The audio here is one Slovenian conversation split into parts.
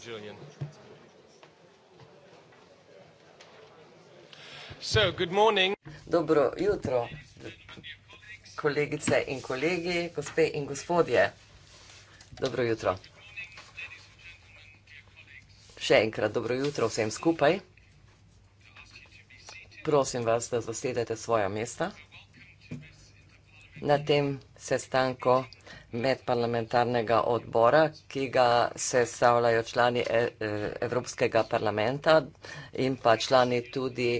Julian. So, good morning. Dobro jutro, kolegice in kolegi, gospe in gospodje. Dobro jutro. Še enkrat dobro jutro vsem skupaj. Prosim vas, da zasedete svoja mesta na tem sestanku medparlamentarnega odbora, ki ga sestavljajo člani eh, Evropskega parlamenta in pa člani tudi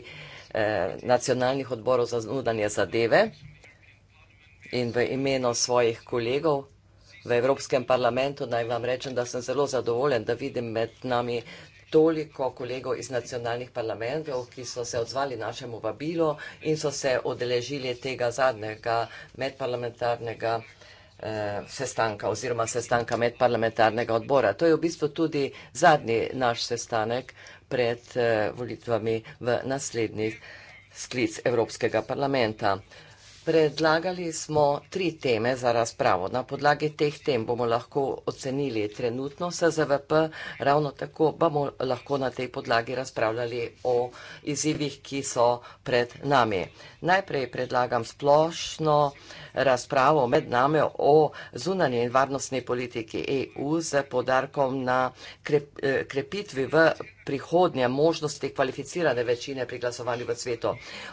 eh, nacionalnih odborov za znudanje zadeve in v imeno svojih kolegov v Evropskem parlamentu naj vam rečem, da sem zelo zadovoljen, da vidim med nami toliko kolegov iz nacionalnih parlamentov, ki so se odzvali našemu vabilo in so se odeležili tega zadnjega medparlamentarnega odbora. Eh, sestanka oziroma sestanka medparlamentarnega odbora. To je v bistvu tudi zadnji naš sestanek pred eh, volitvami v naslednjih sklic Evropskega parlamenta. Predlagali smo tri teme za razpravo. Na podlagi teh tem bomo lahko ocenili trenutno SZVP, ravno tako bomo lahko na tej podlagi razpravljali o izzivih, ki so pred nami. Najprej predlagam splošno razpravo med nami o zunanji in varnostni politiki EU z podarkom na eh, krepitvi v prihodnje možnosti kvalificirane večine pri glasovanju v svetu.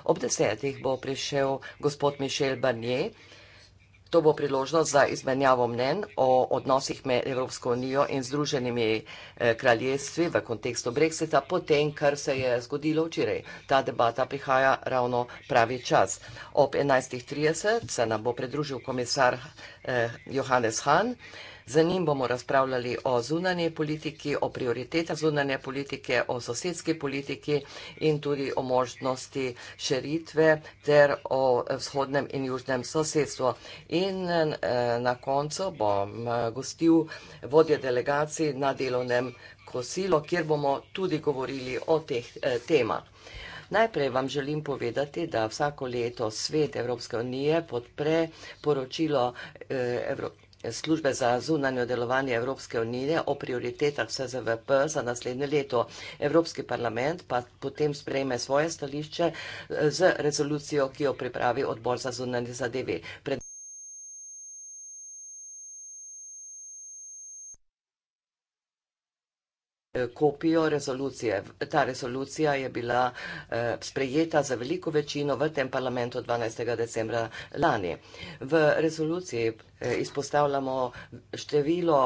Ob desetih bo prišel gospod Mišel Barnier. To bo priložnost za izmenjavo mnen o odnosih med Evropsko unijo in Združenimi eh, kraljestvi v kontekstu Brexita, potem, kar se je zgodilo včeraj. Ta debata prihaja ravno pravi čas. Ob 11.30 se nam bo pridružil komisar eh, Johannes Hahn. Z njim bomo razpravljali o zunanje politiki, o prioritetah zunanje politike, o sosedski politiki in tudi o možnosti širitve ter o vzhodnem in južnem sosedstvu. In eh, na koncu bom eh, gostil vodje delegacij na delovnem kosilo, kjer bomo tudi govorili o teh eh, temah. Najprej vam želim povedati, da vsako leto svet Evropske unije podpre poročilo Evropske službe za zunanje delovanje Evropske unije o prioritetah SZVP za naslednje leto. Evropski parlament pa potem sprejme svoje stališče eh, z rezolucijo, ki jo pripravi odbor za zunanje zadeve. Eh, kopijo rezolucije. Ta rezolucija je bila eh, sprejeta za veliko večino v tem parlamentu 12. decembra lani. V rezoluciji eh, izpostavljamo število,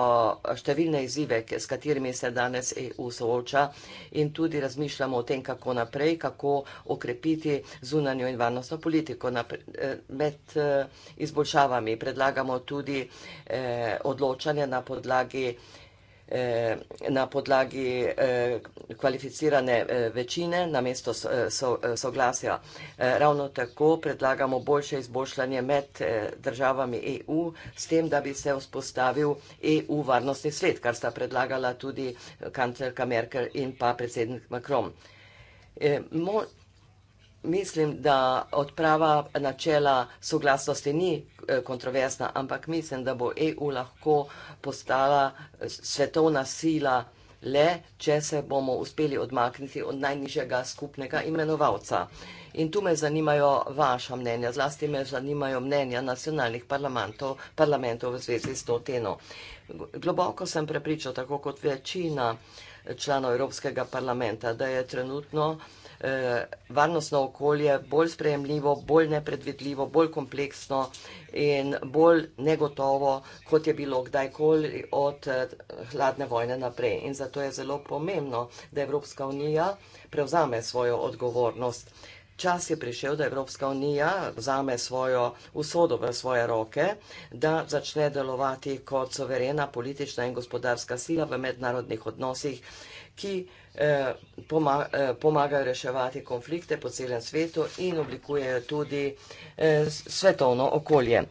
številne izzive, s katerimi se danes EU sooča in tudi razmišljamo o tem, kako naprej, kako okrepiti zunanjo in varnostno politiko. Napre, eh, med eh, izboljšavami predlagamo tudi eh, odločanje na podlagi eh, Eh, na podlagi eh, kvalificirane eh, večine na mesto soglasja. Ravno tako predlagamo boljše izboljšanje med državami EU s tem, da bi se vzpostavil EU varnostni svet, kar sta predlagala tudi kanclerka Merkel in pa predsednik Macron. Moj mislim, da odprava načela soglasnosti ni eh, kontroversna, ampak mislim, da bo EU lahko postala eh, svetovna sila le, če se bomo uspeli odmakniti od najnižjega skupnega imenovalca. In tu me zanimajo vaša mnenja, zlasti me zanimajo mnenja nacionalnih parlamentov, parlamentov v zvezi s to teno. Globoko sem prepričal, tako kot večina članov Evropskega parlamenta, da je trenutno eh, varnostno okolje bolj sprejemljivo, bolj nepredvidljivo, bolj kompleksno in bolj negotovo, kot je bilo kdajkoli od eh, hladne vojne naprej. In zato je zelo pomembno, da Evropska unija prevzame svojo odgovornost. Čas je prišel, da Evropska unija vzame svojo usodo v svoje roke, da začne delovati kot soverena politična in gospodarska sila v mednarodnih odnosih ki eh, eh, pomagajo reševati konflikte po celem svetu in oblikujejo tudi eh, svetovno okolje.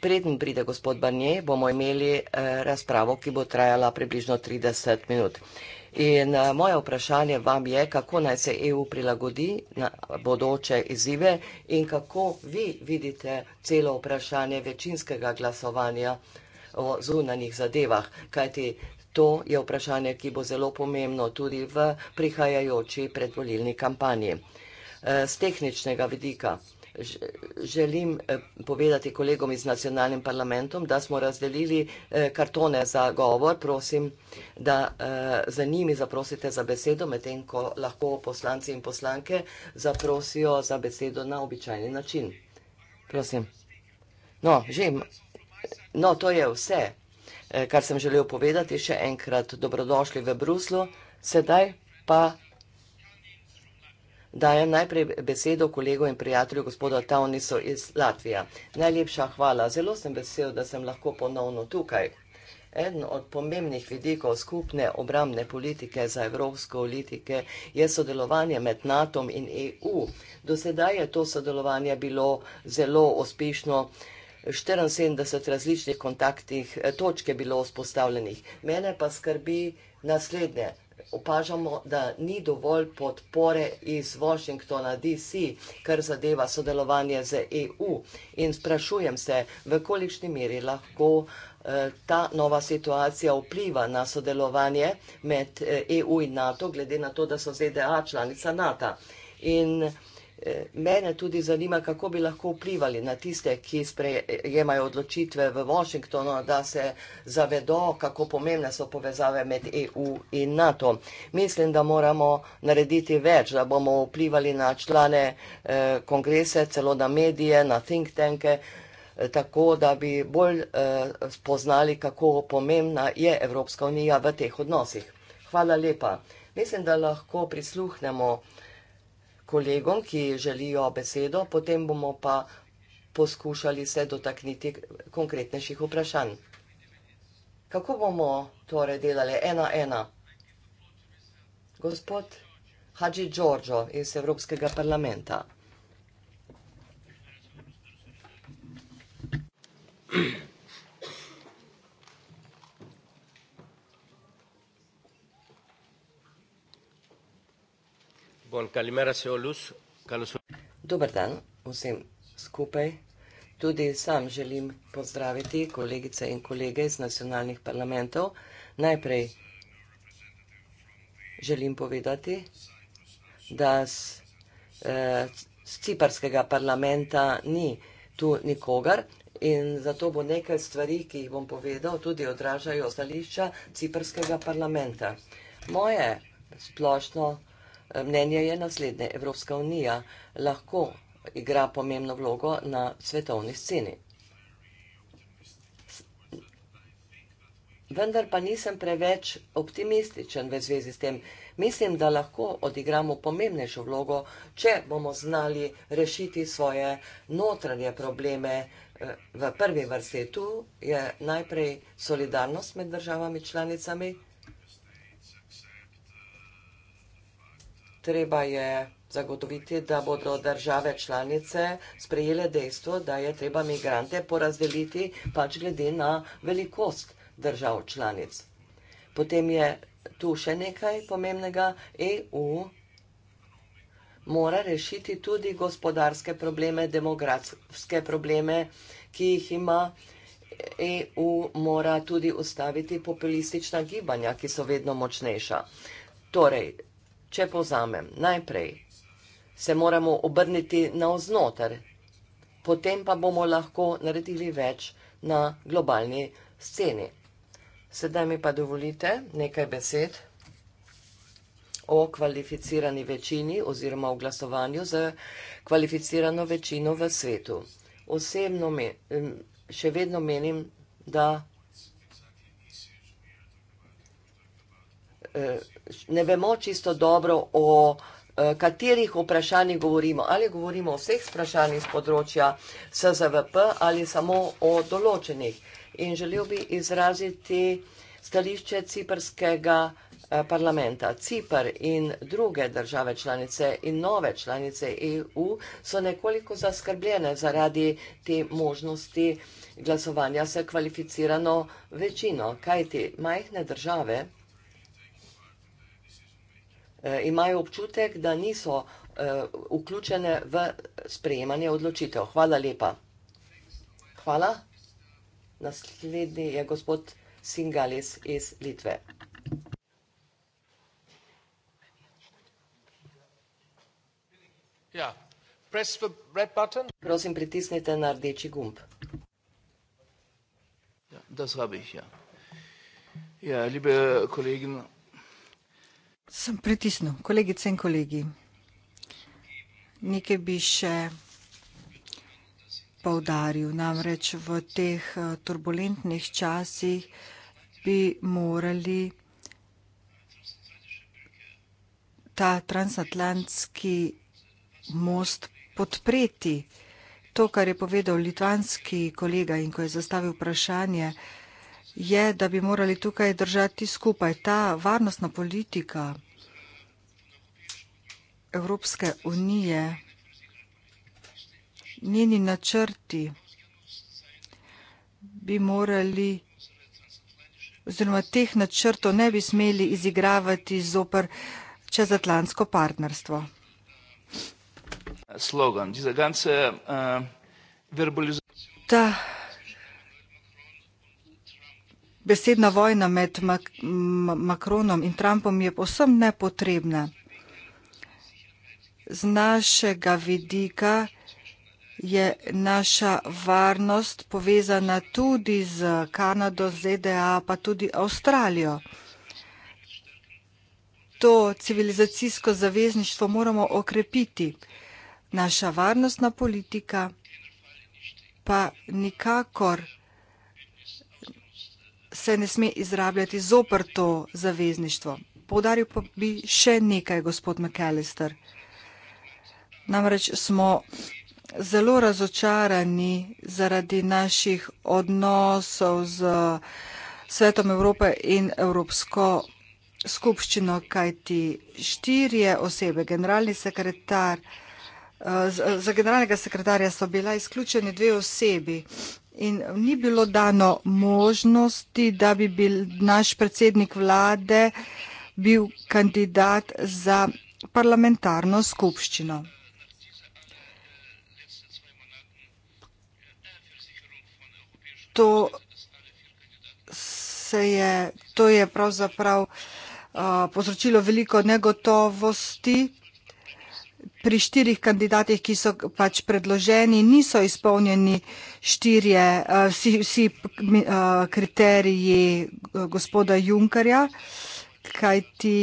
Preden pride gospod Barnier, bomo imeli razpravo, ki bo trajala približno 30 minut. In moje vprašanje vam je, kako naj se EU prilagodi na bodoče izzive in kako vi vidite celo vprašanje večinskega glasovanja o zunanjih zadevah, kajti To je vprašanje, ki bo zelo pomembno tudi v prihajajoči predvolilni kampanji. Z e, tehničnega vidika želim e, povedati kolegom iz nacionalnim parlamentom, da smo razdelili e, kartone za govor. Prosim, da za njimi zaprosite za besedo, medtem ko lahko poslanci in poslanke zaprosijo za besedo na običajni način. Prosim. No, že im. No, to je vse. Eh, kar sem želel povedati. Še enkrat dobrodošli v Bruslu. Sedaj pa dajem najprej besedo kolego in prijatelju gospoda Taunisu iz Latvija. Najlepša hvala. Zelo sem vesel, da sem lahko ponovno tukaj. Eden od pomembnih vidikov skupne obramne politike za evropske politike je sodelovanje med NATO in EU. Do sedaj je to sodelovanje bilo zelo uspešno. 74 različnih kontaktnih eh, točk je bilo vzpostavljenih. Mene pa skrbi naslednje. Opažamo, da ni dovolj podpore iz Washingtona DC, kar zadeva sodelovanje z EU. In sprašujem se, v kolikšni meri lahko eh, ta nova situacija vpliva na sodelovanje med EU eh, e in NATO, glede na to, da so ZDA članica NATO. In Eh, mene tudi zanima, kako bi lahko vplivali na tiste, ki sprejemajo odločitve v Washingtonu, da se zavedo, kako pomembne so povezave med EU in NATO. Mislim, da moramo narediti več, da bomo vplivali na člane eh, kongrese, celo na medije, na think tanke, eh, tako da bi bolj eh, spoznali, kako pomembna je Evropska unija v teh odnosih. Hvala lepa. Mislim, da lahko prisluhnemo kolegom, ki želijo besedo, potem bomo pa poskušali se dotakniti konkretnejših vprašanj. Kako bomo torej delali? Ena, ena. Gospod Hadži Đorđo iz Evropskega parlamenta. Hvala. Bon, kalimera se olus, kalus... Dober dan vsem skupaj. Tudi sam želim pozdraviti kolegice in kolege iz nacionalnih parlamentov. Najprej želim povedati, da z, eh, z ciparskega parlamenta ni tu nikogar in zato bo nekaj stvari, ki jih bom povedal, tudi odražajo stališča ciparskega parlamenta. Moje splošno Mnenje je naslednje. Evropska unija lahko igra pomembno vlogo na svetovni sceni. Vendar pa nisem preveč optimističen v zvezi s tem. Mislim, da lahko odigramo pomembnejšo vlogo, če bomo znali rešiti svoje notranje probleme eh, v prvi vrsti. Tu je najprej solidarnost med državami članicami. treba je zagotoviti, da bodo države članice sprejele dejstvo, da je treba migrante porazdeliti pač glede na velikost držav članic. Potem je tu še nekaj pomembnega. EU mora rešiti tudi gospodarske probleme, demografske probleme, ki jih ima. EU mora tudi ustaviti populistična gibanja, ki so vedno močnejša. Torej, Če povzamem, najprej se moramo obrniti na vznoter, potem pa bomo lahko naredili več na globalni sceni. Sedaj mi pa dovolite nekaj besed o kvalificirani večini oziroma o glasovanju za kvalificirano večino v svetu. Osebno mi, še vedno menim, da eh, ne vemo čisto dobro, o e, katerih vprašanjih govorimo. Ali govorimo o vseh vprašanjih z področja SZVP ali samo o določenih. In želel bi izraziti stališče ciprskega e, parlamenta. Cipr in druge države članice in nove članice EU so nekoliko zaskrbljene zaradi te možnosti glasovanja se kvalificirano večino. Kajti majhne države Eh, imajo občutek, da niso eh, vključene v sprejemanje odločitev. Hvala lepa. Hvala. Naslednji je gospod Singalis iz Litve. Ja. Press the red button. Prosim, pritisnite na rdeči gumb. Ja, das habe ich, ja. Ja, liebe Kolleginnen Sem pritisnil, kolegice in kolegi. Nekaj bi še povdaril, namreč v teh eh, turbulentnih časih bi morali ta transatlantski most podpreti. To, kar je povedal litvanski kolega in ko je zastavil vprašanje, je, da bi morali tukaj držati skupaj ta varnostna politika Evropske unije, njeni načrti bi morali oziroma teh načrtov ne bi smeli izigravati zoper čezatlantsko partnerstvo. Slogan, eh, ta besedna vojna med Mak Makronom in Trumpom je povsem nepotrebna. Z našega vidika je naša varnost povezana tudi z Kanado, ZDA, pa tudi Avstralijo. To civilizacijsko zavezništvo moramo okrepiti. Naša varnostna politika pa nikakor ne se ne sme izrabljati zopr to zavezništvo. Povdaril pa bi še nekaj, gospod McAllister. Namreč smo zelo razočarani zaradi naših odnosov z Svetom Evrope in Evropsko skupščino, kajti štirje osebe, generalni sekretar, za generalnega sekretarja so bila izključeni dve osebi in ni bilo dano možnosti, da bi bil naš predsednik vlade bil kandidat za parlamentarno skupščino. To se je, to je pravzaprav uh, povzročilo veliko negotovosti pri štirih kandidatih, ki so pač predloženi, niso izpolnjeni štirje eh, vsi, vsi eh, kriteriji eh, gospoda Junkarja, kaj ti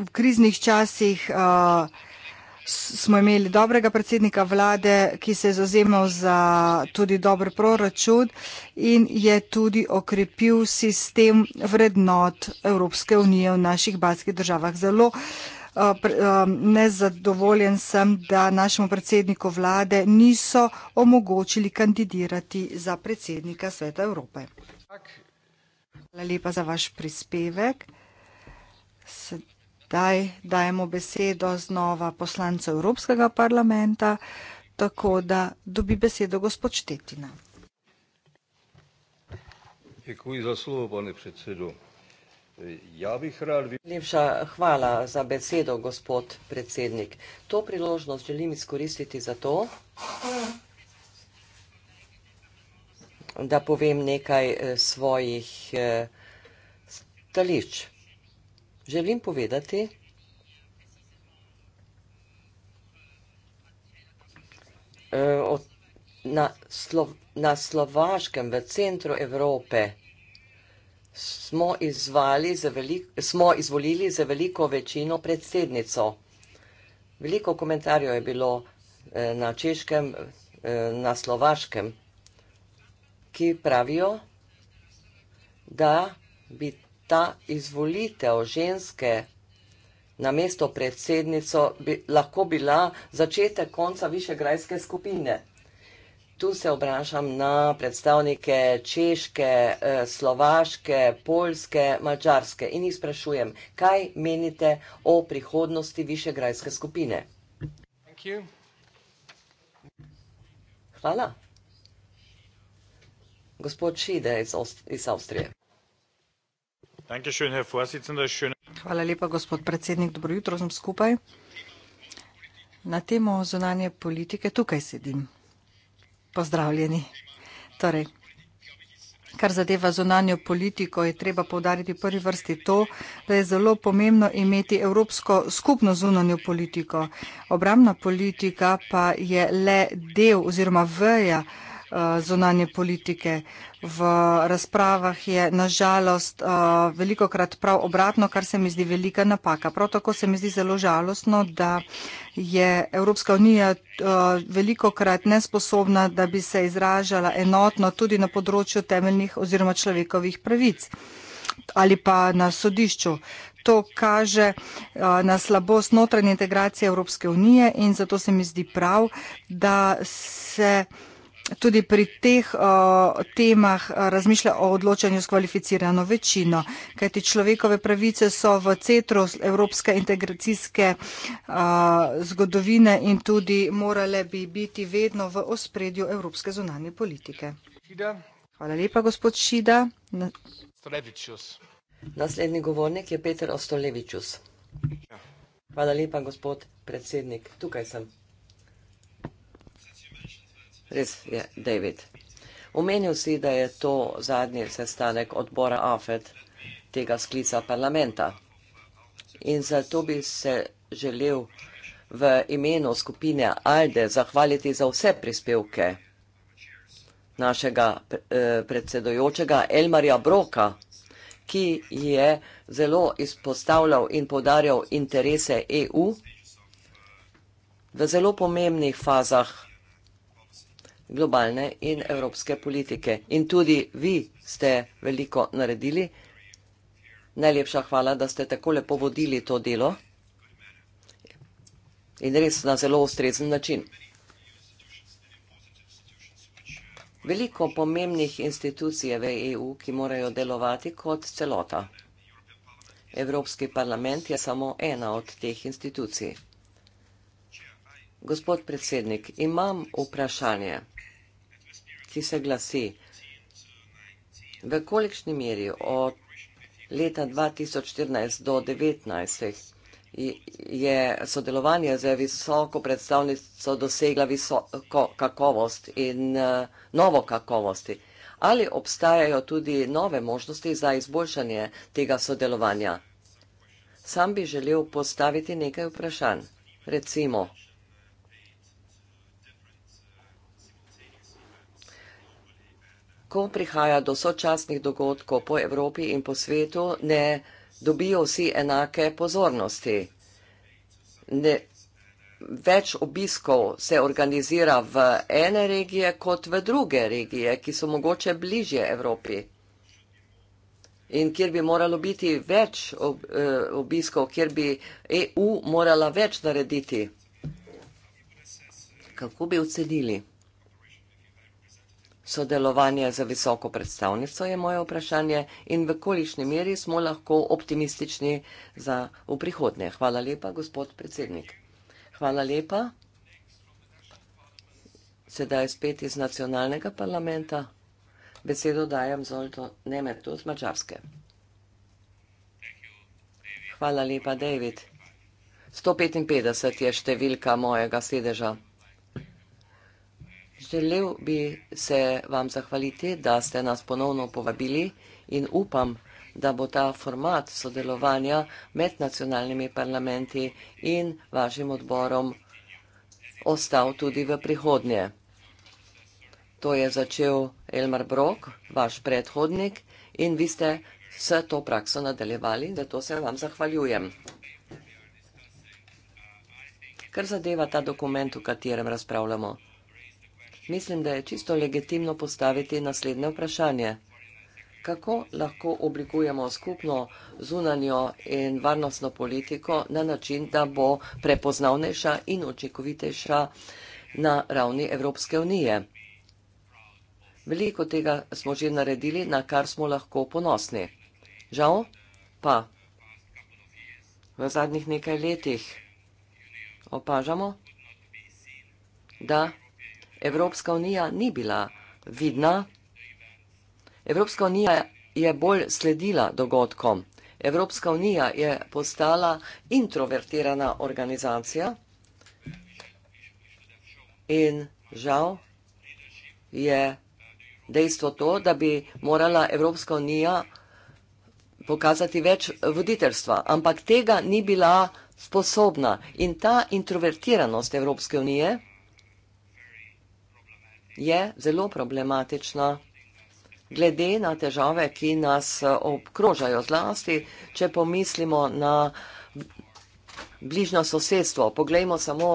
v kriznih časih vsega, smo imeli dobrega predsednika vlade, ki se je zazemal za tudi dober proračun in je tudi okrepil sistem vrednot Evropske unije v naših balskih državah. Zelo eh, eh, nezadovoljen sem, da našemu predsedniku vlade niso omogočili kandidirati za predsednika Sveta Evrope. Hvala lepa za vaš prispevek. Sed Zdaj dajemo besedo znova poslancu Evropskega parlamenta, tako da dobi besedo gospod Štetina. Ja bi rad... Lepša hvala za besedo, gospod predsednik. To priložnost želim izkoristiti za to, da povem nekaj eh, svojih eh, stališč želim povedati, eh, na, Slo, na Slovaškem, v centru Evrope, smo, izvali za veliko, smo izvolili za veliko večino predsednico. Veliko komentarjev je bilo eh, na Češkem, eh, na Slovaškem, ki pravijo, da bi ta izvolitev ženske na mesto predsednico bi lahko bila začetek konca višegrajske skupine. Tu se obrašam na predstavnike češke, eh, slovaške, poljske, mačarske in jih sprašujem, kaj menite o prihodnosti višegrajske skupine. Hvala. Gospod Šide iz Avstrije. Hvala lepa, gospod predsednik. Dobro jutro vsem skupaj. Na temo zunanje politike tukaj sedim. Pozdravljeni. Torej, kar zadeva zunanjo politiko, je treba povdariti v prvi vrsti to, da je zelo pomembno imeti evropsko skupno zunanjo politiko. Obramna politika pa je le del oziroma veja Eh, zunanje politike. V razpravah je nažalost eh, veliko krat prav obratno, kar se mi zdi velika napaka. Prav tako se mi zdi zelo žalostno, da je Evropska unija eh, veliko krat nesposobna, da bi se izražala enotno tudi na področju temeljnih oziroma človekovih pravic ali pa na sodišču. To kaže na slabost notranje integracije Evropske unije in zato se mi zdi prav, da se tudi pri teh uh, temah razmišlja o odločanju s kvalificirano večino, kajti človekove pravice so v centru evropske integracijske uh, zgodovine in tudi morale bi biti vedno v ospredju evropske zunanje politike. Hvala lepa, gospod Šida. Naslednji govornik je Peter Ostolevičus. Ja. Hvala lepa, gospod predsednik. Tukaj sem. Res je, David. Omenil si, da je to zadnji sestanek odbora AFED tega sklica parlamenta. In zato bi se želel v imenu skupine ALDE zahvaliti za vse prispevke našega eh, predsedojočega Elmarja Broka, ki je zelo izpostavljal in podarjal interese EU v zelo pomembnih fazah globalne in evropske politike. In tudi vi ste veliko naredili. Najlepša hvala, da ste tako lepo vodili to delo in res na zelo ustrezen način. Veliko pomembnih institucij v EU, ki morajo delovati kot celota. Evropski parlament je samo ena od teh institucij. Gospod predsednik, imam vprašanje ki se glasi, v kolikšni meri od leta 2014 do 2019 je sodelovanje z visoko predstavnico dosegla visoko kakovost in novo kakovosti. Ali obstajajo tudi nove možnosti za izboljšanje tega sodelovanja? Sam bi želel postaviti nekaj vprašanj. Recimo, ko prihaja do sočasnih dogodkov po Evropi in po svetu, ne dobijo vsi enake pozornosti. Ne, več obiskov se organizira v ene regije kot v druge regije, ki so mogoče bližje Evropi. In kjer bi moralo biti več eh, obiskov, kjer bi EU morala več narediti. Kako bi ocenili? sodelovanja za visoko predstavnico, je moje vprašanje in v kolišni meri smo lahko optimistični za v prihodnje. Hvala lepa, gospod predsednik. Hvala lepa. Sedaj spet iz nacionalnega parlamenta. Besedo dajem Zolto Nemetu z Mačarske. Hvala lepa, David. 155 je številka mojega sedeža. Želel bi se vam zahvaliti, da ste nas ponovno povabili in upam, da bo ta format sodelovanja med nacionalnimi parlamenti in vašim odborom ostal tudi v prihodnje. To je začel Elmar Brok, vaš predhodnik, in vi ste vse to prakso nadaljevali, da to se vam zahvaljujem. Kar zadeva ta dokument, v katerem razpravljamo? mislim, da je čisto legitimno postaviti naslednje vprašanje. Kako lahko oblikujemo skupno zunanjo in varnostno politiko na način, da bo prepoznavnejša in očekovitejša na ravni Evropske unije? Veliko tega smo že naredili, na kar smo lahko ponosni. Žal pa v zadnjih nekaj letih opažamo, da Evropska unija ni bila vidna. Evropska unija je bolj sledila dogodkom. Evropska unija je postala introvertirana organizacija in žal je dejstvo to, da bi morala Evropska unija pokazati več voditeljstva, ampak tega ni bila sposobna. In ta introvertiranost Evropske unije, je zelo problematična. Glede na težave, ki nas eh, obkrožajo zlasti, če pomislimo na bližnjo sosedstvo, poglejmo samo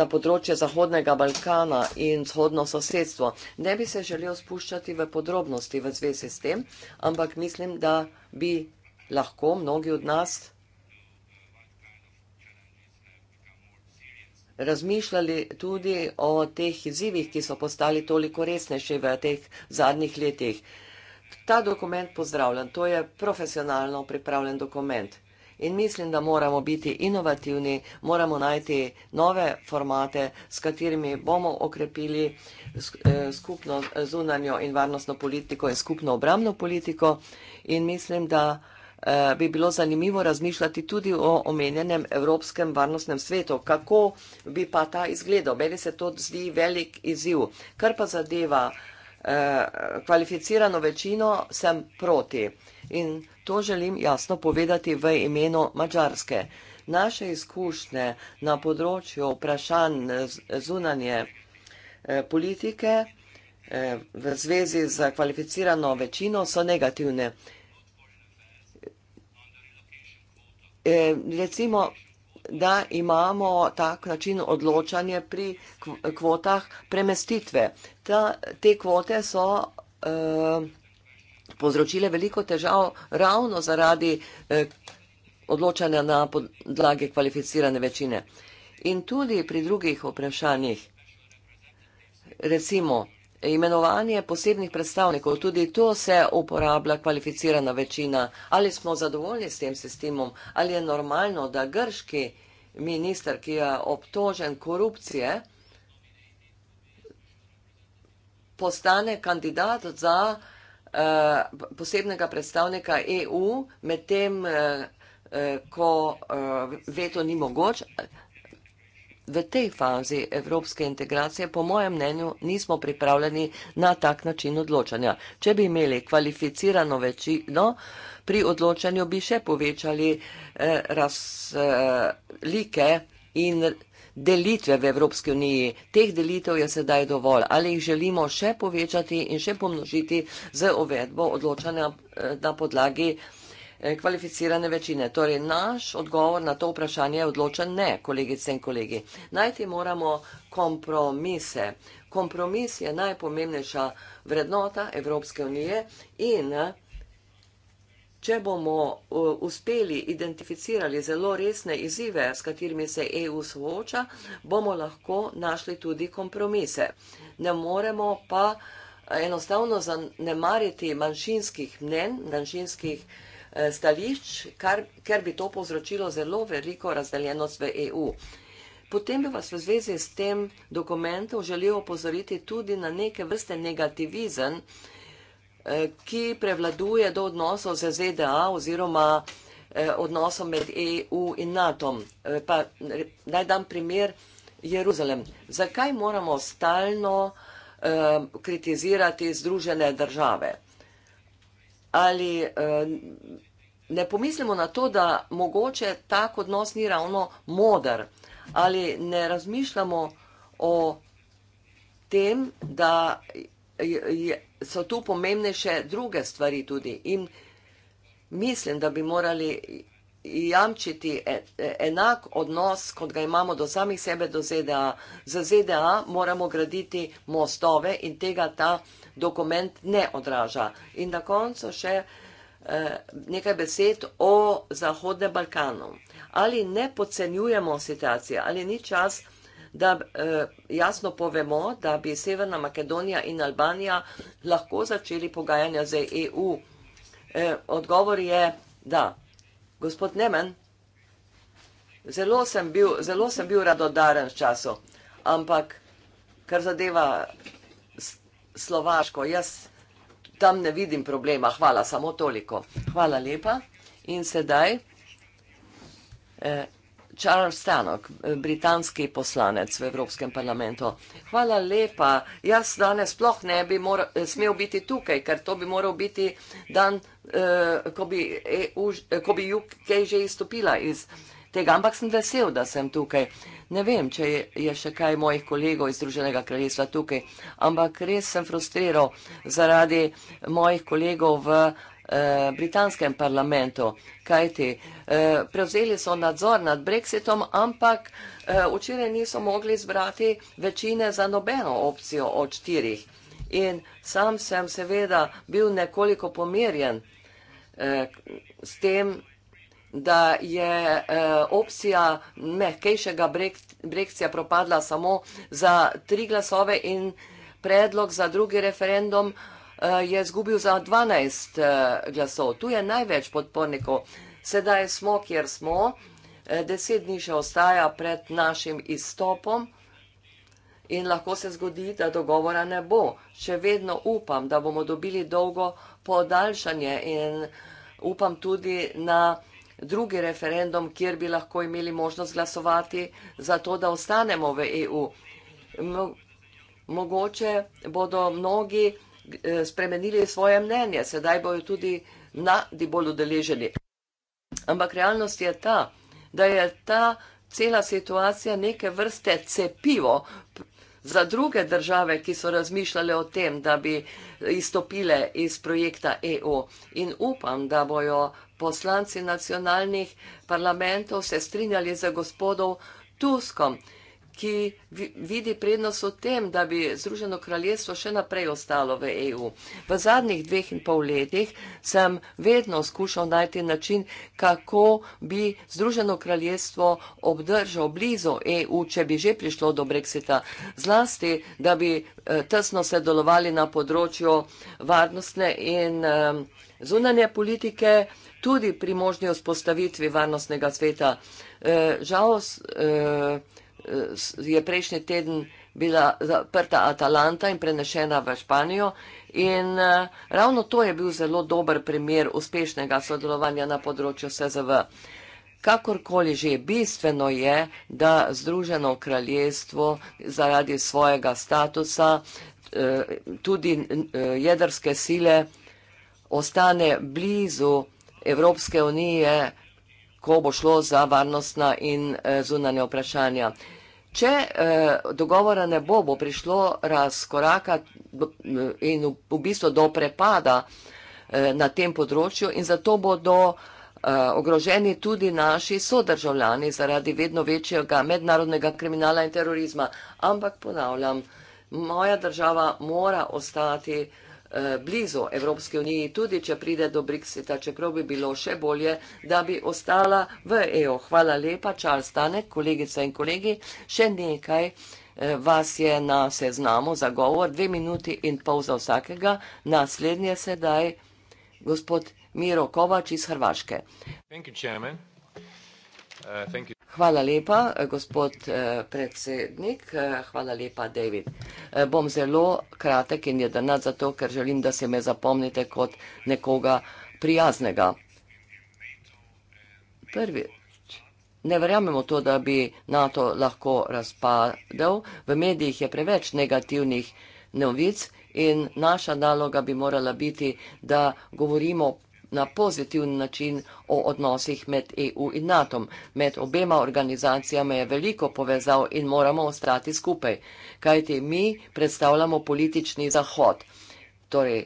na področje Zahodnega Balkana in vzhodno sosedstvo. Ne bi se želel spuščati v podrobnosti v zvezi s tem, ampak mislim, da bi lahko mnogi od nas razmišljali tudi o teh izzivih, ki so postali toliko resnejši v teh zadnjih letih. Ta dokument pozdravljam, to je profesionalno pripravljen dokument. In mislim, da moramo biti inovativni, moramo najti nove formate, s katerimi bomo okrepili eh, skupno eh, zunanjo in varnostno politiko in skupno obramno politiko. In mislim, da. Eh, bi bilo zanimivo razmišljati tudi o omenjenem Evropskem varnostnem svetu. Kako bi pa ta izgledal? Meni se to zdi velik izziv. Kar pa zadeva eh, kvalificirano večino, sem proti. In to želim jasno povedati v imenu Mačarske. Naše izkušnje na področju vprašanj zunanje eh, politike v zvezi z kvalificirano večino so negativne. Eh, recimo, da imamo tak način odločanja pri kvotah premestitve. Ta, te kvote so eh, povzročile veliko težav ravno zaradi eh, odločanja na podlagi kvalificirane večine. In tudi pri drugih vprašanjih, recimo, imenovanje posebnih predstavnikov, tudi to se uporablja kvalificirana večina. Ali smo zadovoljni s tem sistemom, ali je normalno, da grški minister, ki je obtožen korupcije, postane kandidat za uh, posebnega predstavnika EU, medtem, uh, uh, ko uh, veto ni mogoče v tej fazi evropske integracije, po mojem mnenju, nismo pripravljeni na tak način odločanja. Če bi imeli kvalificirano večino, pri odločanju bi še povečali eh, razlike eh, in delitve v Evropski uniji. Teh delitev je sedaj dovolj. Ali jih želimo še povečati in še pomnožiti z uvedbo odločanja eh, na podlagi eh, Eh, kvalificirane večine. Torej, naš odgovor na to vprašanje je odločen ne, kolegice in kolegi. Najti moramo kompromise. Kompromis je najpomembnejša vrednota Evropske unije in če bomo uspeli identificirati zelo resne izzive, s katerimi se EU sooča, bomo lahko našli tudi kompromise. Ne moremo pa enostavno zanemariti manjšinskih mnen, manjšinskih uh, Eh, stališč, kar, ker bi to povzročilo zelo veliko razdeljenost v EU. Potem bi vas v zvezi s tem dokumentom želel opozoriti tudi na neke vrste negativizem, eh, ki prevladuje do odnosov z ZDA oziroma eh, odnosom med EU in NATO. Pa naj dam primer Jeruzalem. Zakaj moramo stalno kritizirati združene države? ali eh, ne pomislimo na to, da mogoče tak odnos ni ravno modar, ali ne razmišljamo o tem, da so tu pomembnejše druge stvari tudi. In mislim, da bi morali jamčiti e, e, enak odnos, kot ga imamo do samih sebe, do ZDA. Za ZDA moramo graditi mostove in tega ta odnos dokument ne odraža. In na koncu še eh, nekaj besed o Zahodnem Balkanu. Ali ne podcenjujemo situacije, ali ni čas, da eh, jasno povemo, da bi Severna Makedonija in Albanija lahko začeli pogajanja z EU. Eh, odgovor je, da. Gospod Nemen, zelo sem bil, zelo sem bil radodaren v času, ampak kar zadeva Slovaško, jaz tam ne vidim problema, hvala, samo toliko. Hvala lepa. In sedaj eh, Charles Stanok, eh, britanski poslanec v Evropskem parlamentu. Hvala lepa, jaz danes sploh ne bi mora, eh, smel biti tukaj, ker to bi moral biti dan, eh, ko bi e UK eh, že izstopila iz eh, tega, ampak sem vesel, da sem tukaj. Ne vem, če je še kaj mojih kolegov iz Združenega kraljestva tukaj, ampak res sem frustriral zaradi mojih kolegov v eh, britanskem parlamentu, kajti eh, prevzeli so nadzor nad brexitom, ampak eh, včeraj niso mogli zbrati večine za nobeno opcijo od štirih. In sam sem seveda bil nekoliko pomirjen eh, s tem, da je eh, opcija mehkejšega brekcija propadla samo za tri glasove in predlog za drugi referendum eh, je zgubil za 12 eh, glasov. Tu je največ podpornikov. Sedaj smo, kjer smo. Eh, deset dni še ostaja pred našim izstopom in lahko se zgodi, da dogovora ne bo. Še vedno upam, da bomo dobili dolgo podaljšanje in upam tudi na drugi referendum, kjer bi lahko imeli možnost glasovati za to, da ostanemo v EU. Mogoče bodo mnogi eh, spremenili svoje mnenje, sedaj bojo tudi mladi bolj udeleženi. Ampak realnost je ta, da je ta cela situacija neke vrste cepivo za druge države, ki so razmišljale o tem, da bi izstopile iz projekta EU. In upam, da bojo poslanci nacionalnih parlamentov se strinjali za gospodov Tuskom, ki vidi prednost v tem, da bi Združeno kraljestvo še naprej ostalo v EU. V zadnjih dveh in pol letih sem vedno skušal najti način, kako bi Združeno kraljestvo obdržal blizu EU, če bi že prišlo do Brexita, zlasti, da bi eh, tesno sedelovali na področju varnostne in eh, zunanje politike, tudi pri možni vzpostavitvi varnostnega sveta. Eh, žal eh, je prejšnji teden bila zaprta Atalanta in prenešena v Španijo in eh, ravno to je bil zelo dober primer uspešnega sodelovanja na področju SZV. Kakorkoli že bistveno je, da Združeno kraljestvo zaradi svojega statusa tudi jedrske sile ostane blizu Evropske unije, ko bo šlo za varnostna in eh, zunanje vprašanja. Če eh, dogovora ne bo, bo prišlo razkoraka eh, in v bistvu do prepada na tem področju in zato bodo ogroženi tudi naši sodržavljani zaradi vedno večjega mednarodnega kriminala in terorizma. Ampak ponavljam, moja država mora ostati vsega. Eh, blizu Evropski uniji, tudi če pride do Brexita, čeprav bi bilo še bolje, da bi ostala v EO. Hvala lepa, čar stanek, kolegice in kolegi. Še nekaj eh, vas je na seznamu za govor, dve minuti in pol za vsakega. Naslednje sedaj gospod Miro Kovač iz Hrvaške. Thank you, Hvala lepa, eh, gospod eh, predsednik. Eh, hvala lepa, David. Bom zelo kratek in jedrnat zato, ker želim, da se me zapomnite kot nekoga prijaznega. Prvi. Ne verjamemo to, da bi NATO lahko razpadel. V medijih je preveč negativnih novic in naša naloga bi morala biti, da govorimo na pozitiven način o odnosih med EU in NATO. Med obema organizacijama je veliko povezav in moramo ostati skupaj, kajti mi predstavljamo politični zahod. Torej,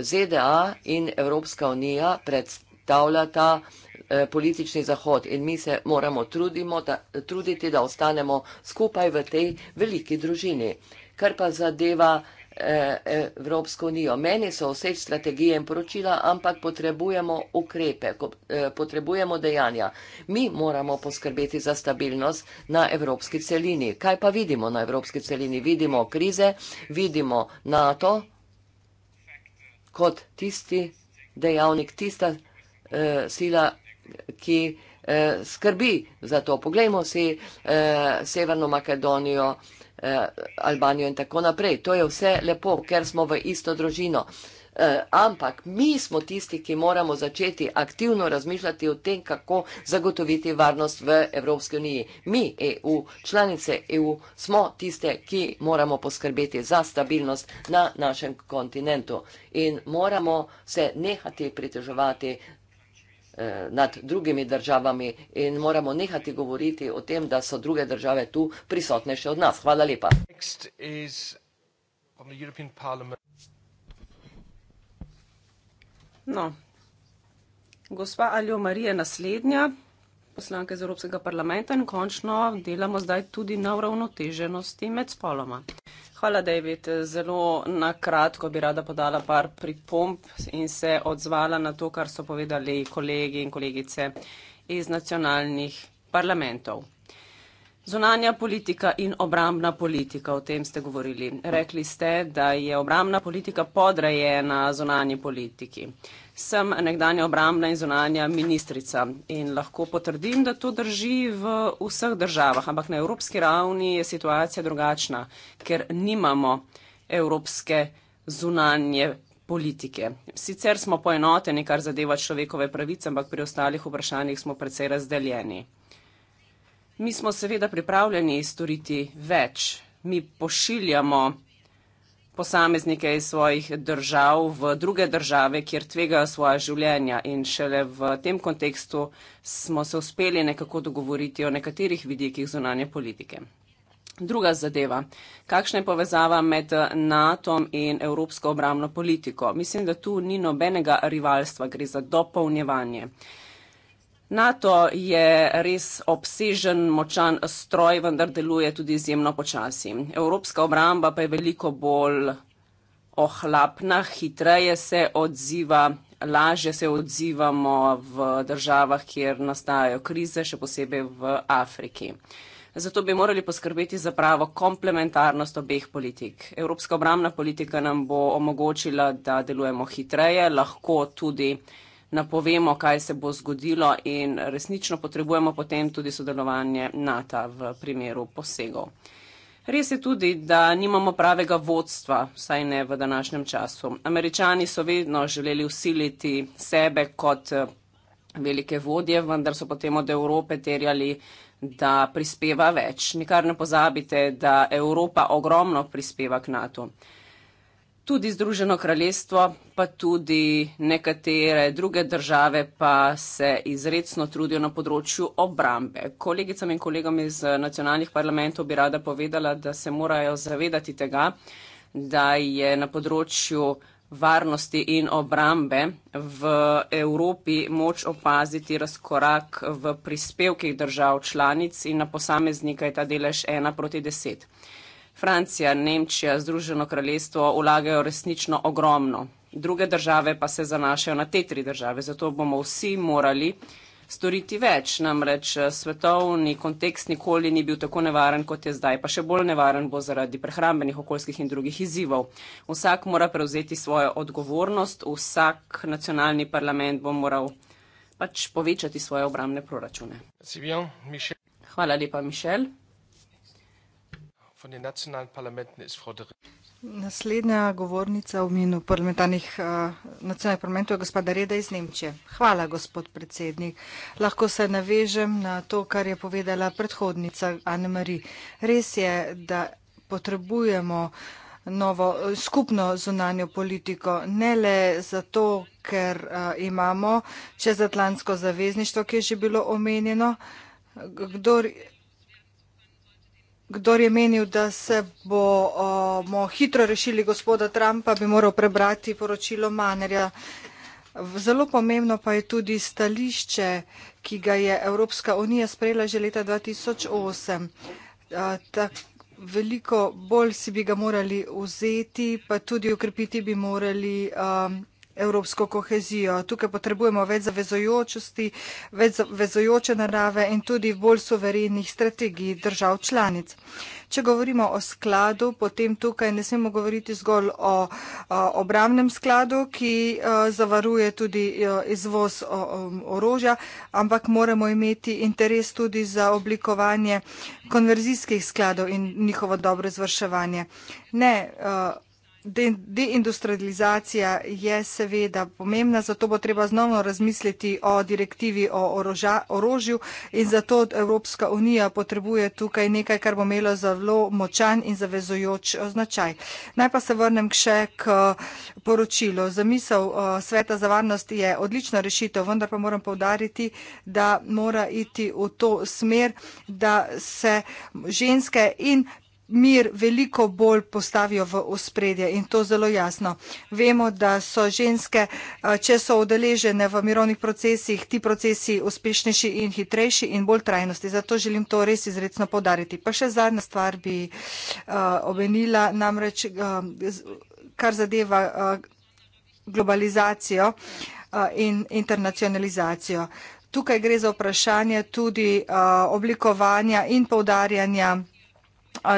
ZDA in Evropska unija predstavljata eh, politični zahod in mi se moramo trudimo, da, truditi, da ostanemo skupaj v tej veliki družini. Kar pa zadeva E, e, Evropsko unijo. Meni so vseč strategije in poročila, ampak potrebujemo ukrepe, e, potrebujemo dejanja. Mi moramo poskrbeti za stabilnost na evropski celini. Kaj pa vidimo na evropski celini? Vidimo krize, vidimo NATO kot tisti dejavnik, tista eh, sila, ki eh, skrbi za to. Poglejmo si eh, Severno Makedonijo eh, Albanijo in tako naprej. To je vse lepo, ker smo v isto družino. Eh, ampak mi smo tisti, ki moramo začeti aktivno razmišljati o tem, kako zagotoviti varnost v Evropski uniji. Mi, EU, članice EU, smo tiste, ki moramo poskrbeti za stabilnost na našem kontinentu in moramo se nehati pritoževati Eh, nad drugimi državami in moramo nehati govoriti o tem, da so druge države tu prisotnejše od nas. Hvala lepa. No, gospa Aljo Marija naslednja, poslanka iz Evropskega parlamenta in končno delamo zdaj tudi na uravnoteženosti med spoloma. Hvala, David. Zelo na kratko bi rada podala par pripomp in se odzvala na to, kar so povedali kolegi in kolegice iz nacionalnih parlamentov. Zunanja politika in obrambna politika, o tem ste govorili. Rekli ste, da je obrambna politika podrejena zunanji politiki sem nekdanja obrambna in zunanja ministrica in lahko potrdim, da to drži v vseh državah, ampak na evropski ravni je situacija drugačna, ker nimamo evropske zunanje politike. Sicer smo poenoteni, kar zadeva človekove pravice, ampak pri ostalih vprašanjih smo precej razdeljeni. Mi smo seveda pripravljeni storiti več. Mi pošiljamo posameznike iz svojih držav v druge države, kjer tvegajo svoja življenja. In šele v tem kontekstu smo se uspeli nekako dogovoriti o nekaterih vidikih zunanje politike. Druga zadeva. Kakšna je povezava med NATO in evropsko obramno politiko? Mislim, da tu ni nobenega rivalstva, gre za dopolnjevanje. NATO je res obsežen, močan stroj, vendar deluje tudi izjemno počasi. Evropska obramba pa je veliko bolj ohlapna, hitreje se odziva, lažje se odzivamo v državah, kjer nastajajo krize, še posebej v Afriki. Zato bi morali poskrbeti za pravo komplementarnost obeh politik. Evropska obramna politika nam bo omogočila, da delujemo hitreje, lahko tudi napovemo, kaj se bo zgodilo in resnično potrebujemo potem tudi sodelovanje NATO v primeru posegov. Res je tudi, da nimamo pravega vodstva, saj ne v današnjem času. Američani so vedno želeli usiliti sebe kot eh, velike vodje, vendar so potem od Evrope terjali, da prispeva več. Nikar ne pozabite, da Evropa ogromno prispeva k NATO tudi Združeno kraljestvo, pa tudi nekatere druge države pa se izredno trudijo na področju obrambe. Kolegicam in kolegom iz eh, nacionalnih parlamentov bi rada povedala, da se morajo zavedati tega, da je na področju varnosti in obrambe v Evropi moč opaziti razkorak v prispevkih držav članic in na posameznika je ta delež ena proti deset. Francija, Nemčija, Združeno kraljestvo vlagajo resnično ogromno. Druge države pa se zanašajo na te tri države, zato bomo vsi morali storiti več. Namreč eh, svetovni kontekst nikoli ni bil tako nevaren, kot je zdaj, pa še bolj nevaren bo zaradi prehrambenih okoljskih in drugih izzivov. Vsak mora prevzeti svojo odgovornost, vsak nacionalni parlament bo moral pač povečati svoje obramne proračune. Hvala lepa, Mišel von den nationalen Parlamenten ist Frau Dering. Naslednja govornica v imenu parlamentarnih, eh, nacionalnih parlamentov je gospod Reda iz Nemčije. Hvala, gospod predsednik. Lahko se navežem na to, kar je povedala predhodnica Anne-Marie. Res je, da potrebujemo novo skupno zunanjo politiko, ne le zato, ker eh, imamo čezatlantsko zavezništvo, ki je že bilo omenjeno. Kdor Kdor je menil, da se bomo hitro rešili gospoda Trumpa, bi moral prebrati poročilo Manerja. Zelo pomembno pa je tudi stališče, ki ga je Evropska unija sprejela že leta 2008. Tak veliko bolj si bi ga morali vzeti, pa tudi ukrepiti bi morali evropsko kohezijo. Tukaj potrebujemo več zavezojočosti, več zavezojoče narave in tudi bolj suverenih strategij držav članic. Če govorimo o skladu, potem tukaj ne smemo govoriti zgolj o obramnem skladu, ki e, zavaruje tudi e, izvoz orožja, ampak moramo imeti interes tudi za oblikovanje konverzijskih skladov in njihovo dobro izvrševanje. Ne, e, deindustrializacija je seveda pomembna, zato bo treba znovno razmisliti o direktivi o orožja, orožju in zato Evropska unija potrebuje tukaj nekaj, kar bo imelo zelo močan in zavezojoč eh, značaj. Naj pa se vrnem še k eh, poročilu. Zamisel eh, Sveta za varnost je odlična rešitev, vendar pa moram povdariti, da mora iti v to smer, da se ženske in mir veliko bolj postavijo v ospredje in to zelo jasno. Vemo, da so ženske, če so odeležene v mirovnih procesih, ti procesi uspešnejši in hitrejši in bolj trajnosti. Zato želim to res izredno podariti. Pa še zadnja stvar bi uh, omenila, namreč, uh, kar zadeva uh, globalizacijo uh, in internacionalizacijo. Tukaj gre za vprašanje tudi uh, oblikovanja in povdarjanja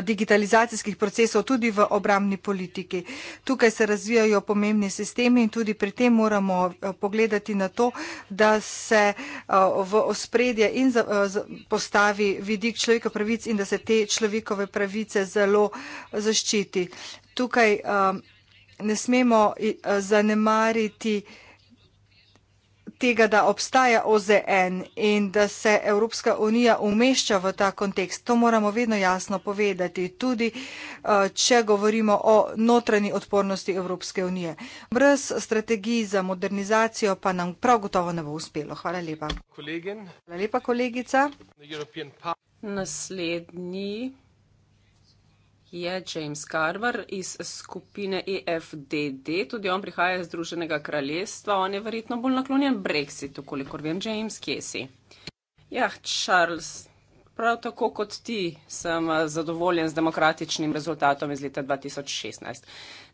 digitalizacijskih procesov tudi v obramni politiki. Tukaj se razvijajo pomembni sistemi in tudi pri tem moramo pogledati na to, da se v ospredje in postavi vidik človeka pravic in da se te človekove pravice zelo zaščiti. Tukaj ne smemo zanemariti vsega, tega, da obstaja OZN in da se Evropska unija umešča v ta kontekst. To moramo vedno jasno povedati, tudi eh, če govorimo o notranji odpornosti Evropske unije. Brez strategiji za modernizacijo pa nam prav gotovo ne bo uspelo. Hvala lepa. Kolegin. Hvala lepa, kolegica. Naslednji je James Carver iz skupine EFDD, tudi on prihaja iz Združenega kraljestva, on je verjetno bolj naklonjen Brexitu, kolikor vem, James, kje si. Ja, Charles, prav tako kot ti sem eh, zadovoljen z demokratičnim rezultatom iz leta 2016.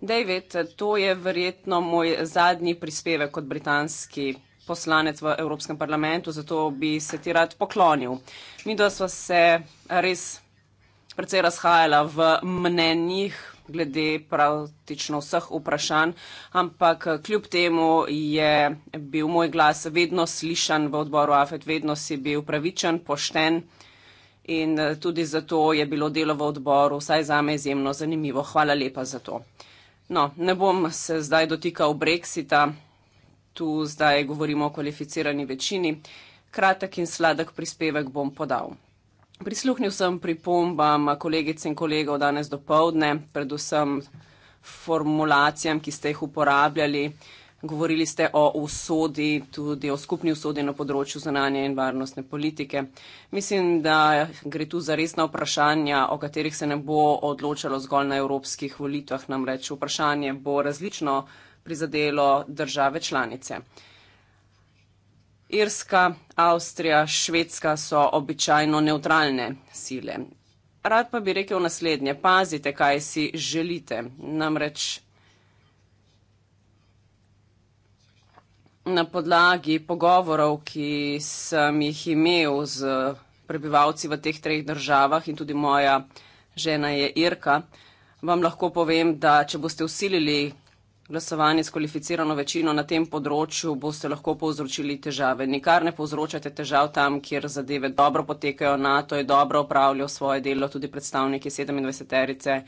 David, to je verjetno moj zadnji prispevek kot britanski poslanec v Evropskem parlamentu, zato bi se ti rad poklonil. Mi, da smo se res precej razhajala v mnenjih glede praktično vseh vprašanj, ampak eh, kljub temu je bil moj glas vedno slišan v odboru AFET, vedno si bil pravičen, pošten in eh, tudi zato je bilo delo v odboru vsaj zame izjemno zanimivo. Hvala lepa za to. No, ne bom se zdaj dotikal Brexita, tu zdaj govorimo o kvalificirani večini. Kratek in sladek prispevek bom podal. Prisluhnil sem pripombam kolegic in kolegov danes do povdne, predvsem formulacijam, ki ste jih uporabljali. Govorili ste o usodi, tudi o skupni usodi na področju zunanje in varnostne politike. Mislim, da gre tu za resna vprašanja, o katerih se ne bo odločalo zgolj na evropskih volitvah, namreč vprašanje bo različno prizadelo države članice. Irska, Avstrija, Švedska so običajno neutralne sile. Rad pa bi rekel naslednje, pazite, kaj si želite. Namreč na podlagi pogovorov, ki sem jih imel z prebivalci v teh treh državah in tudi moja žena je Irka, vam lahko povem, da če boste usilili glasovanje s kvalificirano večino na tem področju, boste lahko povzročili težave. Nikar ne povzročate težav tam, kjer zadeve dobro potekajo, NATO je dobro opravljal svoje delo, tudi predstavniki 27-erice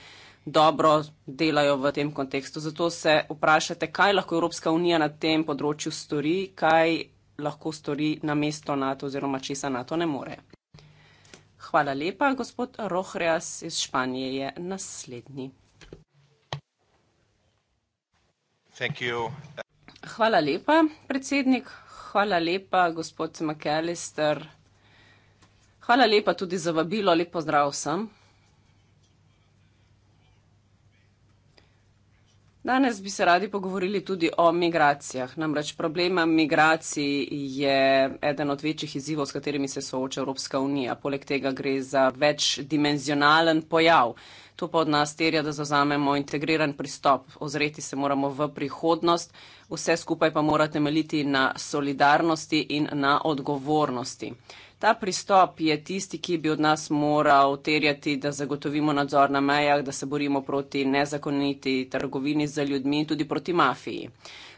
dobro delajo v tem kontekstu. Zato se vprašate, kaj lahko Evropska unija na tem področju stori, kaj lahko stori na mesto NATO oziroma česa NATO ne more. Hvala lepa, gospod Rohreas iz Španije je naslednji. Hvala lepa, predsednik. Hvala lepa, gospod McAllister. Hvala lepa tudi za vabilo. Lep pozdrav vsem. Danes bi se radi pogovorili tudi o migracijah. Namreč problema migracij je eden od večjih izzivov, s katerimi se sooča Evropska unija. Poleg tega gre za večdimenzionalen pojav. To pa od nas terja, da zauzamemo integriran pristop. Ozreti se moramo v prihodnost, vse skupaj pa mora temeljiti na solidarnosti in na odgovornosti. Ta pristop je tisti, ki bi od nas moral terjati, da zagotovimo nadzor na mejah, da se borimo proti nezakoniti trgovini za ljudmi in tudi proti mafiji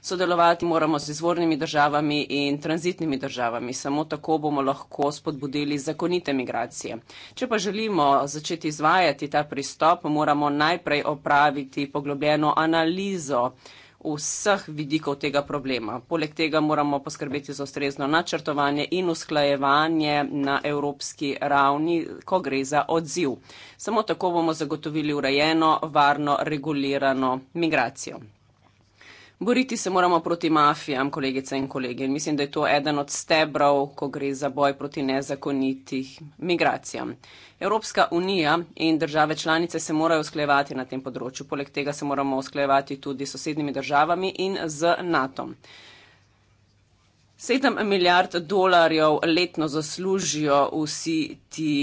sodelovati moramo z izvornimi državami in tranzitnimi državami. Samo tako bomo lahko spodbudili zakonite migracije. Če pa želimo začeti izvajati ta pristop, moramo najprej opraviti poglobljeno analizo vseh vidikov tega problema. Poleg tega moramo poskrbeti za ustrezno načrtovanje in usklajevanje na evropski ravni, ko gre za odziv. Samo tako bomo zagotovili urejeno, varno, regulirano migracijo. Boriti se moramo proti mafijam, kolegice in kolege. In mislim, da je to eden od stebrov, ko gre za boj proti nezakonitih migracijam. Evropska unija in države članice se morajo usklejevati na tem področju. Poleg tega se moramo usklejevati tudi s sosednjimi državami in z NATO. 7 milijard dolarjev letno zaslužijo vsi ti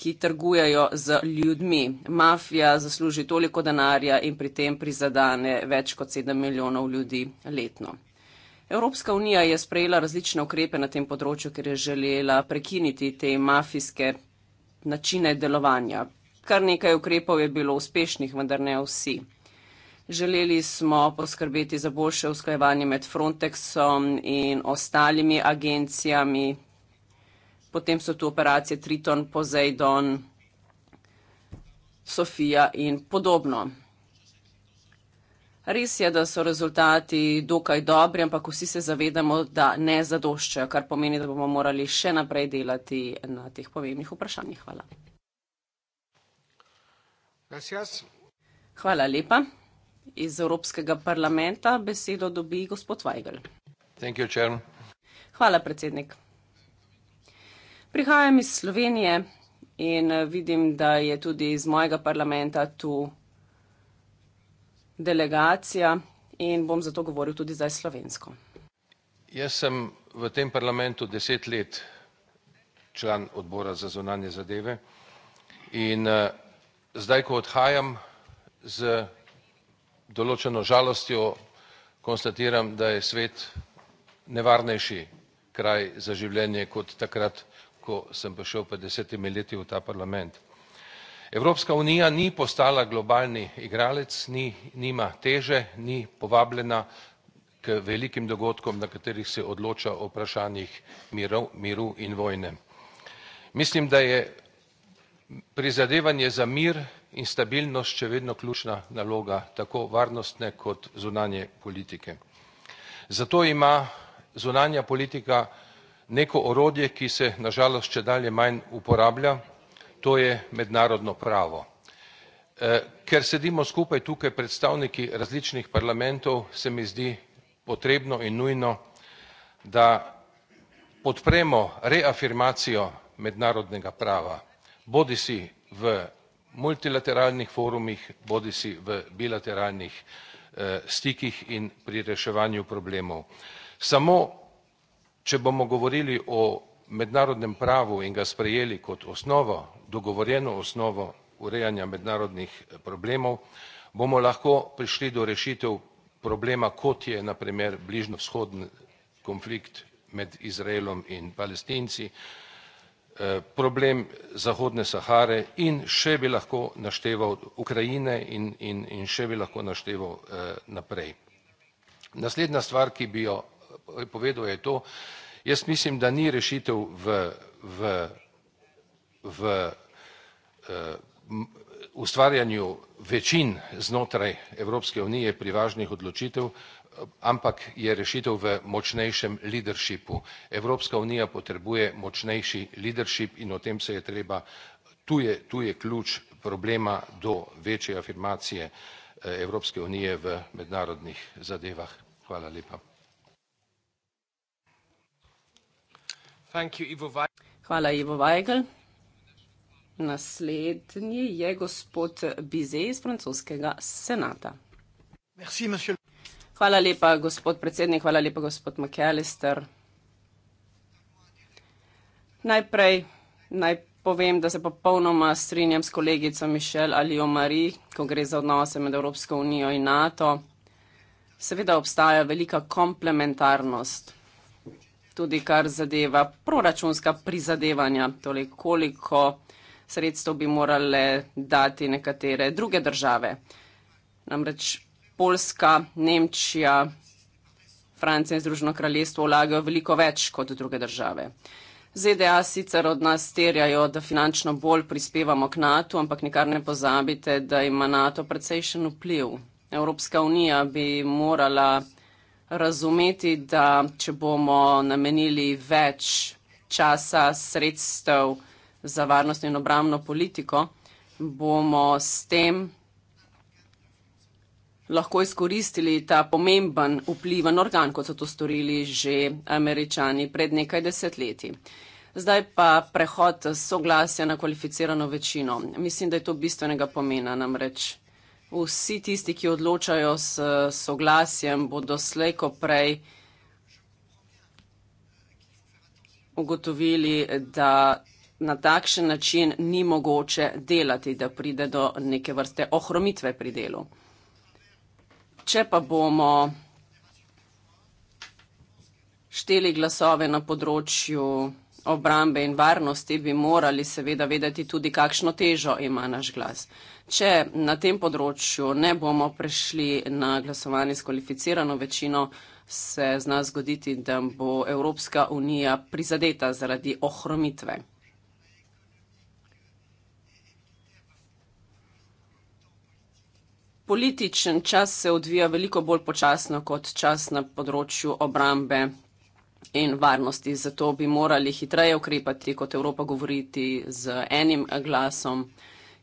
ki trgujejo z ljudmi. Mafija zasluži toliko denarja in pri tem prizadane več kot 7 milijonov ljudi letno. Evropska unija je sprejela različne ukrepe na tem področju, ker je želela prekiniti te mafijske načine delovanja. Kar nekaj ukrepov je bilo uspešnih, vendar ne vsi. Želeli smo poskrbeti za boljše usklajevanje med Frontexom in ostalimi agencijami, potem so tu operacije Triton, Poseidon, Sofija in podobno. Res je, da so rezultati dokaj dobri, ampak vsi se zavedamo, da ne zadoščajo, kar pomeni, da bomo morali še naprej delati na teh pomembnih vprašanjih. Hvala. Gracias. Hvala lepa. Iz Evropskega parlamenta besedo dobi gospod Weigl. Thank you, Hvala, predsednik. Prihajam iz Slovenije in eh, vidim, da je tudi iz mojega parlamenta tu delegacija in bom zato govoril tudi zdaj slovensko. Jaz sem v tem parlamentu deset let član odbora za zunanje zadeve in uh, zdaj, ko odhajam z določeno žalostjo, konstatiram, da je svet nevarnejši kraj za življenje kot takrat, ko sem prišel pred desetimi leti v ta parlament. Evropska unija ni postala globalni igralec, ni, nima teže, ni povabljena k velikim dogodkom, na katerih se odloča o vprašanjih mirov, miru in vojne. Mislim, da je prizadevanje za mir in stabilnost še vedno ključna naloga tako varnostne kot zunanje politike. Zato ima zunanja politika neko orodje, ki se nažalost še dalje manj uporablja, to je mednarodno pravo. E, ker sedimo skupaj tukaj predstavniki različnih parlamentov, se mi zdi potrebno in nujno, da podpremo reafirmacijo mednarodnega prava, bodi si v multilateralnih forumih, bodi si v bilateralnih e, stikih in pri reševanju problemov. Samo Če bomo govorili o mednarodnem pravu in ga sprejeli kot osnovo, dogovorjeno osnovo urejanja mednarodnih eh, problemov, bomo lahko prišli do rešitev problema, kot je na primer bližnjevzhodni konflikt med Izraelom in Palestinci, eh, problem Zahodne Sahare in še bi lahko našteval Ukrajine in, in, in še bi lahko našteval eh, naprej. Naslednja stvar, ki bi jo povedal, je to, jaz mislim, da ni rešitev v, v, v uh, ustvarjanju večin znotraj Evropske unije pri važnih odločitev, ampak je rešitev v močnejšem leadershipu. Evropska unija potrebuje močnejši leadership in o tem se je treba, tu je, tu je ključ problema do večje afirmacije eh, Evropske unije v mednarodnih zadevah. Hvala lepa. Hvala, Ivo Vajgl. Naslednji je gospod Bizet iz francoskega senata. Merci, hvala lepa, gospod predsednik, hvala lepa, gospod McAllister. Najprej naj povem, da se popolnoma strinjam s kolegico Mišel Alijo Mari, ko gre za odnose med Evropsko unijo in NATO. Seveda obstaja velika komplementarnost tudi kar zadeva proračunska prizadevanja, torej koliko sredstev bi morale dati nekatere druge države. Namreč Poljska, Nemčija, Francija in Združeno kraljestvo vlagajo veliko več kot druge države. ZDA sicer od nas terjajo, da finančno bolj prispevamo k NATO, ampak nikar ne pozabite, da ima NATO precejšen vpliv. Evropska unija bi morala razumeti, da če bomo namenili več časa, sredstev za varnost in obramno politiko, bomo s tem lahko izkoristili ta pomemben vpliven organ, kot so to storili že američani pred nekaj desetletji. Zdaj pa prehod soglasja na kvalificirano večino. Mislim, da je to bistvenega pomena, namreč vsi tisti, ki odločajo s soglasjem, bodo slejko prej ugotovili, da na takšen način ni mogoče delati, da pride do neke vrste ohromitve pri delu. Če pa bomo šteli glasove na področju obrambe in varnosti, bi morali seveda vedeti tudi, kakšno težo ima naš glas. Če na tem področju ne bomo prešli na glasovanje s kvalificirano večino, se zna zgoditi, da bo Evropska unija prizadeta zaradi ohromitve. Političen čas se odvija veliko bolj počasno kot čas na področju obrambe in varnosti. Zato bi morali hitreje ukrepati, kot Evropa govoriti z enim glasom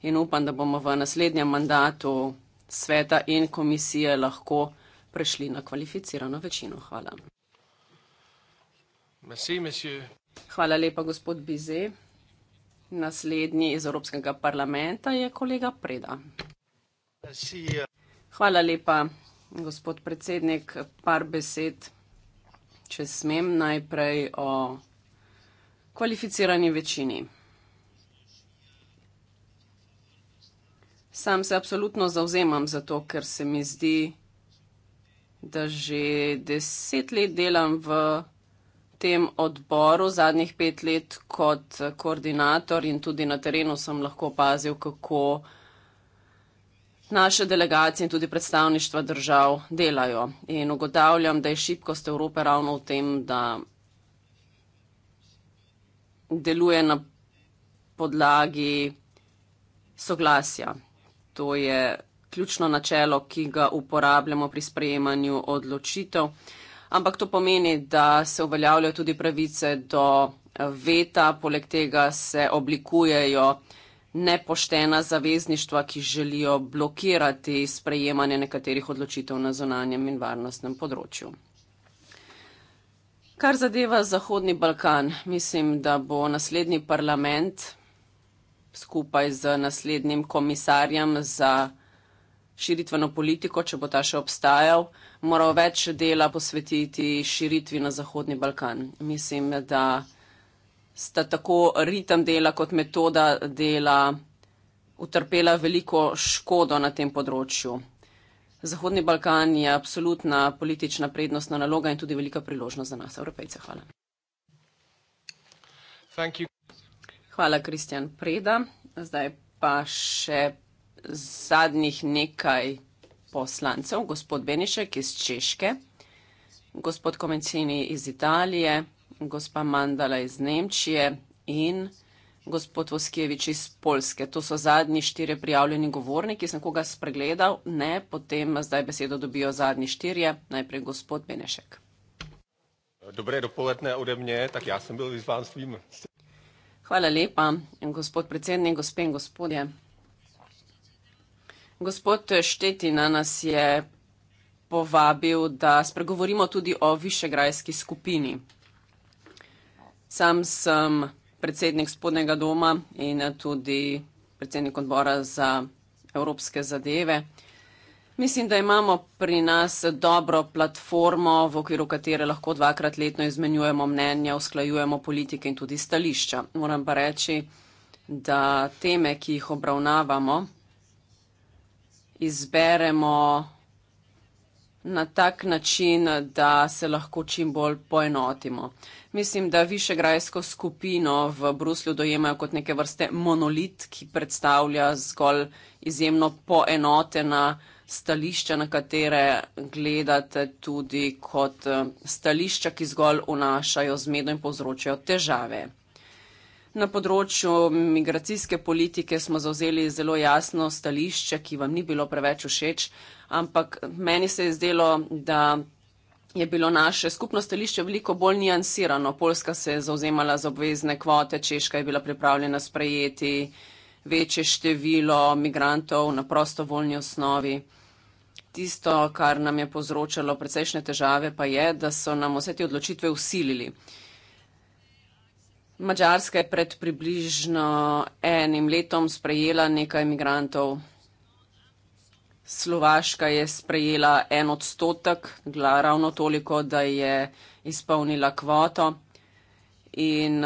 in upam, da bomo v naslednjem mandatu sveta in komisije lahko prešli na kvalificirano večino. Hvala. Merci, Hvala lepa, gospod Bize. Naslednji iz Evropskega parlamenta je kolega Preda. Merci. Euh. Hvala lepa, gospod predsednik. Par besed, če smem, najprej o kvalificirani večini. Sam se absolutno zauzemam za to, ker se mi zdi, da že deset let delam v tem odboru, zadnjih pet let kot koordinator in tudi na terenu sem lahko opazil, kako naše delegacije in tudi predstavništva držav delajo. In ugotavljam, da je šibkost Evrope ravno v tem, da deluje na podlagi soglasja, to je ključno načelo, ki ga uporabljamo pri sprejemanju odločitev. Ampak to pomeni, da se uveljavljajo tudi pravice do veta, poleg tega se oblikujejo nepoštena zavezništva, ki želijo blokirati sprejemanje nekaterih odločitev na zonanjem in varnostnem področju. Kar zadeva Zahodni Balkan, mislim, da bo naslednji parlament skupaj z naslednjim komisarjem za širitveno politiko, če bo ta še obstajal, moral več dela posvetiti širitvi na Zahodni Balkan. Mislim, da sta tako ritem dela kot metoda dela utrpela veliko škodo na tem področju. Zahodni Balkan je absolutna politična prednostna naloga in tudi velika priložnost za nas, evropejce. Hvala. Hvala, Kristjan Preda. Zdaj pa še zadnjih nekaj poslancev. Gospod Benišek iz Češke, gospod Komencini iz Italije, gospa Mandala iz Nemčije in gospod Voskevič iz Polske. To so zadnji štiri prijavljeni govorniki. Sem koga spregledal? Ne, potem zdaj besedo dobijo zadnji štirje. Najprej gospod Benešek. Dobre dopoletne ode mne, tak ja sem bil vyzván svým Hvala lepa, gospod predsednik, gospe in gospodje. Gospod Štetina nas je povabil, da spregovorimo tudi o Višegrajski skupini. Sam sem predsednik spodnega doma in tudi predsednik odbora za evropske zadeve. Mislim, da imamo pri nas dobro platformo, v okviru katere lahko dvakrat letno izmenjujemo mnenja, usklajujemo politike in tudi stališča. Moram pa reči, da teme, ki jih obravnavamo, izberemo na tak način, da se lahko čim bolj poenotimo. Mislim, da višegrajsko skupino v Bruslju dojemajo kot neke vrste monolit, ki predstavlja zgolj izjemno poenotena, stališča, na katere gledate tudi kot eh, stališča, ki zgolj unašajo zmedo in povzročajo težave. Na področju migracijske politike smo zauzeli zelo jasno stališče, ki vam ni bilo preveč všeč, ampak meni se je zdelo, da je bilo naše skupno stališče veliko bolj nijansirano. Poljska se je zauzemala za obvezne kvote, Češka je bila pripravljena sprejeti večje število migrantov na prostovoljni osnovi. Tisto, kar nam je povzročalo precejšnje težave, pa je, da so nam vse te odločitve usilili. Mačarska je pred približno enim letom sprejela nekaj imigrantov. Slovaška je sprejela en odstotek, ravno toliko, da je izpolnila kvoto. In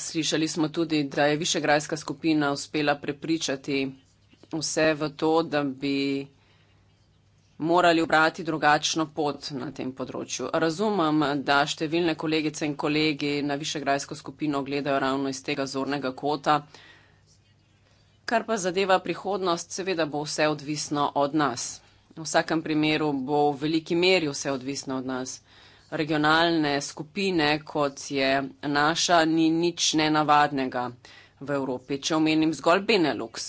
Slišali smo tudi, da je Višegrajska skupina uspela prepričati vse v to, da bi morali obrati drugačno pot na tem področju. Razumem, da številne kolegice in kolegi na Višegrajsko skupino gledajo ravno iz tega zornega kota. Kar pa zadeva prihodnost, seveda bo vse odvisno od nas. V vsakem primeru bo v veliki meri vse odvisno od nas regionalne skupine, kot je naša, ni nič nenavadnega v Evropi, če omenim zgolj Benelux.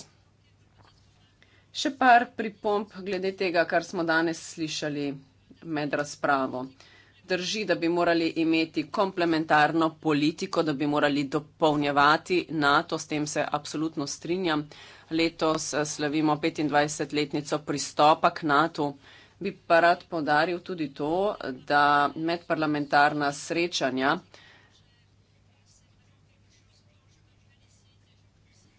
Še par pripomp glede tega, kar smo danes slišali med razpravo. Drži, da bi morali imeti komplementarno politiko, da bi morali dopolnjevati NATO, s tem se absolutno strinjam. Letos slavimo 25-letnico pristopa k NATO. Bi pa rad podaril tudi to, da medparlamentarna srečanja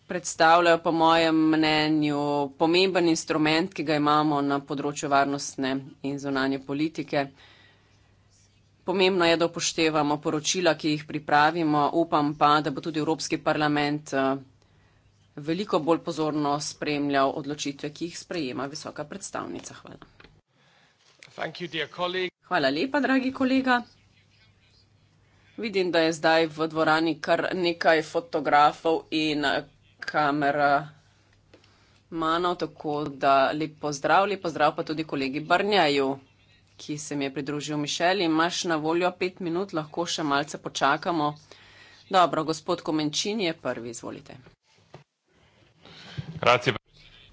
predstavljajo po mojem mnenju pomemben instrument, ki ga imamo na področju varnostne in zunanje politike. Pomembno je, da upoštevamo poročila, ki jih pripravimo. Upam pa, da bo tudi Evropski parlament eh, veliko bolj pozorno spremljal odločitve, ki jih sprejema visoka predstavnica. Hvala. Hvala lepa, dragi kolega. Vidim, da je zdaj v dvorani kar nekaj fotografov in kamera mano, tako da lep pozdrav, lep pozdrav pa tudi kolegi Brnjaju, ki se mi je pridružil Mišel. Imaš na voljo pet minut, lahko še malce počakamo. Dobro, gospod Komenčin je prvi, izvolite.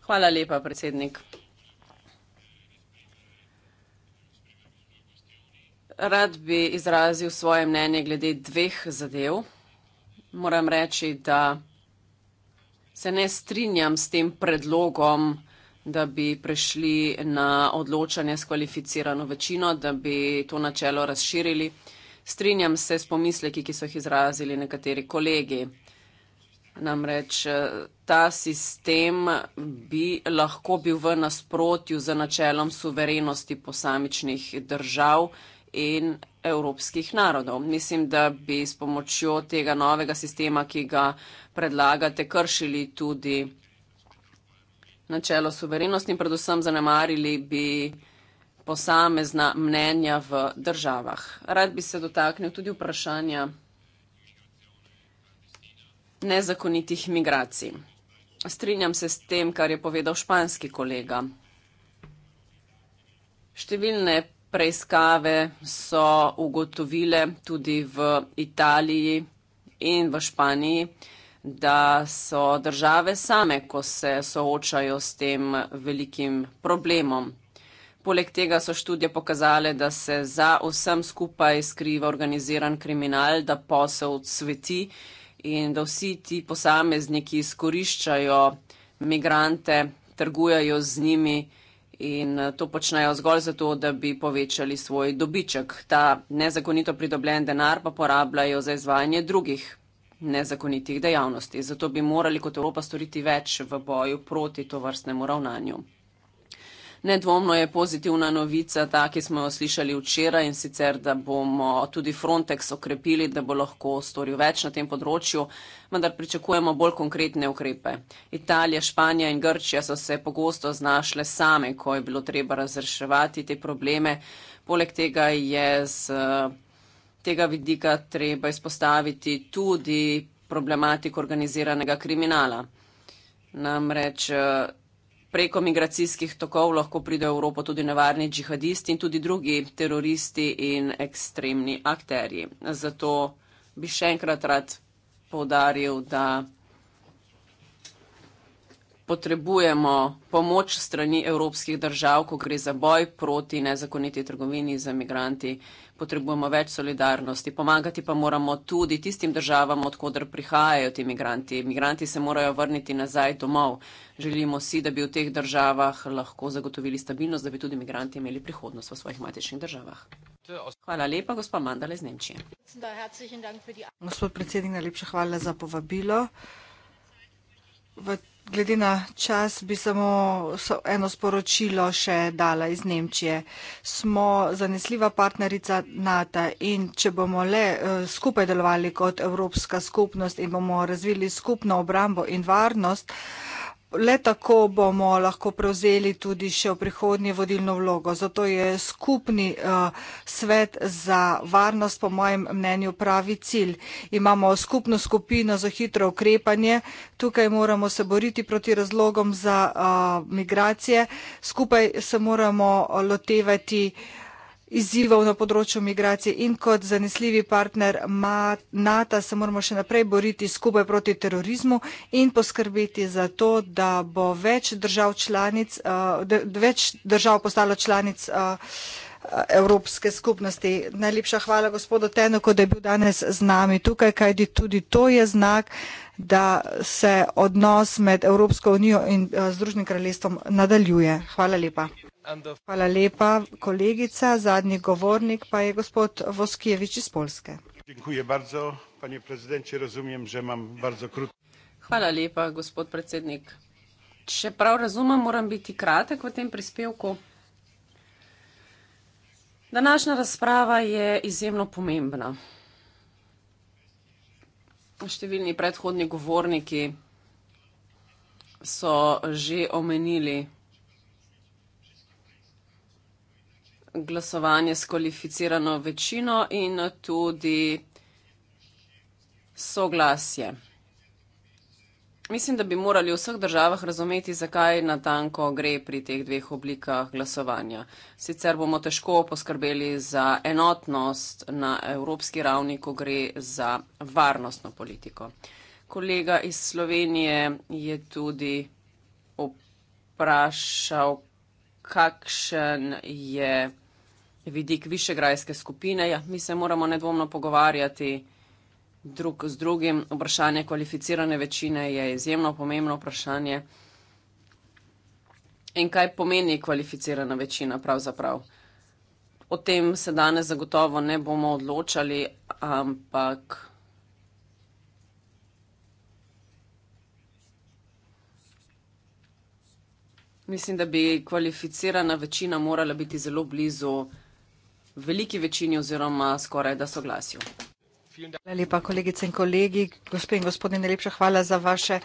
Hvala lepa, predsednik. Rad bi izrazil svoje mnenje glede dveh zadev. Moram reči, da se ne strinjam s tem predlogom, da bi prešli na odločanje s kvalificirano večino, da bi to načelo razširili. Strinjam se s pomisleki, ki so jih izrazili nekateri kolegi. Namreč eh, ta sistem bi lahko bil v nasprotju z načelom suverenosti posamičnih držav in evropskih narodov. Mislim, da bi s pomočjo tega novega sistema, ki ga predlagate, kršili tudi načelo suverenosti in predvsem zanemarili bi posamezna mnenja v državah. Rad bi se dotaknil tudi vprašanja nezakonitih migracij. Strinjam se s tem, kar je povedal španski kolega. Številne preiskave so ugotovile tudi v Italiji in v Španiji, da so države same, ko se soočajo s tem velikim problemom. Poleg tega so študije pokazale, da se za vsem skupaj skriva organiziran kriminal, da posel cveti in da vsi ti posamezniki izkoriščajo migrante, trgujajo z njimi in eh, to počnejo zgolj zato, da bi povečali svoj dobiček. Ta nezakonito pridobljen denar pa porabljajo za izvajanje drugih nezakonitih dejavnosti. Zato bi morali kot Evropa storiti več v boju proti to vrstnemu ravnanju. Nedvomno je pozitivna novica ta, ki smo jo slišali včeraj in sicer, da bomo tudi Frontex okrepili, da bo lahko storil več na tem področju, vendar pričakujemo bolj konkretne ukrepe. Italija, Španija in Grčija so se pogosto znašle same, ko je bilo treba razreševati te probleme. Poleg tega je z tega vidika treba izpostaviti tudi problematiko organiziranega kriminala. Namreč preko migracijskih tokov lahko pridejo v Evropo tudi nevarni džihadisti in tudi drugi teroristi in ekstremni akterji. Zato bi še enkrat rad povdaril, da potrebujemo pomoč strani evropskih držav, ko gre za boj proti nezakoniti trgovini za migranti potrebujemo več solidarnosti, pomagati pa moramo tudi tistim državam, odkudar prihajajo ti migranti. Migranti se morajo vrniti nazaj domov. Želimo si, da bi v teh državah lahko zagotovili stabilnost, da bi tudi migranti imeli prihodnost v svojih matičnih državah. Hvala lepa, gospa Mandale iz Nemčije. Gospod predsednik, najlepša hvala za povabilo. V glede na čas bi samo eno sporočilo še dala iz Nemčije. Smo zanesljiva partnerica NATO in če bomo le eh, skupaj delovali kot Evropska skupnost in bomo razvili skupno obrambo in varnost, Le tako bomo lahko prevzeli tudi še v prihodnje vodilno vlogo. Zato je skupni uh, svet za varnost, po mojem mnenju, pravi cilj. Imamo skupno skupino za hitro ukrepanje, tukaj moramo se boriti proti razlogom za uh, migracije, skupaj se moramo lotevati uh, izzivov na področju migracij in kot zanesljivi partner Nata se moramo še naprej boriti skupaj proti terorizmu in poskrbeti za to, da bo več držav, članic, eh, več držav postalo članic eh, Evropske skupnosti. Najlepša hvala gospodu Tenoku, da je bil danes z nami tukaj, kajdi tudi to je znak, da se odnos med Evropsko unijo in eh, Združenim kraljestvom nadaljuje. Hvala lepa. Hvala lepa, kolegica. Zadnji govornik pa je gospod Voskijevič iz Polske. Dziękuję bardzo, panie prezydencie. Rozumiem, że mam bardzo krótko. Hvala lepa, gospod predsednik. Če prav razumem, moram biti kratek v tem prispevku. Današnja razprava je izjemno pomembna. Številni predhodni govorniki so že omenili glasovanje s kvalificirano večino in tudi soglasje. Mislim, da bi morali v vseh državah razumeti, zakaj natanko gre pri teh dveh oblikah glasovanja. Sicer bomo težko poskrbeli za enotnost na evropski ravni, ko gre za varnostno politiko. Kolega iz Slovenije je tudi vprašal, kakšen je vidik višegrajske skupine. Ja, mi se moramo nedvomno pogovarjati drug z drugim. Vprašanje kvalificirane večine je izjemno pomembno vprašanje. In kaj pomeni kvalificirana večina pravzaprav? O tem se danes zagotovo ne bomo odločali, ampak. Mislim, da bi kvalificirana večina morala biti zelo blizu veliki večini oziroma skoraj da soglasju. Hvala lepa, kolegice in kolegi. Gospe in gospodje, najlepša hvala za vaše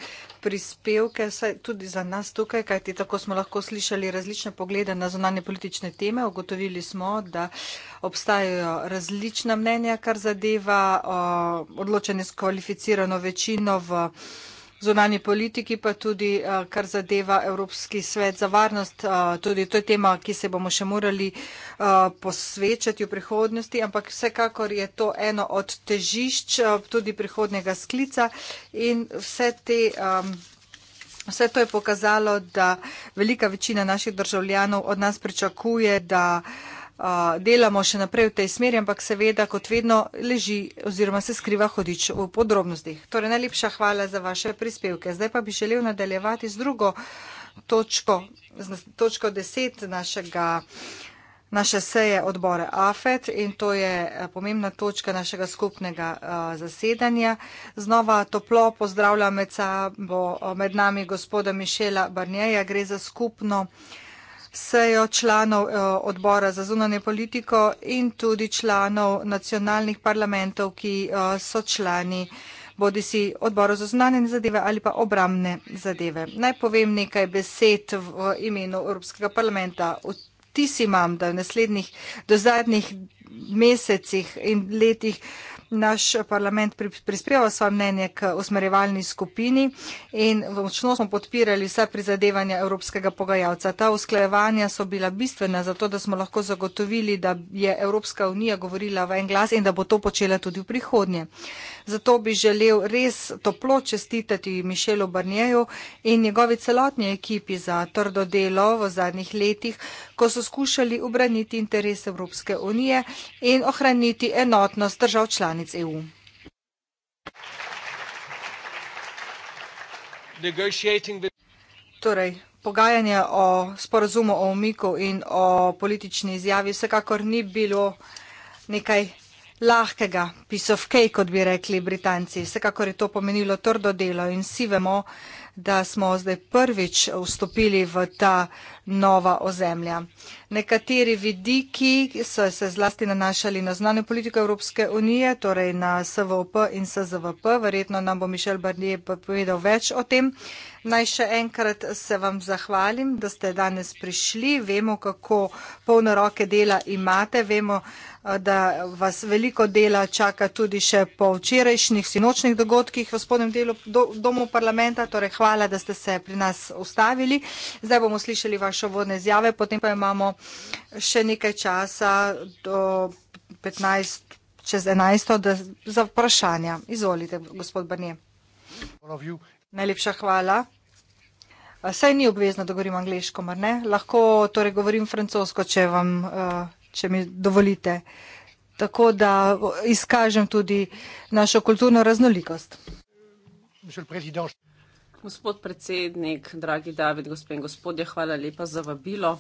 prispevke, saj tudi za nas tukaj, kajti tako smo lahko slišali različne poglede na zonanje politične teme. Ugotovili smo, da obstajajo različna mnenja, kar zadeva odločanje s kvalificirano večino v zunanji politiki, pa tudi eh, kar zadeva Evropski svet za varnost. Eh, tudi to je tema, ki se bomo še morali eh, posvečati v prihodnosti, ampak vsekakor je to eno od težišč tudi prihodnega sklica in vse te. Ehm, vse to je pokazalo, da velika večina naših državljanov od nas pričakuje, da uh, delamo še naprej v tej smeri, ampak seveda, kot vedno, leži oziroma se skriva hodič v podrobnostih. Torej, najlepša hvala za vaše prispevke. Zdaj pa bi želel nadaljevati z drugo točko, z točko deset našega, naše seje odbore AFET in to je pomembna točka našega skupnega uh, zasedanja. Znova toplo pozdravljam med, sabo, med nami gospoda Mišela Barnjeja, gre za skupno uh, sejo članov eh, odbora za zunanje politiko in tudi članov nacionalnih parlamentov, ki eh, so člani bodi si odboru za zunanje zadeve ali pa obramne zadeve. Naj povem nekaj besed v imenu Evropskega parlamenta. Vtis imam, da v naslednjih do zadnjih mesecih in letih naš parlament prispeval svoje mnenje k usmerjevalni skupini in močno smo podpirali vse prizadevanja evropskega pogajalca. Ta usklajevanja so bila bistvena zato, da smo lahko zagotovili, da je Evropska unija govorila v en glas in da bo to počela tudi v prihodnje. Zato bi želel res toplo čestitati Mišelu Barnjeju in njegovi celotni ekipi za trdo delo v zadnjih letih, ko so skušali obraniti interes Evropske unije in ohraniti enotnost držav članic EU. Torej, pogajanje o sporazumu o omiku in o politični izjavi vsekakor ni bilo nekaj lahkega, piece of cake, kot bi rekli Britanci. Vsekakor je to pomenilo trdo delo in vsi vemo, da smo zdaj prvič vstopili v ta nova ozemlja. Nekateri vidiki so se zlasti nanašali na znane politike Evropske unije, torej na SVP in SZVP. Verjetno nam bo Mišel Barnier povedal več o tem. Naj še enkrat se vam zahvalim, da ste danes prišli. Vemo, kako polno roke dela imate. Vemo, da vas veliko dela čaka tudi še po včerajšnjih sinočnih dogodkih v spodnjem delu do, domu parlamenta. Torej, hvala, da ste se pri nas ustavili. Zdaj bomo slišali vaše vodne izjave, potem pa imamo še nekaj časa do 15. čez 11. Da, za vprašanja. Izvolite, gospod Barnje. Najlepša hvala. Saj ni obvezno, da govorim angliško, mar ne? Lahko torej govorim francosko, če vam uh, če mi dovolite. Tako da izkažem tudi našo kulturno raznolikost. Gospod predsednik, dragi David, gospe in gospodje, hvala lepa za vabilo.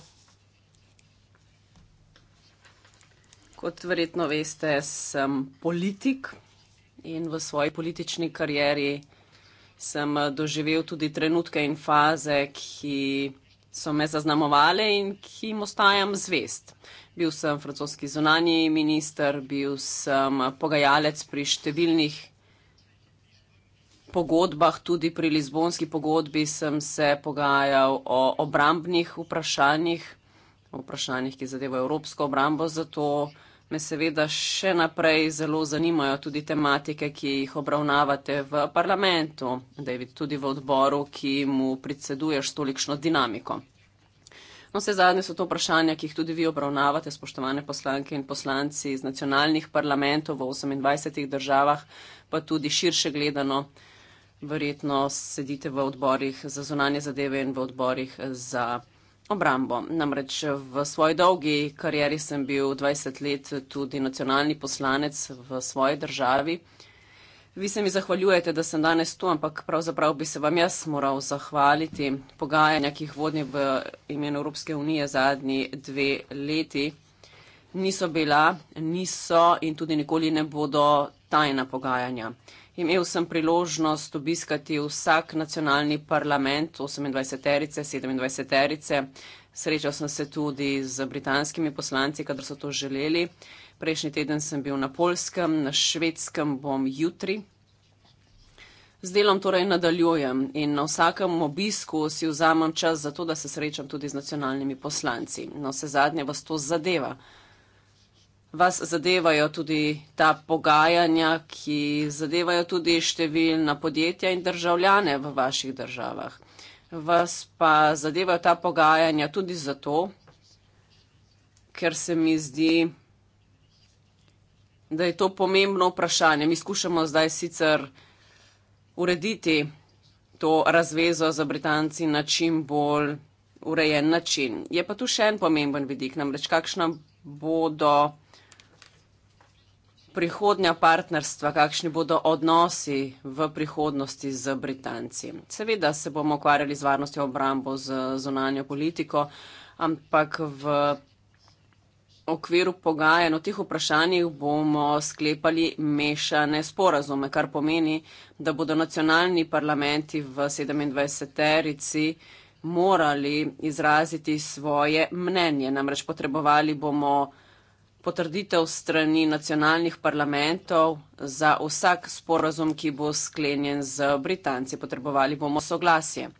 Kot verjetno veste, sem politik in v svoji politični karieri sem doživel tudi trenutke in faze, ki so me zaznamovale in ki jim ostajam zvest bil sem francoski zunani minister, bil sem pogajalec pri številnih pogodbah, tudi pri Lizbonski pogodbi sem se pogajal o obrambnih vprašanjih, o vprašanjih, ki zadevajo evropsko obrambo, zato me seveda še naprej zelo zanimajo tudi tematike, ki jih obravnavate v parlamentu, David, tudi v odboru, ki mu predseduješ tolikšno dinamiko. No, vse zadnje so to vprašanja, ki jih tudi vi obravnavate, spoštovane poslanke in poslanci iz nacionalnih parlamentov v 28 državah, pa tudi širše gledano. Verjetno sedite v odborih za zunanje zadeve in v odborih za obrambo. Namreč v svoji dolgi karieri sem bil 20 let tudi nacionalni poslanec v svoji državi. Vi se mi zahvaljujete, da sem danes tu, ampak pravzaprav bi se vam jaz moral zahvaliti. Pogajanja, ki jih vodni v imenu Evropske unije zadnji dve leti, niso bila, niso in tudi nikoli ne bodo tajna pogajanja. Imel sem priložnost obiskati vsak nacionalni parlament 28-erice, 27-erice. Srečal sem se tudi z britanskimi poslanci, kadar so to želeli. Prejšnji teden sem bil na Polskem, na Švedskem bom jutri. Z delom torej nadaljujem in na vsakem obisku si vzamem čas za to, da se srečam tudi z nacionalnimi poslanci. No, vse zadnje vas to zadeva. Vas zadevajo tudi ta pogajanja, ki zadevajo tudi številna podjetja in državljane v vaših državah. Vas pa zadevajo ta pogajanja tudi zato, ker se mi zdi, da je to pomembno vprašanje. Mi skušamo zdaj sicer urediti to razvezo za Britanci na čim bolj urejen način. Je pa tu še en pomemben vidik, namreč kakšna bodo prihodnja partnerstva, kakšni bodo odnosi v prihodnosti z Britanci. Seveda se bomo ukvarjali z varnostjo obrambo, z zonanjo politiko, ampak v okviru pogajanj o teh vprašanjih bomo sklepali mešane sporazume, kar pomeni, da bodo nacionalni parlamenti v 27-terici morali izraziti svoje mnenje. Namreč potrebovali bomo potrditev strani nacionalnih parlamentov za vsak sporazum, ki bo sklenjen z Britanci. Potrebovali bomo soglasje.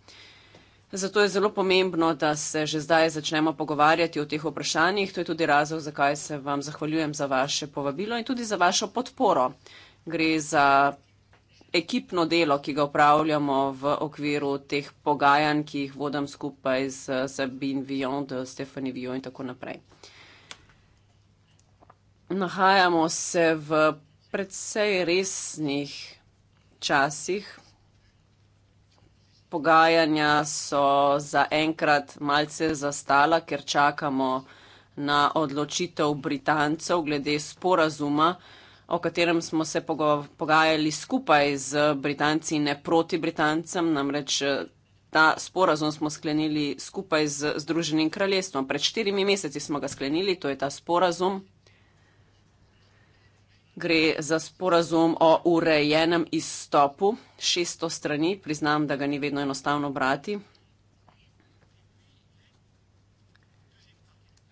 Zato je zelo pomembno, da se že zdaj začnemo pogovarjati o teh vprašanjih. To je tudi razlog, zakaj se vam zahvaljujem za vaše povabilo in tudi za vašo podporo. Gre za ekipno delo, ki ga upravljamo v okviru teh pogajanj, ki jih vodam skupaj z Sabine Vion, Stephanie Vion in tako naprej. Nahajamo se v predvsej resnih časih pogajanja so zaenkrat malce zastala, ker čakamo na odločitev Britancev glede sporazuma, o katerem smo se pogajali skupaj z Britanci in ne proti Britancem, namreč eh, ta sporazum smo sklenili skupaj z Združenim kraljestvom. Pred štirimi meseci smo ga sklenili, to je ta sporazum, gre za sporazum o urejenem izstopu, 600 strani, priznam, da ga ni vedno enostavno brati.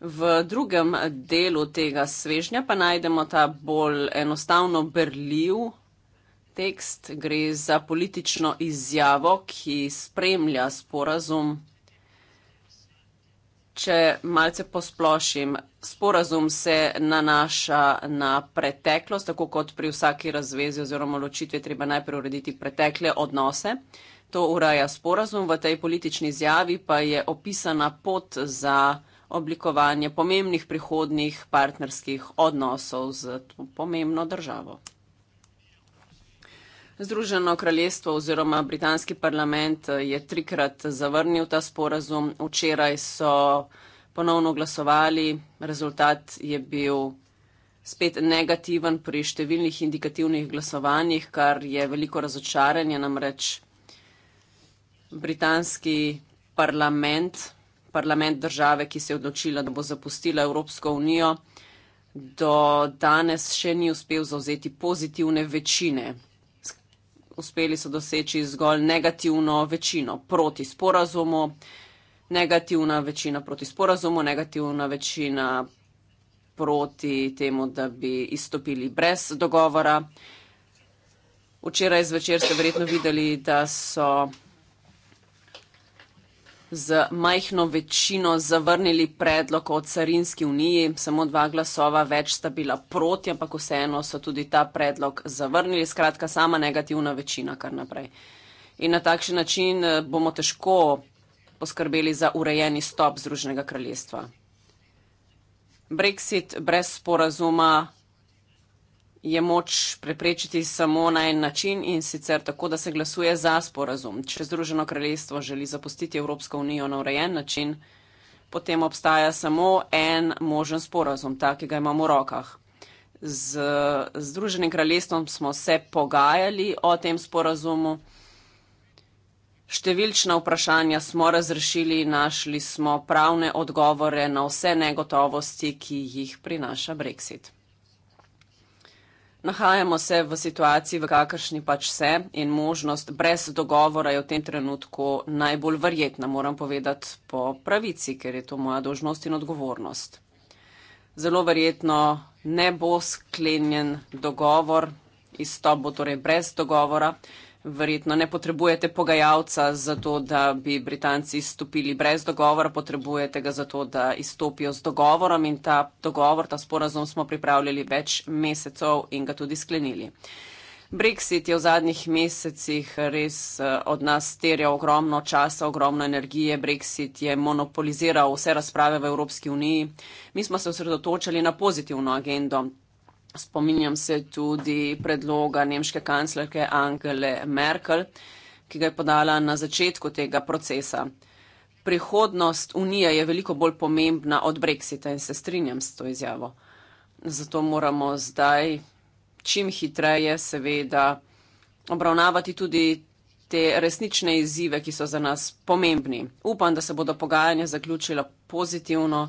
V drugem delu tega svežnja pa najdemo ta bolj enostavno berljiv tekst, gre za politično izjavo, ki spremlja sporazum. Če malce posplošim, sporazum se nanaša na preteklost, tako kot pri vsaki razvezi oziroma ločitvi treba najprej urediti pretekle odnose. To uraja sporazum, v tej politični izjavi pa je opisana pot za oblikovanje pomembnih prihodnih partnerskih odnosov z pomembno državo. Združeno kraljestvo oziroma britanski parlament eh, je trikrat zavrnil ta sporazum. Včeraj so ponovno glasovali, rezultat je bil spet negativen pri številnih indikativnih glasovanjih, kar je veliko razočaranje namreč. Britanski parlament, parlament države, ki se je odločila, da bo zapustila Evropsko unijo, do danes še ni uspel zauzeti pozitivne večine uspeli so doseči zgolj negativno večino proti sporazumu, negativna večina proti sporazumu, negativna večina proti temu, da bi izstopili brez dogovora. Včeraj zvečer ste verjetno videli, da so z majhno večino zavrnili predlog o carinski uniji, samo dva glasova več sta bila proti, ampak vseeno so tudi ta predlog zavrnili, skratka, sama negativna večina kar naprej. In na takšen način eh, bomo težko poskrbeli za urejeni stop Združenega kraljestva. Brexit brez sporazuma je moč preprečiti samo na en način in sicer tako, da se glasuje za sporazum. Če Združeno kraljestvo želi zapustiti Evropsko unijo na urejen način, potem obstaja samo en možen sporazum, ta, ki ga imamo v rokah. Z Združenim kraljestvom smo se pogajali o tem sporazumu. Številčna vprašanja smo razrešili, našli smo pravne odgovore na vse negotovosti, ki jih prinaša Brexit. Nahajamo se v situaciji, v kakršni pač se in možnost brez dogovora je v tem trenutku najbolj verjetna, moram povedati po pravici, ker je to moja dožnost in odgovornost. Zelo verjetno ne bo sklenjen dogovor, izstop bo torej brez dogovora verjetno ne potrebujete pogajalca za to, da bi Britanci stopili brez dogovora, potrebujete ga za to, da izstopijo z dogovorom in ta dogovor, ta sporazum smo pripravljali več mesecev in ga tudi sklenili. Brexit je v zadnjih mesecih res eh, od nas terjal ogromno časa, ogromno energije. Brexit je monopoliziral vse razprave v Evropski uniji. Mi smo se osredotočali na pozitivno agendo, Spominjam se tudi predloga nemške kanclerke Angele Merkel, ki ga je podala na začetku tega procesa. Prihodnost Unije je veliko bolj pomembna od Brexita in se strinjam s to izjavo. Zato moramo zdaj čim hitreje seveda obravnavati tudi te resnične izzive, ki so za nas pomembni. Upam, da se bodo pogajanja zaključila pozitivno.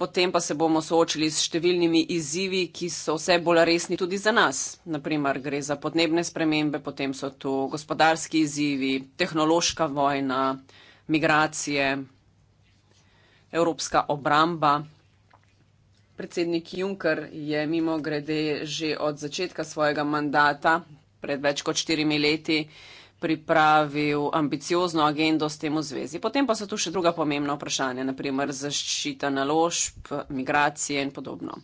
Potem pa se bomo soočili s številnimi izzivi, ki so vse bolj resni tudi za nas. Naprimer, gre za podnebne spremembe, potem so tu gospodarski izzivi, tehnološka vojna, migracije, evropska obramba. Predsednik Juncker je mimo grede že od začetka svojega mandata, pred več kot štirimi leti, pripravil ambiciozno agendo s tem v zvezi. Potem pa so tu še druga pomembna vprašanja, naprimer zaščita naložb, migracije in podobno.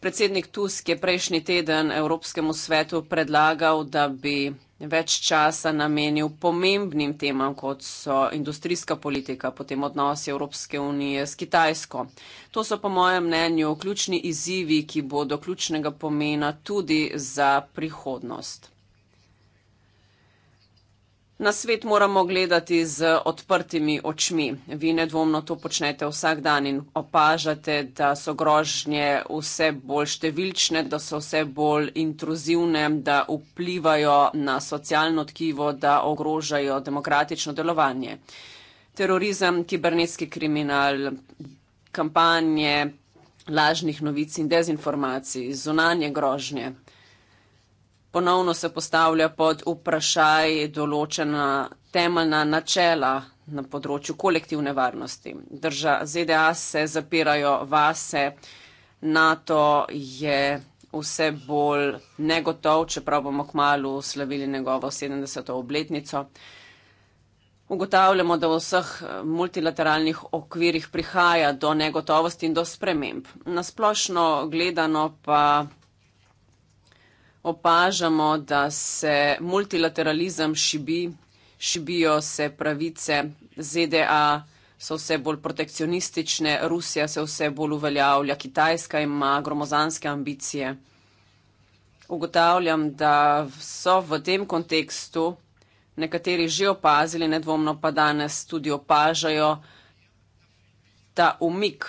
Predsednik Tusk je prejšnji teden Evropskemu svetu predlagal, da bi več časa namenil pomembnim temam, kot so industrijska politika, potem odnosi Evropske unije s Kitajsko. To so po mojem mnenju ključni izzivi, ki bodo ključnega pomena tudi za prihodnost. Na svet moramo gledati z odprtimi očmi. Vi nedvomno to počnete vsak dan in opažate, da so grožnje vse bolj številčne, da so vse bolj intruzivne, da vplivajo na socialno tkivo, da ogrožajo demokratično delovanje. Terorizem, kibernetski kriminal, kampanje lažnih novic in dezinformacij, zunanje grožnje ponovno se postavlja pod vprašaj določena temeljna načela na področju kolektivne varnosti. Drža ZDA se zapirajo vase, NATO je vse bolj negotov, čeprav bomo k malu slavili njegovo 70. obletnico. Ugotavljamo, da v vseh multilateralnih okvirih prihaja do negotovosti in do sprememb. Nasplošno gledano pa opažamo, da se multilateralizem šibi, šibijo se pravice ZDA, so vse bolj protekcionistične, Rusija se vse bolj uveljavlja, Kitajska ima gromozanske ambicije. Ugotavljam, da so v tem kontekstu nekateri že opazili, nedvomno pa danes tudi opažajo ta umik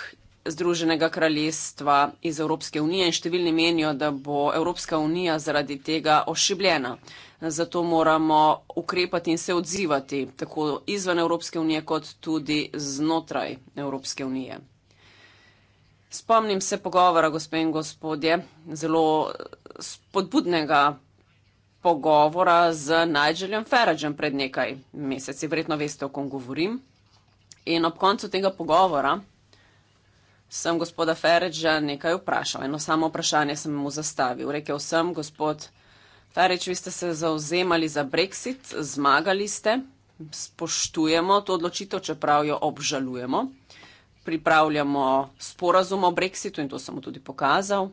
Združenega kraljestva iz Evropske unije in številni menijo, da bo Evropska unija zaradi tega ošibljena. Zato moramo ukrepati in se odzivati tako izven Evropske unije kot tudi znotraj Evropske unije. Spomnim se pogovora, gospe in gospodje, zelo spodbudnega pogovora z Nigelem Faragem pred nekaj meseci. Verjetno veste, o kom govorim. In ob koncu tega pogovora sem gospoda Feriča nekaj vprašal. Eno samo vprašanje sem mu zastavil. Rekel sem, gospod Ferič, vi ste se zauzemali za Brexit, zmagali ste, spoštujemo to odločitev, čeprav jo obžalujemo. Pripravljamo sporazum o Brexitu in to sem mu tudi pokazal.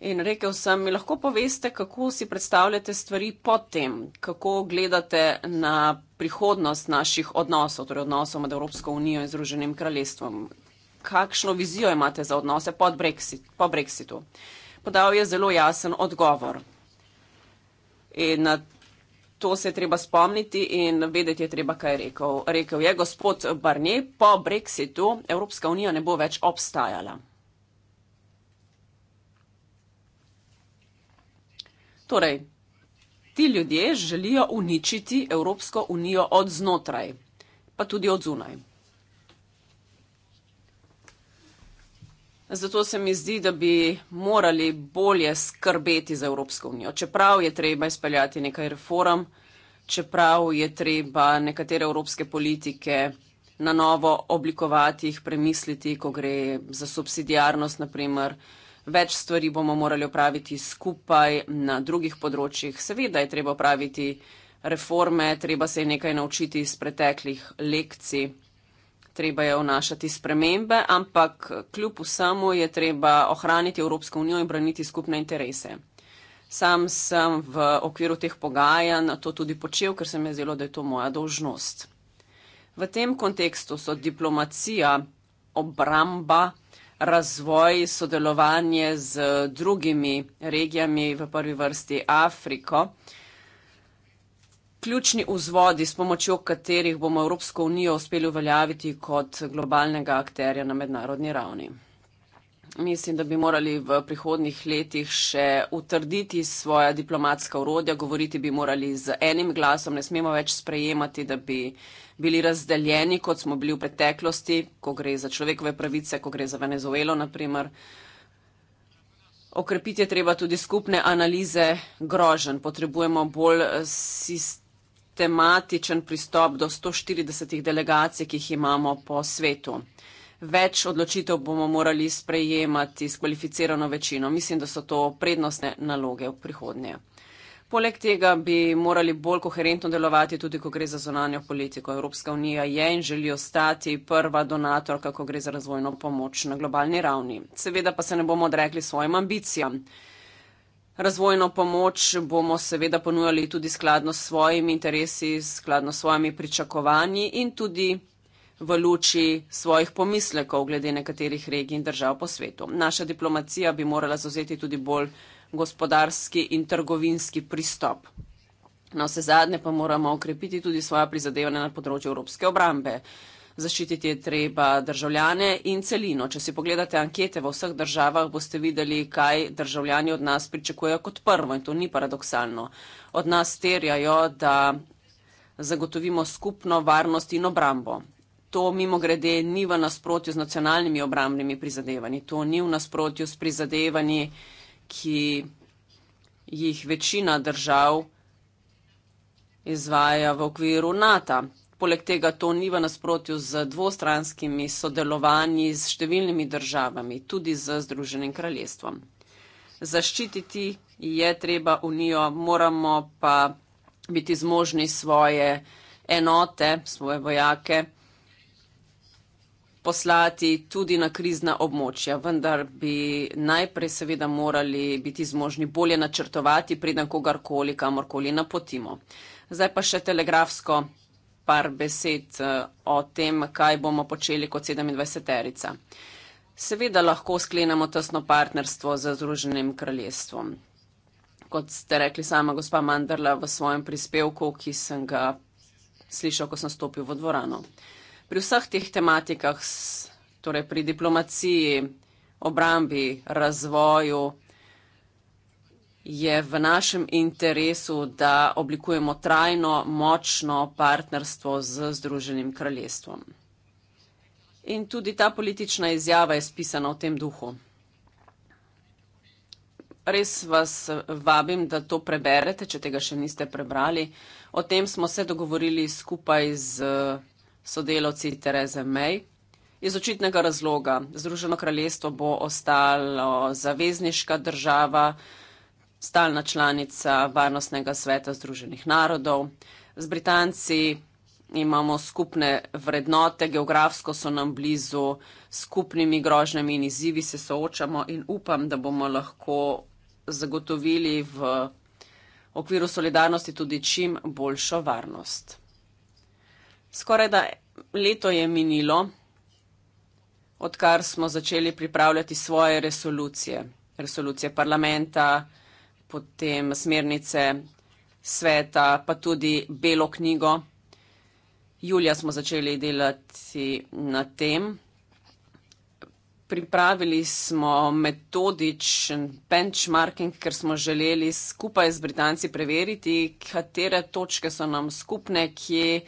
In rekel sem, mi lahko poveste, kako si predstavljate stvari potem, kako gledate na prihodnost naših odnosov, torej odnosov med Evropsko unijo in Združenim kraljestvom, kakšno vizijo imate za odnose pod Brexit, po Brexitu. Podal je zelo jasen odgovor. In na to se je treba spomniti in vedeti je treba, kaj je rekel. Rekel je gospod Barnier, po Brexitu Evropska unija ne bo več obstajala. Torej, ti ljudje želijo uničiti Evropsko unijo od znotraj, pa tudi od zunaj. Zato se mi zdi, da bi morali bolje skrbeti za Evropsko unijo. Čeprav je treba izpeljati nekaj reform, čeprav je treba nekatere evropske politike na novo oblikovati, jih premisliti, ko gre za subsidijarnost, naprimer, več stvari bomo morali opraviti skupaj na drugih področjih. Seveda je treba opraviti reforme, treba se je nekaj naučiti iz preteklih lekcij treba je vnašati spremembe, ampak kljub vsemu je treba ohraniti Evropsko unijo in braniti skupne interese. Sam sem v okviru teh pogajanj to tudi počel, ker se mi je zdelo, da je to moja dolžnost. V tem kontekstu so diplomacija, obramba, razvoj, sodelovanje z drugimi regijami, v prvi vrsti Afriko, uh, ključni vzvodi, s pomočjo katerih bomo Evropsko unijo uspeli uveljaviti kot globalnega akterja na mednarodni ravni? Mislim, da bi morali v prihodnih letih še utrditi svoja diplomatska urodja, govoriti bi morali z enim glasom, ne smemo več sprejemati, da bi bili razdeljeni, kot smo bili v preteklosti, ko gre za človekove pravice, ko gre za Venezuelo, naprimer. Okrepiti je treba tudi skupne analize grožen. Potrebujemo bolj sistemske tematičen pristop do 140 delegacij, ki jih imamo po svetu. Več odločitev bomo morali sprejemati s kvalificirano večino. Mislim, da so to prednostne naloge v prihodnje. Poleg tega bi morali bolj koherentno delovati tudi, ko gre za zonanjo politiko. Evropska unija je in želi ostati prva donatorka, ko gre za razvojno pomoč na globalni ravni. Seveda pa se ne bomo odrekli svojim ambicijam. Razvojno pomoč bomo seveda ponujali tudi skladno s svojimi interesi, skladno s svojimi pričakovanji in tudi v luči svojih pomislekov glede nekaterih regij in držav po svetu. Naša diplomacija bi morala zauzeti tudi bolj gospodarski in trgovinski pristop. Na vse zadnje pa moramo okrepiti tudi svoje prizadevanje na področju evropske obrambe zaščititi je treba državljane in celino. Če si pogledate ankete v vseh državah, boste videli, kaj državljani od nas pričakujejo kot prvo in to ni paradoksalno. Od nas terjajo, da zagotovimo skupno varnost in obrambo. To mimo grede ni v nasprotju z nacionalnimi obrambnimi prizadevanji, to ni v nasprotju s prizadevanji, ki jih večina držav izvaja v okviru NATO. Poleg tega to ni v nasprotju z dvostranskimi sodelovanji z številnimi državami, tudi z Združenim kraljestvom. Zaščititi je treba Unijo, moramo pa biti zmožni svoje enote, svoje vojake poslati tudi na krizna območja, vendar bi najprej seveda morali biti zmožni bolje načrtovati, preden kogarkoli kamorkoli napotimo. Zdaj pa še telegrafsko par besed eh, o tem, kaj bomo počeli kot 27-terica. Seveda lahko sklenemo tesno partnerstvo z Združenim kraljestvom. Kot ste rekli sama gospa Mandrla v svojem prispevku, ki sem ga slišal, ko sem stopil v dvorano. Pri vseh teh tematikah, torej pri diplomaciji, obrambi, razvoju, je v našem interesu, da oblikujemo trajno, močno partnerstvo z Združenim kraljestvom. In tudi ta politična izjava je spisana v tem duhu. Res vas vabim, da to preberete, če tega še niste prebrali. O tem smo se dogovorili skupaj z eh, sodelovci Tereze May. Iz očitnega razloga Združeno kraljestvo bo ostalo zavezniška država, stalna članica Varnostnega sveta Združenih narodov. Z Britanci imamo skupne vrednote, geografsko so nam blizu, s skupnimi grožnjami in izzivi se soočamo in upam, da bomo lahko zagotovili v okviru solidarnosti tudi čim boljšo varnost. Skoraj da leto je minilo, odkar smo začeli pripravljati svoje resolucije, resolucije parlamenta, potem smernice sveta, pa tudi belo knjigo. Julija smo začeli delati na tem. Pripravili smo metodičen benchmarking, ker smo želeli skupaj z Britanci preveriti, katere točke so nam skupne, kje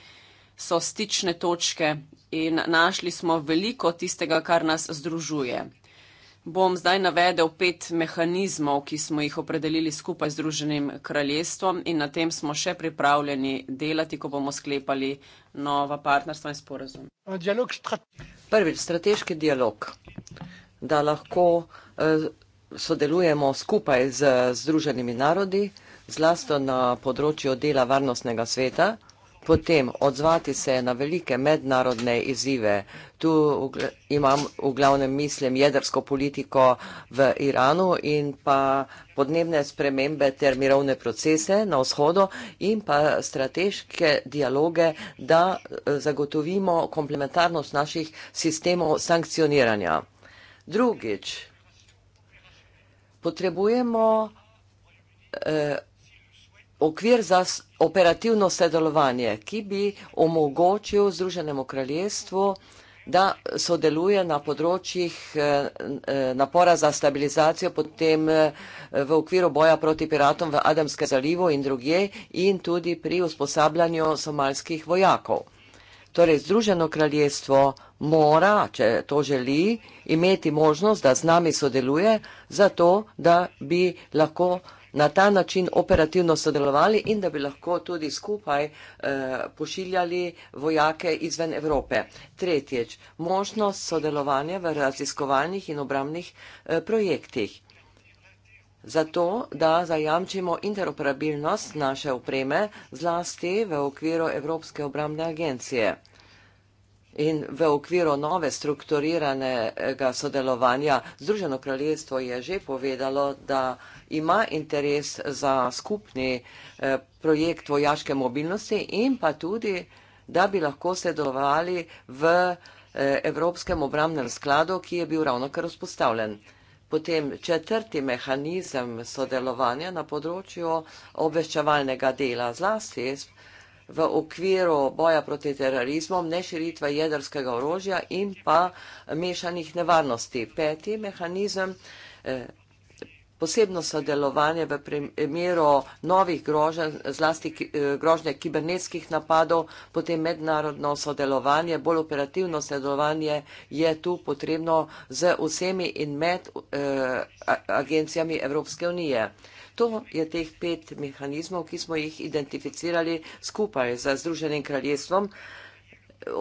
so stične točke in našli smo veliko tistega, kar nas združuje. Bom zdaj navedel pet mehanizmov, ki smo jih opredelili skupaj z Združenim kraljestvom in na tem smo še pripravljeni delati, ko bomo sklepali nova partnerstva in sporazum. Prvič, strateški dialog, da lahko eh, sodelujemo skupaj z Združenimi narodi, zlasti na področju dela varnostnega sveta potem odzvati se na velike mednarodne izzive. Tu imam v glavnem mislim jedrsko politiko v Iranu in pa podnebne spremembe ter mirovne procese na vzhodu in pa strateške dialoge, da zagotovimo komplementarnost naših sistemov sankcioniranja. Drugič, potrebujemo eh, okvir za operativno sodelovanje, ki bi omogočil Združenemu kraljestvu, da sodeluje na področjih eh, eh, napora za stabilizacijo, potem eh, v okviru boja proti piratom v Adamskem zalivu in drugje in tudi pri usposabljanju somalskih vojakov. Torej, Združeno kraljestvo mora, če to želi, imeti možnost, da z nami sodeluje, zato da bi lahko na ta način operativno sodelovali in da bi lahko tudi skupaj eh, pošiljali vojake izven Evrope. Tretjič, možnost sodelovanja v raziskovalnih in obramnih eh, projektih. Zato, da zajamčimo interoperabilnost naše opreme zlasti v okviru Evropske obramne agencije. In v okviru nove strukturiranega sodelovanja Združeno kraljestvo je že povedalo, da ima interes za skupni eh, projekt vojaške mobilnosti in pa tudi, da bi lahko sodelovali v eh, Evropskem obramnem skladu, ki je bil ravno kar vzpostavljen. Potem četrti mehanizem sodelovanja na področju obveščevalnega dela zlasti v okviru boja proti terorizmom, neširitve jedrskega orožja in pa mešanih nevarnosti. Peti mehanizem, eh, posebno sodelovanje v primeru novih groženj, zlasti eh, grožnje kibernetskih napadov, potem mednarodno sodelovanje, bolj operativno sodelovanje je tu potrebno z vsemi in med eh, agencijami Evropske unije. To je teh pet mehanizmov, ki smo jih identificirali skupaj z Združenim kraljestvom.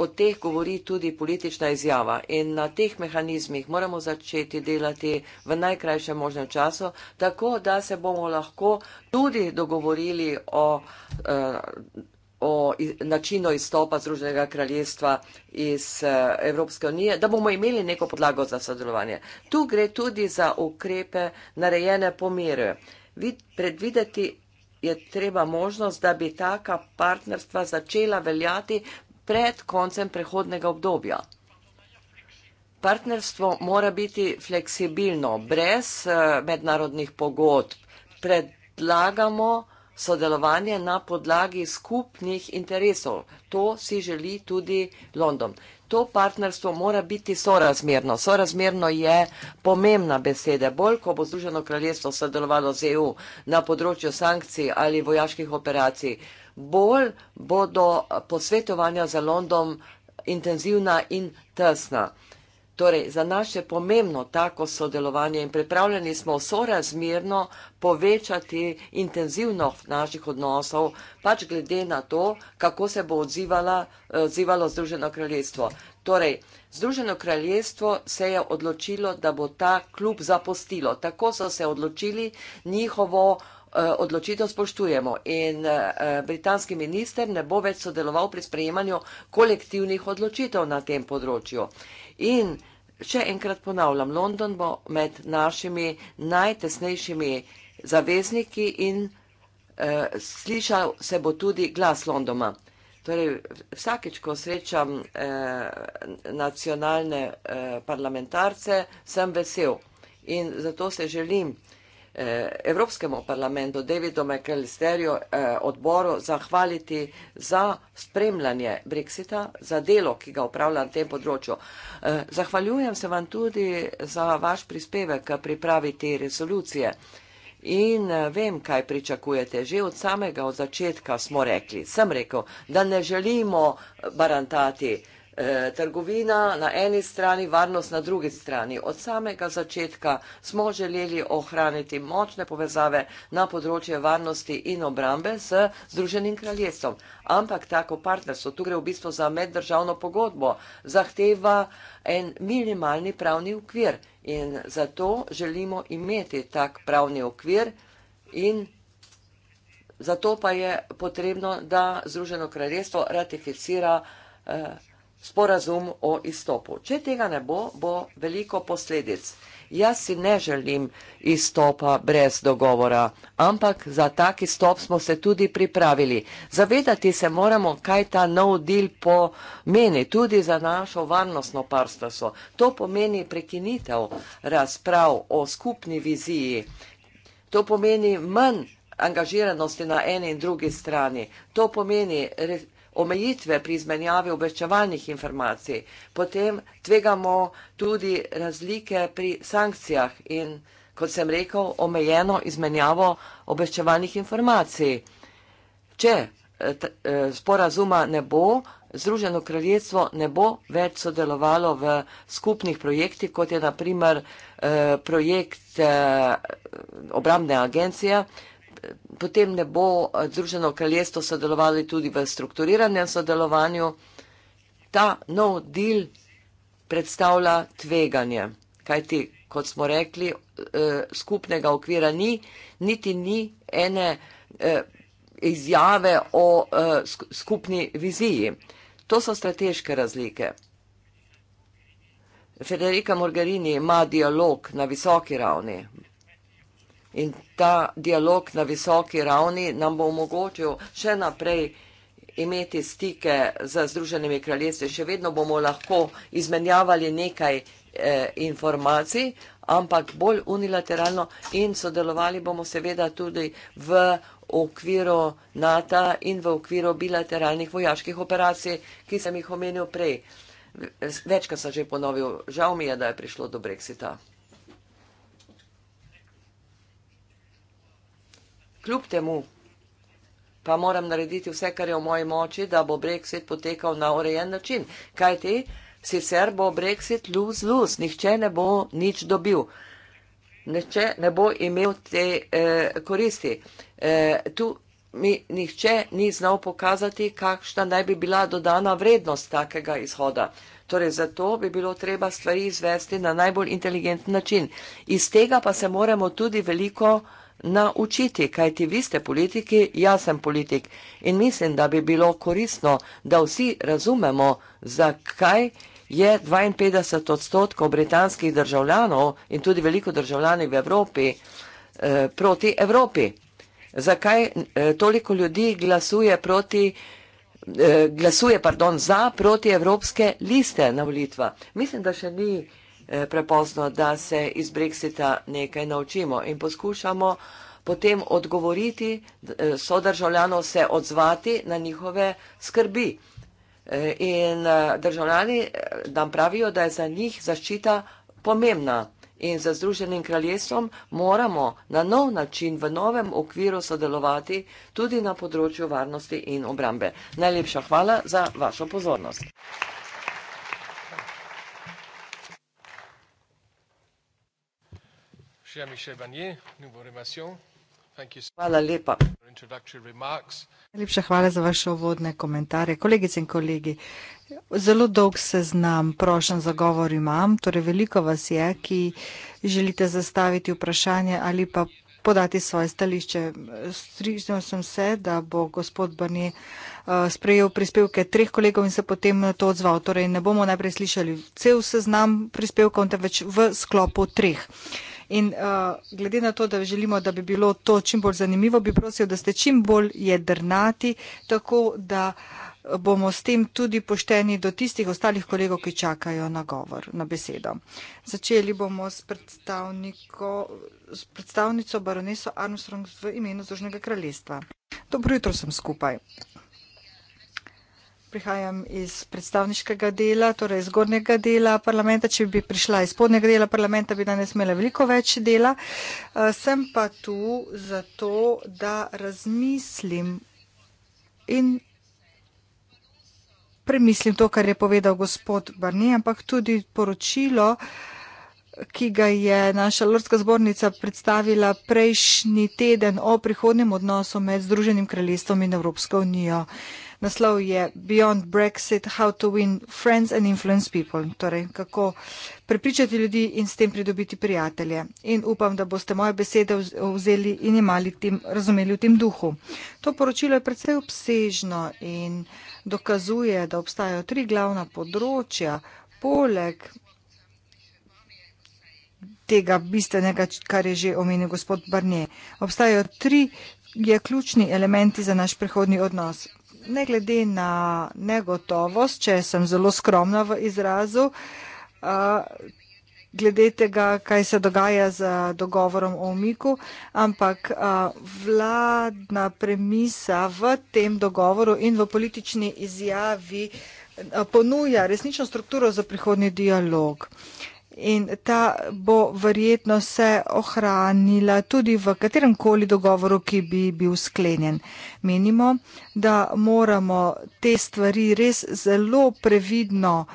O teh govori tudi politična izjava in na teh mehanizmih moramo začeti delati v najkrajšem možnem času, tako da se bomo lahko tudi dogovorili o, eh, o načinu izstopa Združenega kraljestva iz eh, Evropske unije, da bomo imeli neko podlago za sodelovanje. Tu gre tudi za ukrepe narejene po miru. Vid, predvideti je treba možnost, da bi taka partnerstva začela veljati pred koncem prehodnega obdobja. Partnerstvo mora biti fleksibilno, brez eh, mednarodnih pogodb. Predlagamo sodelovanje na podlagi skupnih interesov. To si želi tudi London to partnerstvo mora biti sorazmerno. Sorazmerno je pomembna beseda. Bolj, ko bo Združeno kraljestvo sodelovalo z EU na področju sankcij ali vojaških operacij, bolj bodo posvetovanja za London intenzivna in tesna. Torej, za nas je pomembno tako sodelovanje in pripravljeni smo sorazmerno povečati intenzivnost naših odnosov, pač glede na to, kako se bo odzivala, eh, odzivalo Združeno kraljestvo. Torej, Združeno kraljestvo se je odločilo, da bo ta klub zapustilo. Tako so se odločili, njihovo eh, odločitev spoštujemo in eh, britanski minister ne bo več sodeloval pri sprejemanju kolektivnih odločitev na tem področju. In še enkrat ponavljam, London bo med našimi najtesnejšimi zavezniki in eh, slišal se bo tudi glas Londona. Torej, vsakeč, ko srečam eh, nacionalne eh, parlamentarce, sem vesel in zato se želim. Eh, Evropskemu parlamentu Davidu McAllisterju eh, odboru zahvaliti za spremljanje Brexita, za delo, ki ga upravlja na tem področju. Eh, zahvaljujem se vam tudi za vaš prispevek pripraviti rezolucije. In vem, kaj pričakujete. Že od samega od začetka smo rekli, sem rekel, da ne želimo barantati eh, trgovina na eni strani, varnost na drugi strani. Od samega začetka smo želeli ohraniti močne povezave na področje varnosti in obrambe s Združenim kraljestvom. Ampak tako partnerstvo, tu gre v bistvu za meddržavno pogodbo, zahteva en minimalni pravni okvir in zato želimo imeti tak pravni okvir in. Zato pa je potrebno, da Združeno kraljestvo ratificira eh, sporazum o izstopu. Če tega ne bo, bo veliko posledic. Jaz si ne želim izstopa brez dogovora, ampak za tak izstop smo se tudi pripravili. Zavedati se moramo, kaj ta nov deal pomeni, tudi za našo varnostno parstvo. To pomeni prekinitev razprav o skupni viziji. To pomeni manj angažiranosti na eni in drugi strani. To pomeni. Re, omejitve pri izmenjavi obveščevalnih informacij, potem tvegamo tudi razlike pri sankcijah in, kot sem rekel, omejeno izmenjavo obveščevalnih informacij. Če eh, eh, sporazuma ne bo, Združeno kraljestvo ne bo več sodelovalo v skupnih projektih, kot je naprimer eh, projekt obramne agencije, potem ne bo eh, Združeno kraljestvo sodelovali tudi v strukturiranem sodelovanju. Ta nov deal predstavlja tveganje, kajti, kot smo rekli, eh, skupnega okvira ni, niti ni ene eh, izjave o skupni viziji. To so strateške razlike. Federica Morgarini ima dialog na visoki ravni, In ta dialog na visoki ravni nam bo omogočil še naprej imeti stike z Združenimi kraljestvi. Še vedno bomo lahko izmenjavali nekaj eh, informacij, ampak bolj unilateralno in sodelovali bomo seveda tudi v okviru NATO in v okviru bilateralnih vojaških operacij, ki sem jih omenil prej. Večkrat sem že ponovil, žal mi je, da je prišlo do brexita. Kljub temu pa moram narediti vse, kar je v moji moči, da bo Brexit potekal na urejen način. Kaj ti? Sicer bo Brexit luz luz, nihče ne bo nič dobil, nihče ne bo imel te eh, koristi. Eh, tu mi nihče ni znal pokazati, kakšna naj bi bila dodana vrednost takega izhoda. Torej, zato bi bilo treba stvari izvesti na najbolj inteligenten način. Iz tega pa se moramo tudi veliko naučiti, kaj ti vi ste politiki, jaz sem politik in mislim, da bi bilo korisno, da vsi razumemo, zakaj je 52 odstotkov britanskih državljanov in tudi veliko državljani v Evropi eh, proti Evropi. Zakaj eh, toliko ljudi glasuje, proti, eh, glasuje pardon, za proti evropske liste na volitva? Mislim, da še ni. Eh, prepozno, da se iz Brexita nekaj naučimo in poskušamo potem odgovoriti eh, sodržavljanov, se odzvati na njihove skrbi. Eh, in državljani nam pravijo, da je za njih zaščita pomembna. In za Združenim kraljestvom moramo na nov način, v novem okviru sodelovati tudi na področju varnosti in obrambe. Najlepša hvala za vašo pozornost. Hvala lepa. Najlepša hvala za vaše uvodne komentarje. Kolegice in kolegi, zelo dolg se znam, prošen za govor imam, torej veliko vas je, ki želite zastaviti vprašanje ali pa podati svoje stališče. Strižnil sem se, da bo gospod Brni eh, sprejel prispevke treh kolegov in se potem na to odzval. Torej ne bomo najprej slišali cel seznam prispevkov, temveč v sklopu treh. In uh, glede na to, da želimo, da bi bilo to čim bolj zanimivo, bi prosil, da ste čim bolj jedrnati, tako da uh, bomo s tem tudi pošteni do tistih ostalih kolegov, ki čakajo na govor, na besedo. Začeli bomo s, s predstavnico baroneso Armstrong v imenu Združnega kraljestva. Dobro jutro sem skupaj prihajam iz predstavniškega dela, torej zgornjega dela parlamenta. Če bi prišla iz spodnjega dela parlamenta, bi danes imela veliko več dela. Eh, sem pa tu zato, da razmislim in premislim to, kar je povedal gospod Barni, ampak tudi poročilo, ki ga je naša Lordska zbornica predstavila prejšnji teden o prihodnem odnosu med Združenim kraljestvom in Evropsko unijo. Naslov je Beyond Brexit, How to Win Friends and Influence People, torej kako prepričati ljudi in s tem pridobiti prijatelje. In upam, da boste moje besede vzeli in imali tem, razumeli v tem duhu. To poročilo je predvsej obsežno in dokazuje, da obstajajo tri glavna področja, poleg tega bistvenega, kar je že omenil gospod Barnier. Obstajajo tri je ključni elementi za naš prihodni odnos ne glede na negotovost, če sem zelo skromna v izrazu, glede tega, kaj se dogaja z dogovorom o omiku, ampak vladna premisa v tem dogovoru in v politični izjavi ponuja resnično strukturo za prihodni dialog in ta bo verjetno se ohranila tudi v katerem koli dogovoru, ki bi bil sklenjen. Menimo, da moramo te stvari res zelo previdno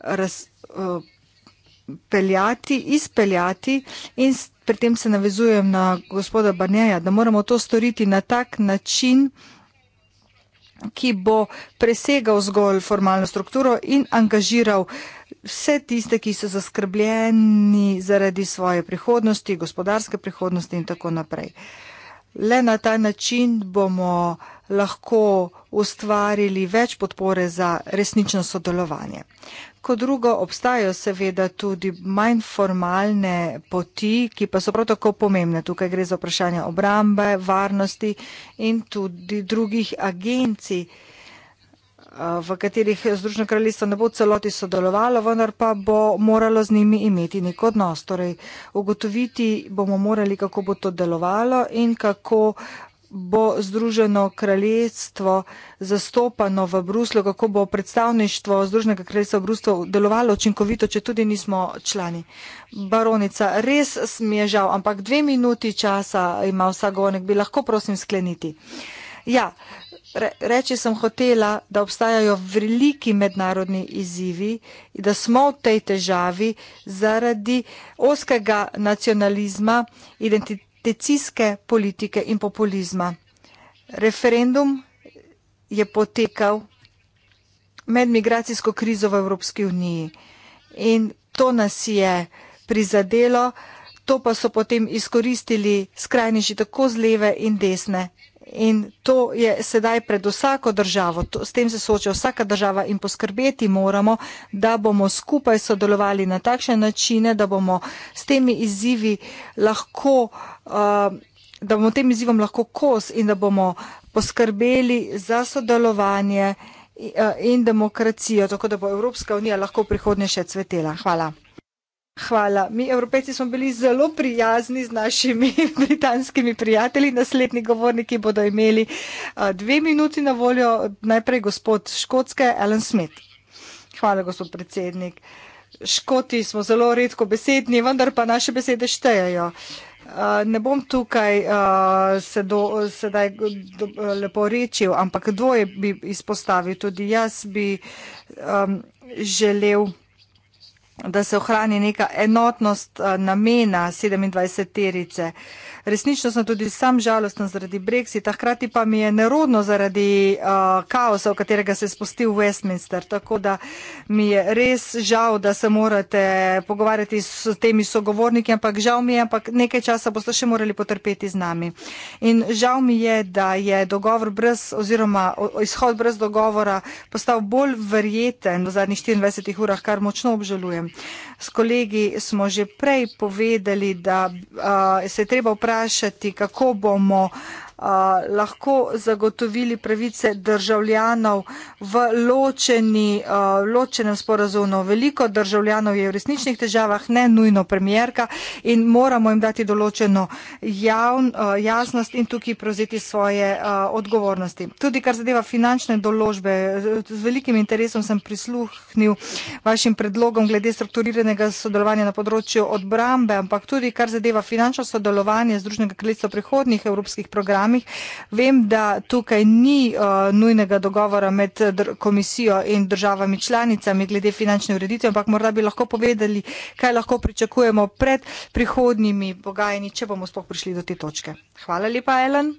raz, eh, peljati, izpeljati in pri tem se navezujem na gospoda Barneja, da moramo to storiti na tak način, ki bo presegal zgolj formalno strukturo in angažiral uh, vse tiste, ki so zaskrbljeni zaradi svoje prihodnosti, gospodarske prihodnosti in tako naprej. Le na ta način bomo lahko ustvarili več podpore za resnično sodelovanje. Kot drugo, obstajajo seveda tudi manj formalne poti, ki pa so prav tako pomembne. Tukaj gre za vprašanje obrambe, varnosti in tudi drugih agencij, v katerih Združeno kraljestvo ne bo celoti sodelovalo, vendar pa bo moralo z njimi imeti nek odnos. Torej, ugotoviti bomo morali, kako bo to delovalo in kako bo Združeno kraljestvo zastopano v Bruslu, kako bo predstavništvo Združenega kraljestva v Bruslu delovalo učinkovito, če tudi nismo člani. Baronica, res mi je žal, ampak dve minuti časa ima vsak govornik, bi lahko prosim skleniti. Ja, reči sem hotela, da obstajajo veliki mednarodni izzivi in da smo v tej težavi zaradi oskega nacionalizma, identitecijske politike in populizma. Referendum je potekal med migracijsko krizo v Evropski uniji in to nas je prizadelo, to pa so potem izkoristili skrajniši tako z leve in desne In to je sedaj pred vsako državo, to, s tem se sooča vsaka država in poskrbeti moramo, da bomo skupaj sodelovali na takšne načine, da bomo s temi izzivi lahko, uh, da bomo tem izzivom lahko kos in da bomo poskrbeli za sodelovanje in, uh, in demokracijo, tako da bo Evropska unija lahko prihodnje še cvetela. Hvala. Hvala. Mi, evropejci, smo bili zelo prijazni z našimi britanskimi prijatelji. Naslednji govorniki bodo imeli dve minuti na voljo. Najprej gospod Škotske, Alan Smith. Hvala, gospod predsednik. Škoti smo zelo redko besedni, vendar pa naše besede štejejo. Ne bom tukaj se do, sedaj lepo rečil, ampak dvoje bi izpostavil. Tudi jaz bi um, želel da se ohrani neka enotnost eh, namena 27-terice. Resnično sem tudi sam žalosten zaradi Brexita, hkrati pa mi je nerodno zaradi uh, kaosa, v katerega se je spustil Westminster. Tako da mi je res žal, da se morate pogovarjati s temi sogovorniki, ampak žal mi je, ampak nekaj časa boste še morali potrpeti z nami. In žal mi je, da je dogovor brez oziroma izhod brez dogovora postal bolj verjeten v zadnjih 24 urah, kar močno obžalujem. Uh, S kolegi smo že prej povedali, da uh, se je treba vprašati, kako bomo uh, lahko zagotovili pravice državljanov v ločeni, uh, ločenem sporazumu. Veliko državljanov je v resničnih težavah, ne nujno premjerka in moramo jim dati določeno javn, uh, jasnost in tukaj prevzeti svoje uh, odgovornosti. Tudi kar zadeva finančne doložbe, z velikim interesom sem prisluhnil vašim predlogom glede strukturiranega sodelovanja na področju odbrambe, ampak tudi kar zadeva finančno sodelovanje Združenega kraljestva prihodnih evropskih programov, programih. Vem, da tukaj ni uh, nujnega dogovora med eh, dr komisijo in državami članicami glede finančne ureditve, ampak morda bi lahko povedali, kaj lahko pričakujemo pred prihodnimi pogajanji, če bomo spoh prišli do te točke. Hvala lepa, Ellen.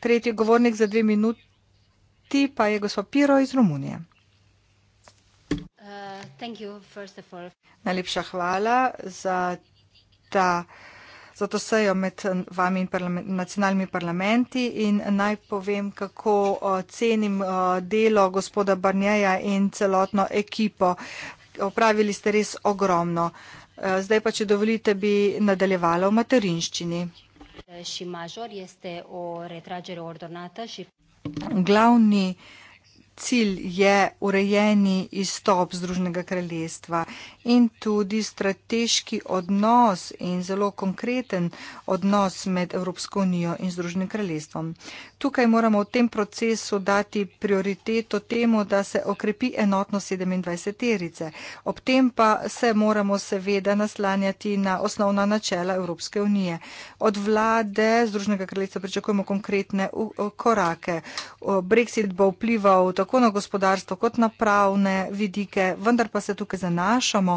Tretji govornik za dve minuti pa je gospod Piro iz Romunije. Uh, you, Najlepša hvala za ta za to sejo med eh, vami in parlament, nacionalnimi parlamenti in naj povem, kako eh, cenim eh, delo gospoda Barnjeja in celotno ekipo. Opravili ste res ogromno. Zdaj pa, če dovolite, bi nadaljevala v materinščini. Glavni cilj je urejeni izstop Združenega kraljestva in tudi strateški odnos in zelo konkreten odnos med Evropsko unijo in Združenim kraljestvom. Tukaj moramo v tem procesu dati prioriteto temu, da se okrepi enotno 27 terice. Ob tem pa se moramo seveda naslanjati na osnovna načela Evropske unije. Od vlade Združenega kraljestva pričakujemo konkretne korake. Brexit bo vplival tako tako na gospodarstvo kot na pravne vidike, vendar pa se tukaj zanašamo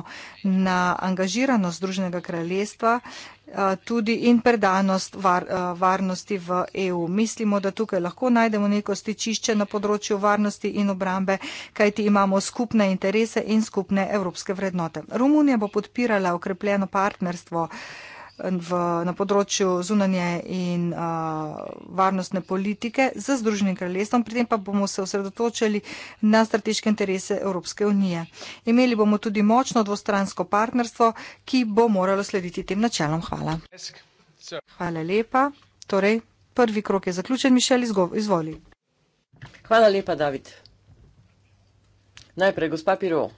na angažiranost Združenega kraljestva eh, tudi in predanost var, eh, varnosti v EU. Mislimo, da tukaj lahko najdemo neko stičišče na področju varnosti in obrambe, kajti imamo skupne interese in skupne evropske vrednote. Romunija bo podpirala okrepljeno partnerstvo v, na področju zunanje in uh, varnostne politike z Združenim kraljestvom, pri tem pa bomo se osredotočili na strateške interese Evropske unije. Imeli bomo tudi močno dvostransko partnerstvo, ki bo moralo slediti tem načelom. Hvala. Hvala lepa. Torej, prvi krok je zaključen. Mišel, izvoli. Hvala lepa, David. Najprej, gospa Piro.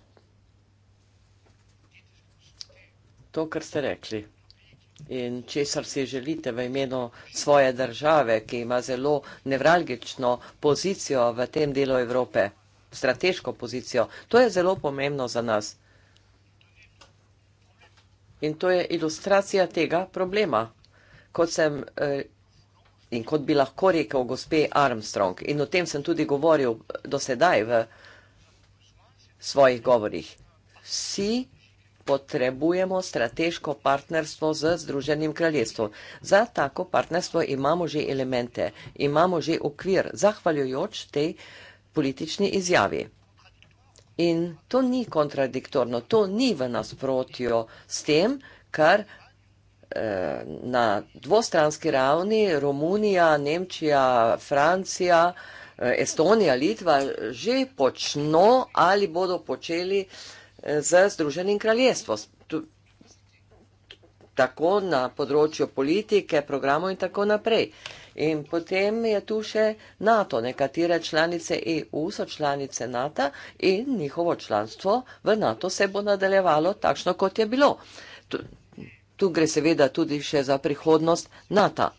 To, kar ste rekli in česar si želite v imenu svoje države, ki ima zelo nevralgično pozicijo v tem delu Evrope, strateško pozicijo. To je zelo pomembno za nas. In to je ilustracija tega problema, kot sem eh, in kot bi lahko rekel gospe Armstrong. In o tem sem tudi govoril dosedaj v svojih govorih. Vsi potrebujemo strateško partnerstvo z Združenim kraljestvom. Za tako partnerstvo imamo že elemente, imamo že okvir, zahvaljujoč tej politični izjavi. In to ni kontradiktorno, to ni v nasprotju s tem, kar eh, na dvostranski ravni Romunija, Nemčija, Francija, eh, Estonija, Litva že počno ali bodo počeli, da z Združenim kraljestvom. Tako na področju politike, programov in tako naprej. In potem je tu še NATO. Nekatere članice EU so članice NATO in njihovo članstvo v NATO se bo nadaljevalo takšno, kot je bilo. Tu, tu gre seveda tudi še za prihodnost NATO.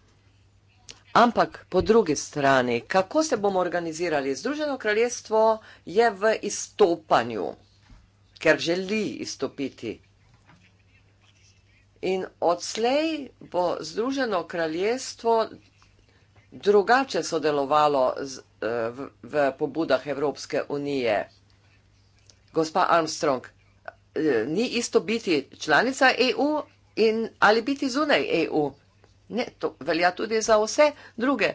Ampak po drugi strani, kako se bomo organizirali? Združeno kraljestvo je v izstopanju ker želi izstopiti. In odslej bo Združeno kraljestvo drugače sodelovalo z, eh, v, v pobudah Evropske unije. Gospa Armstrong, eh, ni isto biti članica EU in ali biti zunaj EU. Ne, to velja tudi za vse druge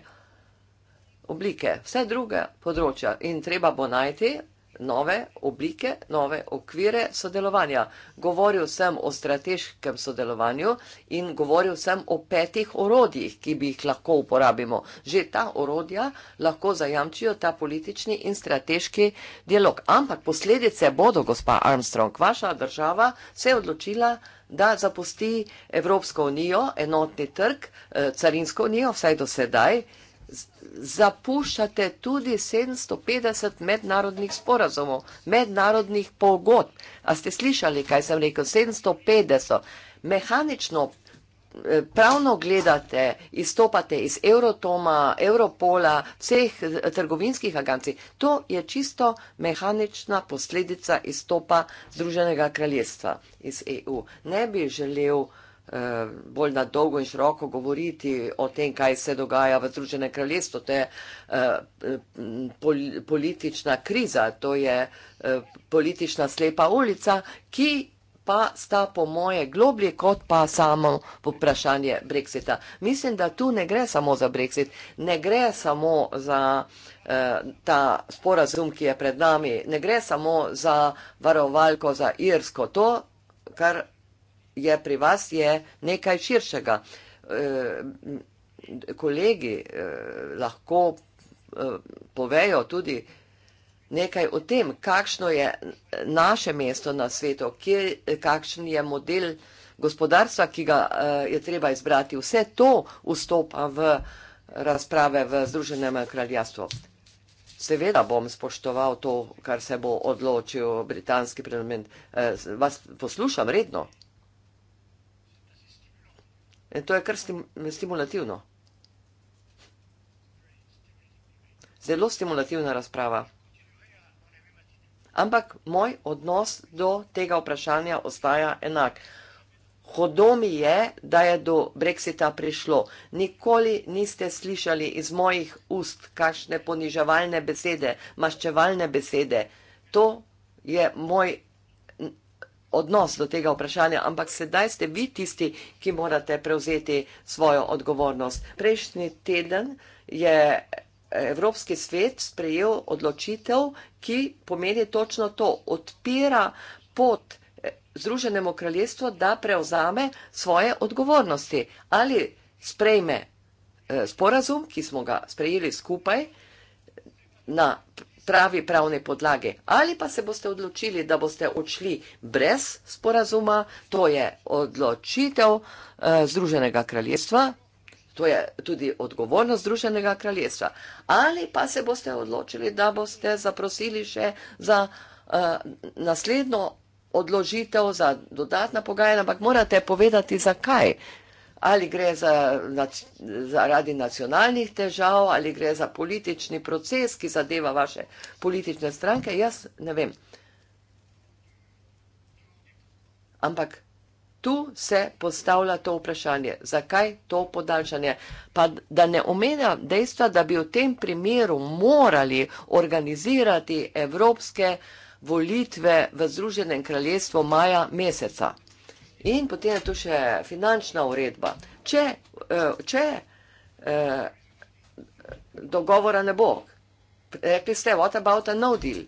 oblike, vse druge področja. In treba bo najti nove oblike, nove okvire sodelovanja. Govoril sem o strateškem sodelovanju in govoril sem o petih orodjih, ki bi jih lahko uporabimo. Že ta orodja lahko zajamčijo ta politični in strateški dialog. Ampak posledice bodo, gospa Armstrong, vaša država se je odločila, da zapusti Evropsko unijo, enotni trg, eh, carinsko unijo, vsaj do sedaj zapuščate tudi 750 mednarodnih sporazumov, mednarodnih pogod. A ste slišali, kaj sem rekel? 750. Mehanično, eh, pravno gledate, izstopate iz Eurotoma, Europola, vseh eh, trgovinskih agencij. To je čisto mehanična posledica izstopa Združenega kraljestva iz EU. Ne bi želel uh, Eh, bolj na dolgo in široko govoriti o tem, kaj se dogaja v Združenem kraljestvu. To je eh, politična kriza, to je eh, politična slepa ulica, ki pa sta po moje globlje kot pa samo vprašanje Brexita. Mislim, da tu ne gre samo za Brexit, ne gre samo za ta sporazum, ki je pred nami, ne gre samo za varovalko za Irsko. To, kar je pri vas, je nekaj širšega. Eh, kolegi eh, lahko eh, povejo tudi nekaj o tem, kakšno je naše mesto na svetu, kakšen je model gospodarstva, ki ga je treba izbrati. Vse to vstopa v razprave v Združenem kraljestvu. Seveda bom spoštoval to, kar se bo odločil britanski parlament. Vas poslušam redno. In to je kar stim, stimulativno. Zelo stimulativna razprava. Ampak moj odnos do tega vprašanja ostaja enak. Hodo mi je, da je do Brexita prišlo. Nikoli niste slišali iz mojih ust kakšne poniževalne besede, maščevalne besede. To je moj odnos do tega vprašanja, ampak sedaj ste vi tisti, ki morate prevzeti svojo odgovornost. Prejšnji teden je Evropski svet sprejel odločitev, ki pomeni točno to, odpira pot eh, Združenemu kraljestvu, da prevzame svoje odgovornosti ali sprejme eh, sporazum, ki smo ga sprejeli skupaj na pravi pravne podlage. Ali pa se boste odločili, da boste odšli brez sporazuma, to je odločitev eh, Združenega kraljestva, to je tudi odgovornost Združenega kraljestva. Ali pa se boste odločili, da boste zaprosili še za eh, naslednjo odložitev, za dodatna pogajanja, ampak morate povedati, zakaj ali gre za, zaradi nacionalnih težav, ali gre za politični proces, ki zadeva vaše politične stranke, jaz ne vem. Ampak tu se postavlja to vprašanje, zakaj to podaljšanje. Pa da ne omenja dejstva, da bi v tem primeru morali organizirati evropske volitve v Združenem kraljestvu maja meseca. In potem je tu še finančna uredba. Če, eh, če eh, dogovora ne bo, rekli ste, what about a no oh, deal?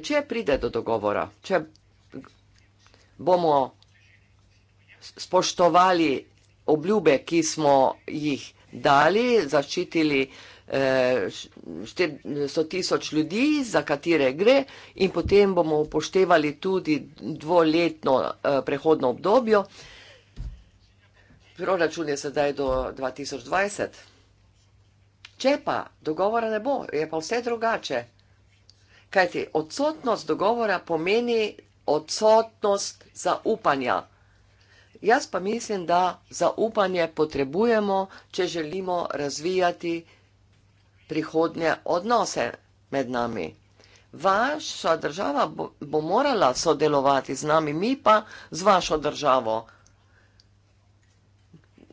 Če pride do dogovora, če bomo spoštovali obljube, ki smo jih dali, zaščitili 100 tisoč ljudi, za katere gre in potem bomo upoštevali tudi dvoletno eh, prehodno obdobjo. Proračun je sedaj do 2020. Če pa dogovora ne bo, je pa vse drugače. Kajti odsotnost dogovora pomeni odsotnost zaupanja. Jaz pa mislim, da zaupanje potrebujemo, če želimo razvijati državo prihodnje odnose med nami. Vaša država bo, bo morala sodelovati z nami, mi pa z vašo državo.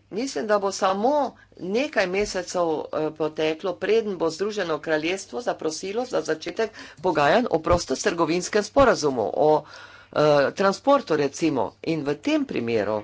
Mislim, da bo samo nekaj mesecev eh, poteklo, preden bo Združeno kraljestvo zaprosilo za začetek pogajan o prostostrgovinskem sporazumu, o e, transportu recimo. In v tem primeru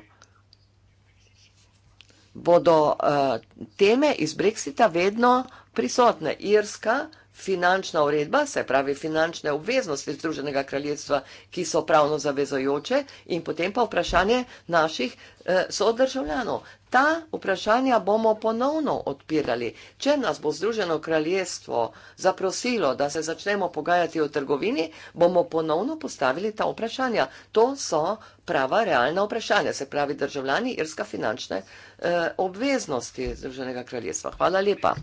bodo e, teme iz Brexita vedno prisotne irska finančna uredba, se pravi finančne obveznosti Združenega kraljestva, ki so pravno zavezojoče, in potem pa vprašanje naših Eh, sodržavljanov. Ta vprašanja bomo ponovno odpirali. Če nas bo Združeno kraljestvo zaprosilo, da se začnemo pogajati o trgovini, bomo ponovno postavili ta vprašanja. To so prava, realna vprašanja, se pravi državljani irska finančne eh, obveznosti Združenega kraljestva. Hvala lepa.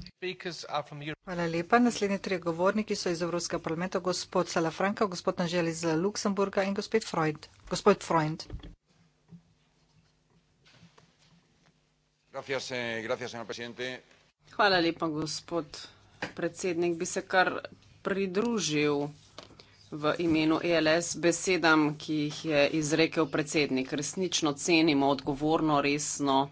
Hvala lepa. Naslednji tri govorniki so iz Evropskega parlamenta, gospod Salafranka, gospod Anželj iz Luksemburga in gospod Freund. Gospod Freund. Eh, Hvala lepa, gospod predsednik. Bi se kar pridružil v imenu ELS besedam, ki jih je izrekel predsednik. Resnično cenimo odgovorno, resno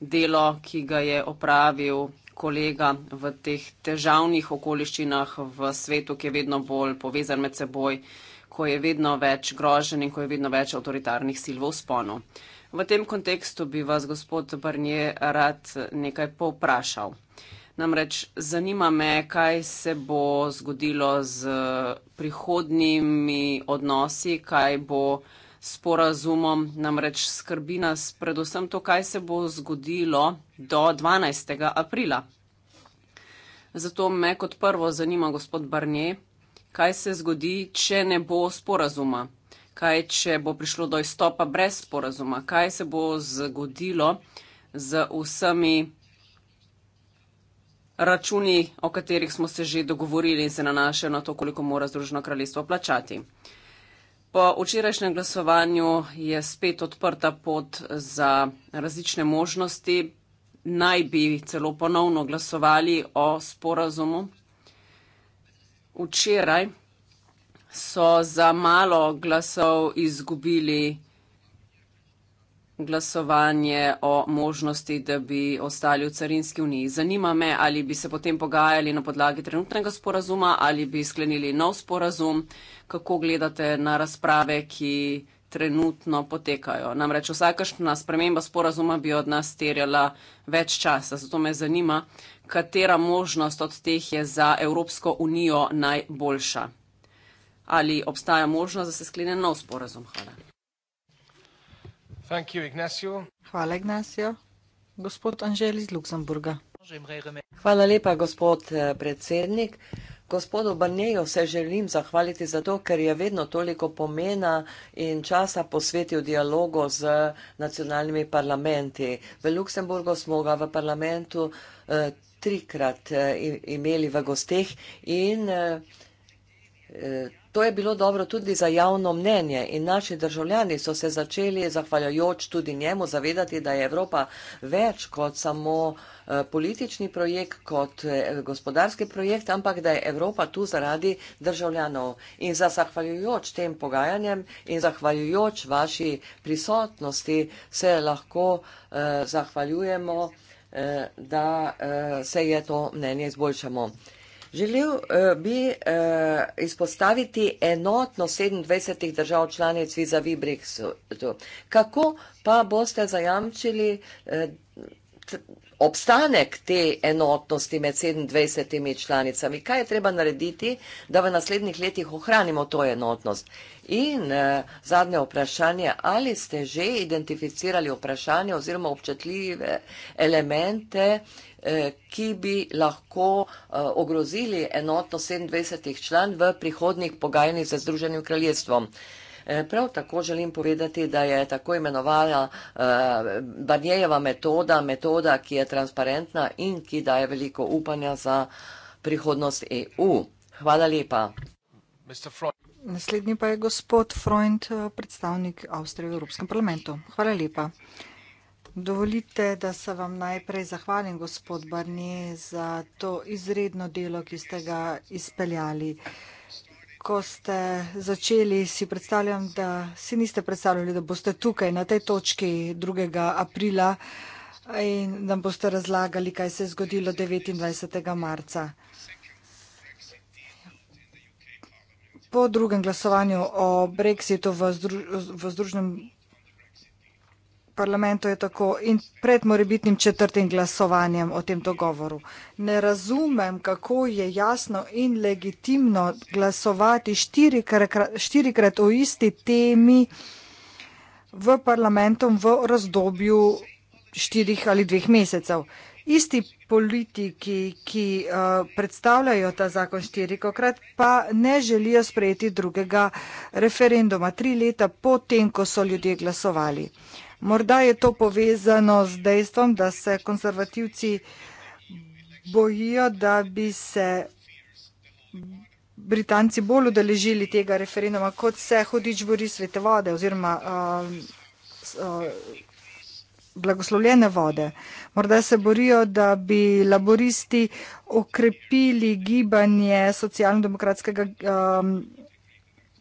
delo, ki ga je opravil kolega v teh težavnih okoliščinah v svetu, ki je vedno bolj povezan med seboj, ko je vedno več grožen in ko je vedno več avtoritarnih sil v sponu. V tem kontekstu bi vas, gospod Brnje, rad nekaj povprašal. Namreč zanima me, kaj se bo zgodilo z prihodnimi odnosi, kaj bo s porazumom. Namreč skrbi nas predvsem to, kaj se bo zgodilo do 12. aprila. Zato me kot prvo zanima, gospod Brnje, kaj se zgodi, če ne bo sporazuma kaj če bo prišlo do izstopa brez sporazuma, kaj se bo zgodilo z vsemi računi, o katerih smo se že dogovorili in se nanašajo na to, koliko mora Združeno kraljestvo plačati. Po včerajšnjem glasovanju je spet odprta pot za različne možnosti. Naj bi celo ponovno glasovali o sporazumu. Včeraj so za malo glasov izgubili glasovanje o možnosti, da bi ostali v carinski uniji. Zanima me, ali bi se potem pogajali na podlagi trenutnega sporazuma ali bi sklenili nov sporazum. Kako gledate na razprave, ki trenutno potekajo? Namreč vsakašna sprememba sporazuma bi od nas terjala več časa. Zato me zanima, katera možnost od teh je za Evropsko unijo najboljša ali obstaja možnost, da se sklene nov sporazum. Hvala. You, Ignacio. Hvala, Ignacio. Gospod Anžel iz Luksemburga. Hvala lepa, gospod eh, predsednik. Gospodu Barnejo se želim zahvaliti za to, ker je vedno toliko pomena in časa posvetil dialogu z nacionalnimi parlamenti. V Luksemburgu smo ga v parlamentu eh, trikrat eh, imeli v gosteh in To je bilo dobro tudi za javno mnenje in naši državljani so se začeli, zahvaljujoč tudi njemu, zavedati, da je Evropa več kot samo eh, politični projekt, kot eh, gospodarski projekt, ampak da je Evropa tu zaradi državljanov. In za zahvaljujoč tem pogajanjem in zahvaljujoč vaši prisotnosti se lahko eh, zahvaljujemo, eh, da eh, se je to mnenje izboljšamo. Želel uh, bi uh, izpostaviti enotno 27 držav članic vizavi Brexitu. Kako pa boste zajamčili uh, obstanek te enotnosti med 27 članicami, kaj je treba narediti, da v naslednjih letih ohranimo to enotnost. In eh, zadnje vprašanje, ali ste že identificirali vprašanje oziroma občutljive elemente, eh, ki bi lahko eh, ogrozili enotnost 27 član v prihodnih pogajanjih z Združenim kraljestvom? Eh, Eh, prav tako želim povedati, da je tako imenovala eh, Barnjejeva metoda, metoda, ki je transparentna in ki daje veliko upanja za prihodnost EU. Hvala lepa. Naslednji pa je gospod Freund, eh, predstavnik Avstrije v Evropskem parlamentu. Hvala lepa. Dovolite, da se vam najprej zahvalim, gospod Barnier, za to izredno delo, ki ste ga izpeljali. Uh, ko ste začeli, si predstavljam, da si niste predstavljali, da boste tukaj na tej točki 2. aprila in nam boste razlagali, kaj se je zgodilo 29. marca. Po drugem glasovanju o Brexitu v, združ v Združenem parlamentu je tako in pred morebitnim četrtim glasovanjem o tem dogovoru. Ne razumem, kako je jasno in legitimno glasovati štirikrat, štirikrat o isti temi v parlamentu v razdobju štirih ali dveh mesecev. Isti politiki, ki uh, predstavljajo ta zakon štirikokrat, pa ne želijo sprejeti drugega referenduma tri leta potem, ko so ljudje glasovali. Uh, Morda je to povezano z dejstvom, da se konservativci bojijo, da bi se Britanci bolj udeležili tega referenduma, kot se hodič bori svete vode oziroma uh, uh, blagoslovljene vode. Morda se borijo, da bi laboristi okrepili gibanje socialno-demokratskega. Uh,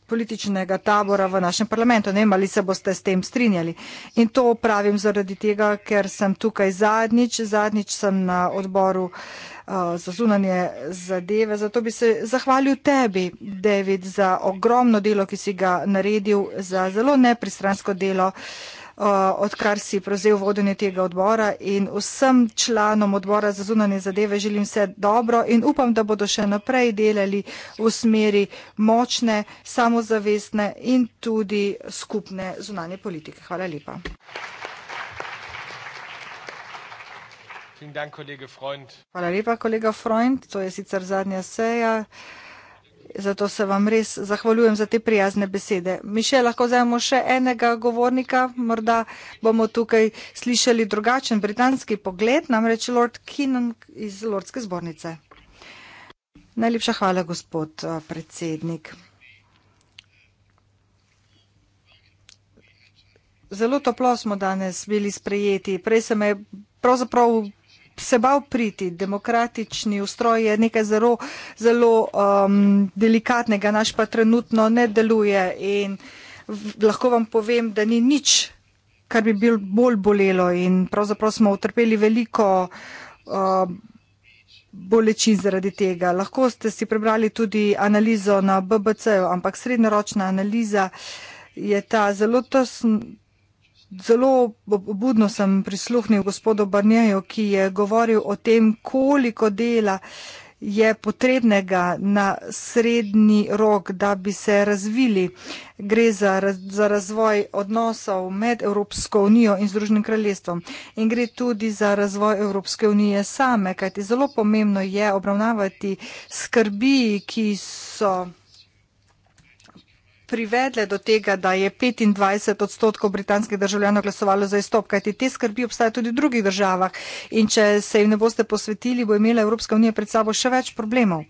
političnega tabora v našem parlamentu. Ne vem, ali se boste s tem strinjali. In to pravim zaradi tega, ker sem tukaj zadnjič, zadnjič sem na odboru uh, za zunanje zadeve. Zato bi se zahvalil tebi, David, za ogromno delo, ki si ga naredil, za zelo nepristransko delo. Uh, Eh, odkar si prevzel vodenje tega odbora in vsem članom odbora za zunanje zadeve želim vse dobro in upam, da bodo še naprej delali v smeri močne, samozavestne in tudi skupne zunanje politike. Hvala lepa. Hvala lepa, kolega Freund. To je sicer zadnja seja. Zato se vam res zahvaljujem za te prijazne besede. Mi še lahko vzamemo še enega govornika, morda bomo tukaj slišali drugačen britanski pogled, namreč Lord Keenan iz Lordske zbornice. Najlepša hvala, gospod eh, predsednik. Zelo toplo smo danes bili sprejeti. Prej se me pravzaprav se bal priti. Demokratični ustroj je nekaj zelo, zelo um, delikatnega, naš pa trenutno ne deluje in lahko vam povem, da ni nič, kar bi bil bolj bolelo in pravzaprav smo utrpeli veliko. Um, bolečin zaradi tega. Lahko ste si prebrali tudi analizo na BBC, ampak srednjeročna analiza je ta zelo tesno, zelo budno sem prisluhnil gospodu Barnjeju, ki je govoril o tem, koliko dela je potrebnega na srednji rok, da bi se razvili. Gre za, za razvoj odnosov med Evropsko unijo in Združenim kraljestvom in gre tudi za razvoj Evropske unije same, kajti zelo pomembno je obravnavati skrbi, ki so privedle do tega, da je 25 odstotkov britanskih državljanov glasovalo za izstop, kajti te skrbi obstajajo tudi v drugih državah in če se jim ne boste posvetili, bo imela Evropska unija pred sabo še več problemov.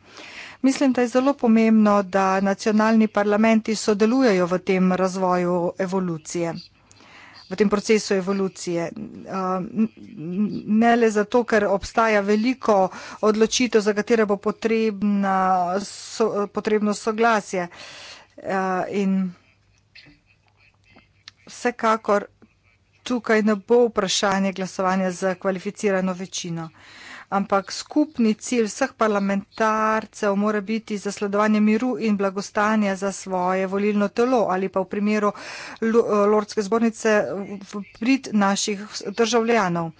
Mislim, da je zelo pomembno, da nacionalni parlamenti sodelujejo v tem razvoju evolucije, v tem procesu evolucije. Uh, ne le zato, ker obstaja veliko odločitev, za katere bo potrebna, so, potrebno soglasje. Ja, in vsekakor tukaj ne bo vprašanje glasovanja z kvalificirano večino. Ampak skupni cilj vseh parlamentarcev mora biti zasledovanje miru in blagostanja za svoje volilno telo ali pa v primeru eh, Lordske zbornice prid naših državljanov.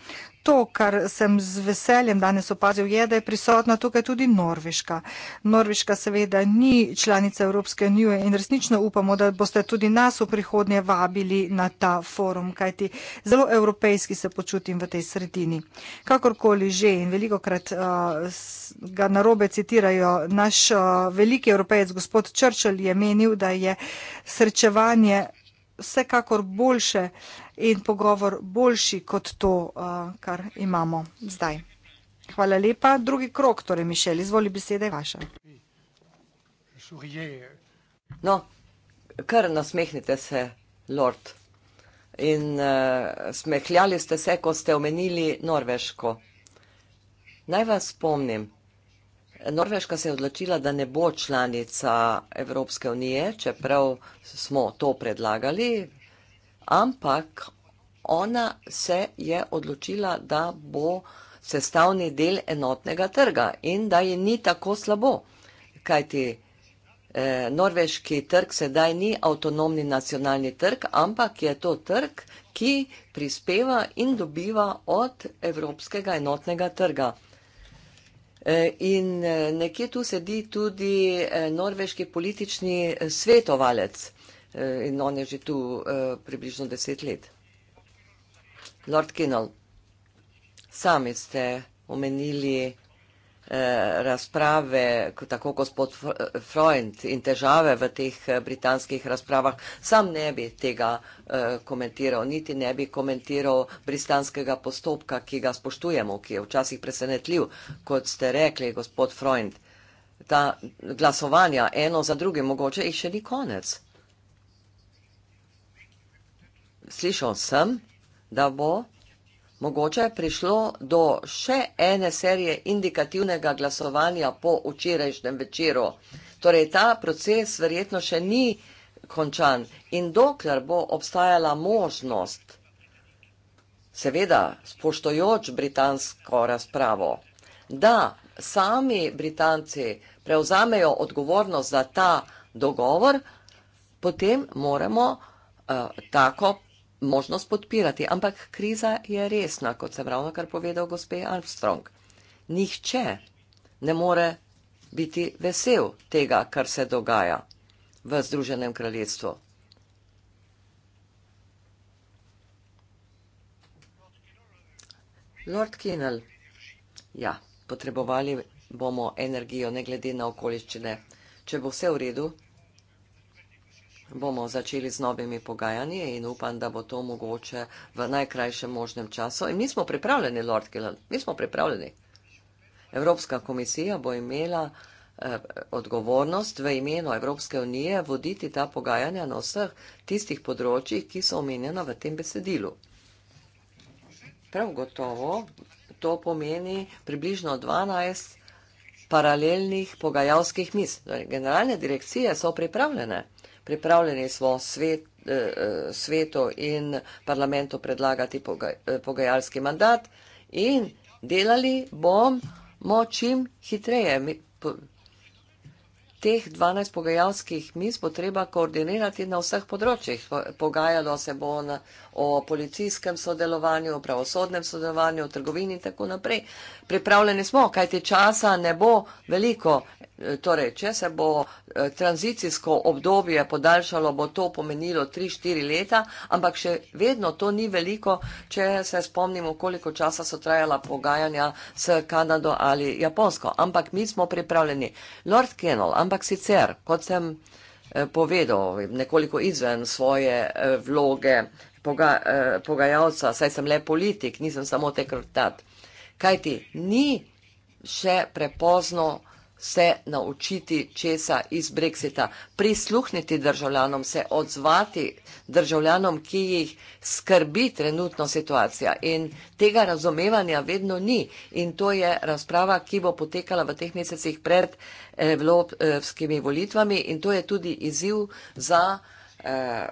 To, kar sem z veseljem danes opazil, je, da je prisotna tukaj tudi Norveška. Norveška seveda ni članica Evropske unije in resnično upamo, da boste tudi nas v prihodnje vabili na ta forum, kajti zelo evropejski se počutim v tej sredini. Kakorkoli že in veliko krat uh, ga narobe citirajo, naš uh, veliki evropejec gospod Churchill je menil, da je srečevanje vsekakor boljše. Uh, in pogovor boljši kot to, uh, kar imamo zdaj. Hvala lepa. Drugi krok, torej Mišel, izvoli beseda je vaša. No, kar nasmehnite se, Lord. In uh, smehljali ste se, ko ste omenili Norveško. Naj vas spomnim, Norveška se je odločila, da ne bo članica Evropske unije, čeprav smo to predlagali, ampak ona se je odločila, da bo sestavni del enotnega trga in da ji ni tako slabo, kajti eh, norveški trg sedaj ni avtonomni nacionalni trg, ampak je to trg, ki prispeva in dobiva od evropskega enotnega trga. Eh, in eh, nekje tu sedi tudi eh, norveški politični svetovalec. Eh, in on je že tu uh, približno deset let. Lord Kinnell, sami ste omenili uh, razprave, tako gospod Freund in težave v teh britanskih razpravah. Sam ne bi tega uh, komentiral, niti ne bi komentiral britanskega postopka, ki ga spoštujemo, ki je včasih presenetljiv, kot ste rekli, gospod Freund. Ta glasovanja eno za drugim, mogoče jih še ni konec slišal sem, da bo mogoče prišlo do še ene serije indikativnega glasovanja po včerajšnjem večeru. Torej, ta proces verjetno še ni končan in dokler bo obstajala možnost, seveda spoštojoč britansko razpravo, da sami Britanci prevzamejo odgovornost za ta dogovor, potem moramo uh, tako možnost podpirati, ampak kriza je resna, kot sem ravno kar povedal gospe Armstrong. Nihče ne more biti vesel tega, kar se dogaja v Združenem kraljestvu. Lord Kinnell, ja, potrebovali bomo energijo, ne glede na okoliščine. Če bo vse v redu, bomo začeli z novimi pogajanji in upam, da bo to mogoče v najkrajšem možnem času. In mi smo pripravljeni, Lord Killen, mi smo pripravljeni. Evropska komisija bo imela eh, odgovornost v imenu Evropske unije voditi ta pogajanja na vseh tistih področjih, ki so omenjena v tem besedilu. Prav gotovo to pomeni približno 12 paralelnih pogajalskih mis. Torej, generalne direkcije so pripravljene pripravljeni smo svet, eh, eh, svetu in parlamentu predlagati pogaj, eh, pogajalski mandat in delali bomo čim hitreje. Teh 12 pogajalskih mis bo treba koordinirati na vseh področjih. Pogajalo se bo na, o policijskem sodelovanju, o pravosodnem sodelovanju, o trgovini in tako naprej. Pripravljeni smo, kajti časa ne bo veliko. Eh, torej, če se bo eh, tranzicijsko obdobje podaljšalo, bo to pomenilo 3-4 leta, ampak še vedno to ni veliko, če se spomnimo, koliko časa so trajala pogajanja s Kanado ali Japonsko. Ampak mi smo pripravljeni. Lord Kennel, ampak sicer, kot sem eh, povedal, nekoliko izven svoje vloge poga, pogajalca, saj sem le politik, nisem samo tekrotat. Kajti, ni še prepozno se naučiti česa iz Brexita, prisluhniti državljanom, se odzvati državljanom, ki jih skrbi trenutno situacija. In tega razumevanja vedno ni. In to je razprava, ki bo potekala v teh mesecih pred evropskimi volitvami. In to je tudi izziv za. Eh,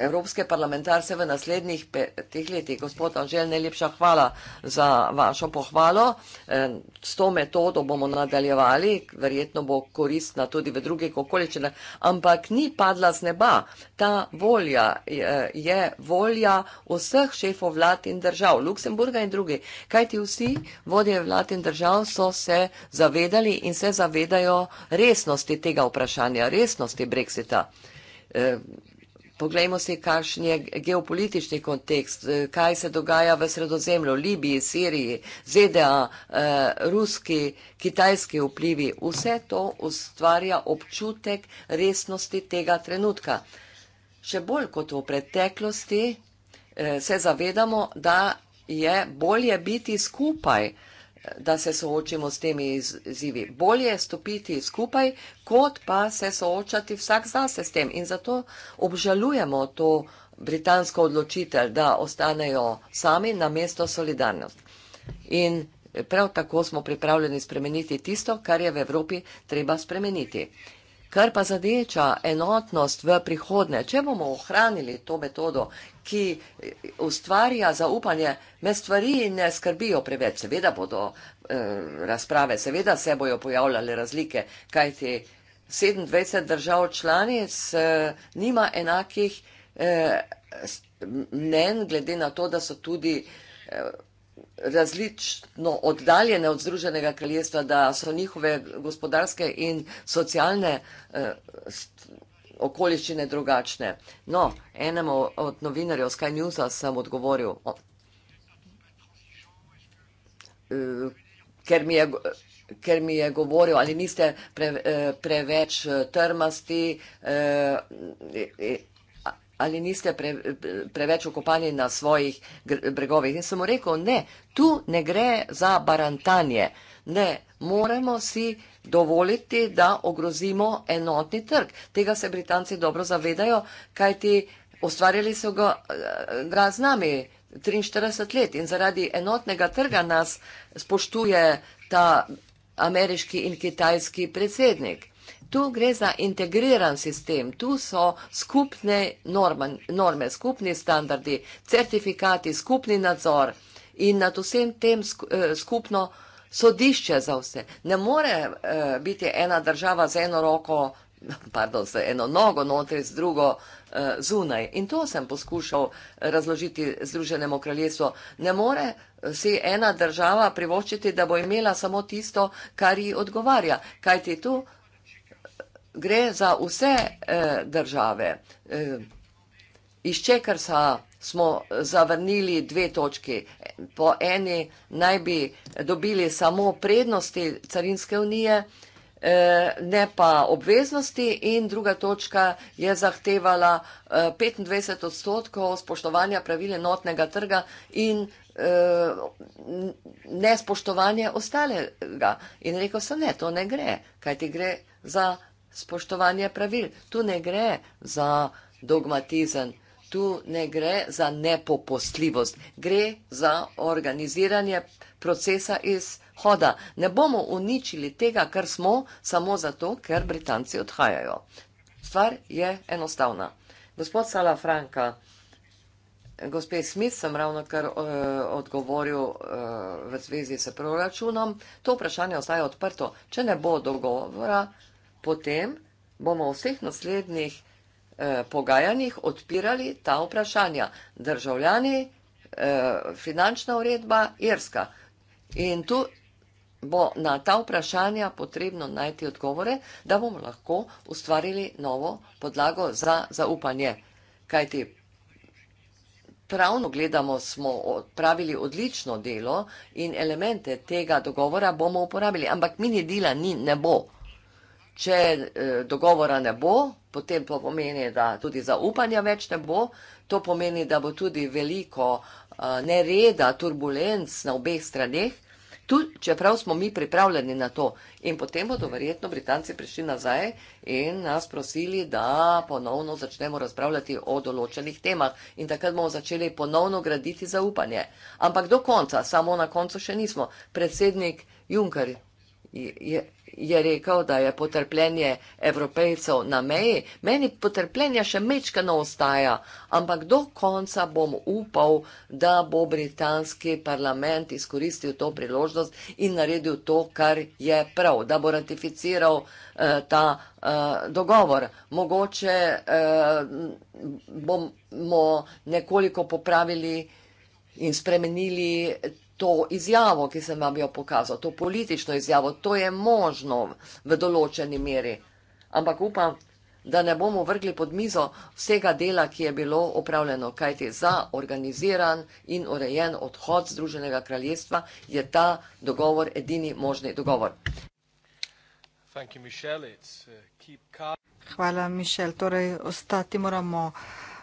Evropske parlamentarce v naslednjih petih letih. Gospod Anžel, najlepša hvala za vašo pohvalo. E, s to metodo bomo nadaljevali, verjetno bo koristna tudi v drugih okoličinah, ampak ni padla z neba. Ta volja e, je volja vseh šefov vlad in držav, Luksemburga in drugi. Kaj ti vsi vodje vlad in držav so se zavedali in se zavedajo resnosti tega vprašanja, resnosti Brexita? E, Poglejmo si, kakšen je geopolitični kontekst, eh, kaj se dogaja v sredozemlju, Libiji, Siriji, ZDA, eh, ruski, kitajski vplivi. Vse to ustvarja občutek resnosti tega trenutka. Še bolj kot v preteklosti eh, se zavedamo, da je bolje biti skupaj, da se soočimo s temi izzivi. Bolje stopiti skupaj, kot pa se soočati vsak zase s tem. In zato obžalujemo to britansko odločitelj, da ostanejo sami na mesto solidarnost. In prav tako smo pripravljeni spremeniti tisto, kar je v Evropi treba spremeniti. Kar pa zadeča enotnost v prihodne, če bomo ohranili to metodo, ki ustvarja zaupanje, me stvari ne skrbijo preveč. Seveda bodo eh, razprave, seveda se bojo pojavljale razlike, kajti 27 držav članic eh, nima enakih eh, mnen, glede na to, da so tudi eh, različno oddaljene od Združenega kraljestva, da so njihove gospodarske in socialne eh, okoliščine drugačne. No, enemu od novinarjev Sky Newsa sem odgovoril, o, e, ker, mi je, ker mi je govoril, ali niste pre, e, preveč e, trmasti, ali niste pre, preveč okopani na svojih bregovih. In sem mu rekel, ne, tu ne gre za barantanje. Ne, moramo si dovoliti, da ogrozimo enotni trg. Tega se Britanci dobro zavedajo, kajti ustvarjali so ga, eh, ga z nami 43 let in zaradi enotnega trga nas spoštuje ta ameriški in kitajski predsednik. Tu gre za integriran sistem, tu so skupne norme, norme skupni standardi, certifikati, skupni nadzor in nad vsem tem eh, skupno sodišče za vse. Ne more uh, biti ena država z eno roko, pardon, z eno nogo notri, z drugo uh, zunaj. In to sem poskušal eh, razložiti Združenemu kraljestvu. Ne more si ena država privoščiti, da bo imela samo tisto, kar ji odgovarja. Kaj ti tu? Gre za vse uh, države. Uh, iz Čekarsa smo zavrnili dve točki. Po eni naj bi dobili samo prednosti carinske unije, eh, ne pa obveznosti in druga točka je zahtevala 25 eh, odstotkov spoštovanja pravile notnega trga in eh, nespoštovanje ostalega. In rekel sem, ne, to ne gre, kaj ti gre za spoštovanje pravil. Tu ne gre za dogmatizem tu ne gre za nepopustljivost, gre za organiziranje procesa izhoda. Ne bomo uničili tega, kar smo, samo zato, ker Britanci odhajajo. Stvar je enostavna. Gospod Sala Franka, gospe Smith sem ravno kar uh, odgovoril uh, v zvezi s proračunom. To vprašanje ostaje odprto. Če ne bo dogovora, potem bomo v vseh naslednjih eh, pogajanjih odpirali ta vprašanja. Državljani, eh, finančna uredba, Irska. In tu bo na ta vprašanja potrebno najti odgovore, da bomo lahko ustvarili novo podlago za zaupanje. Kajti pravno gledamo, smo odpravili odlično delo in elemente tega dogovora bomo uporabili, ampak mini dela ni, ne bo. Če eh, dogovora ne bo, potem to pomeni, da tudi zaupanja več ne bo, to pomeni, da bo tudi veliko eh, nereda, turbulenc na obeh straneh, tudi čeprav smo mi pripravljeni na to. In potem bodo verjetno Britanci prišli nazaj in nas prosili, da ponovno začnemo razpravljati o določenih temah in takrat bomo začeli ponovno graditi zaupanje. Ampak do konca, samo na koncu še nismo, predsednik Juncker je rekel, da je potrpljenje evropejcev na meji. Meni potrpljenja še mečkano ostaja, ampak do konca bom upal, da bo britanski parlament izkoristil to priložnost in naredil to, kar je prav, da bo ratificiral eh, ta eh, dogovor. Mogoče eh, bomo nekoliko popravili in spremenili to izjavo, ki sem vam jo pokazal, to politično izjavo, to je možno v določeni meri. Ampak upam, da ne bomo vrgli pod mizo vsega dela, ki je bilo opravljeno, kajti za organiziran in urejen odhod Združenega kraljestva je ta dogovor edini možni dogovor. Uh, Hvala, Mišel. Torej, ostati moramo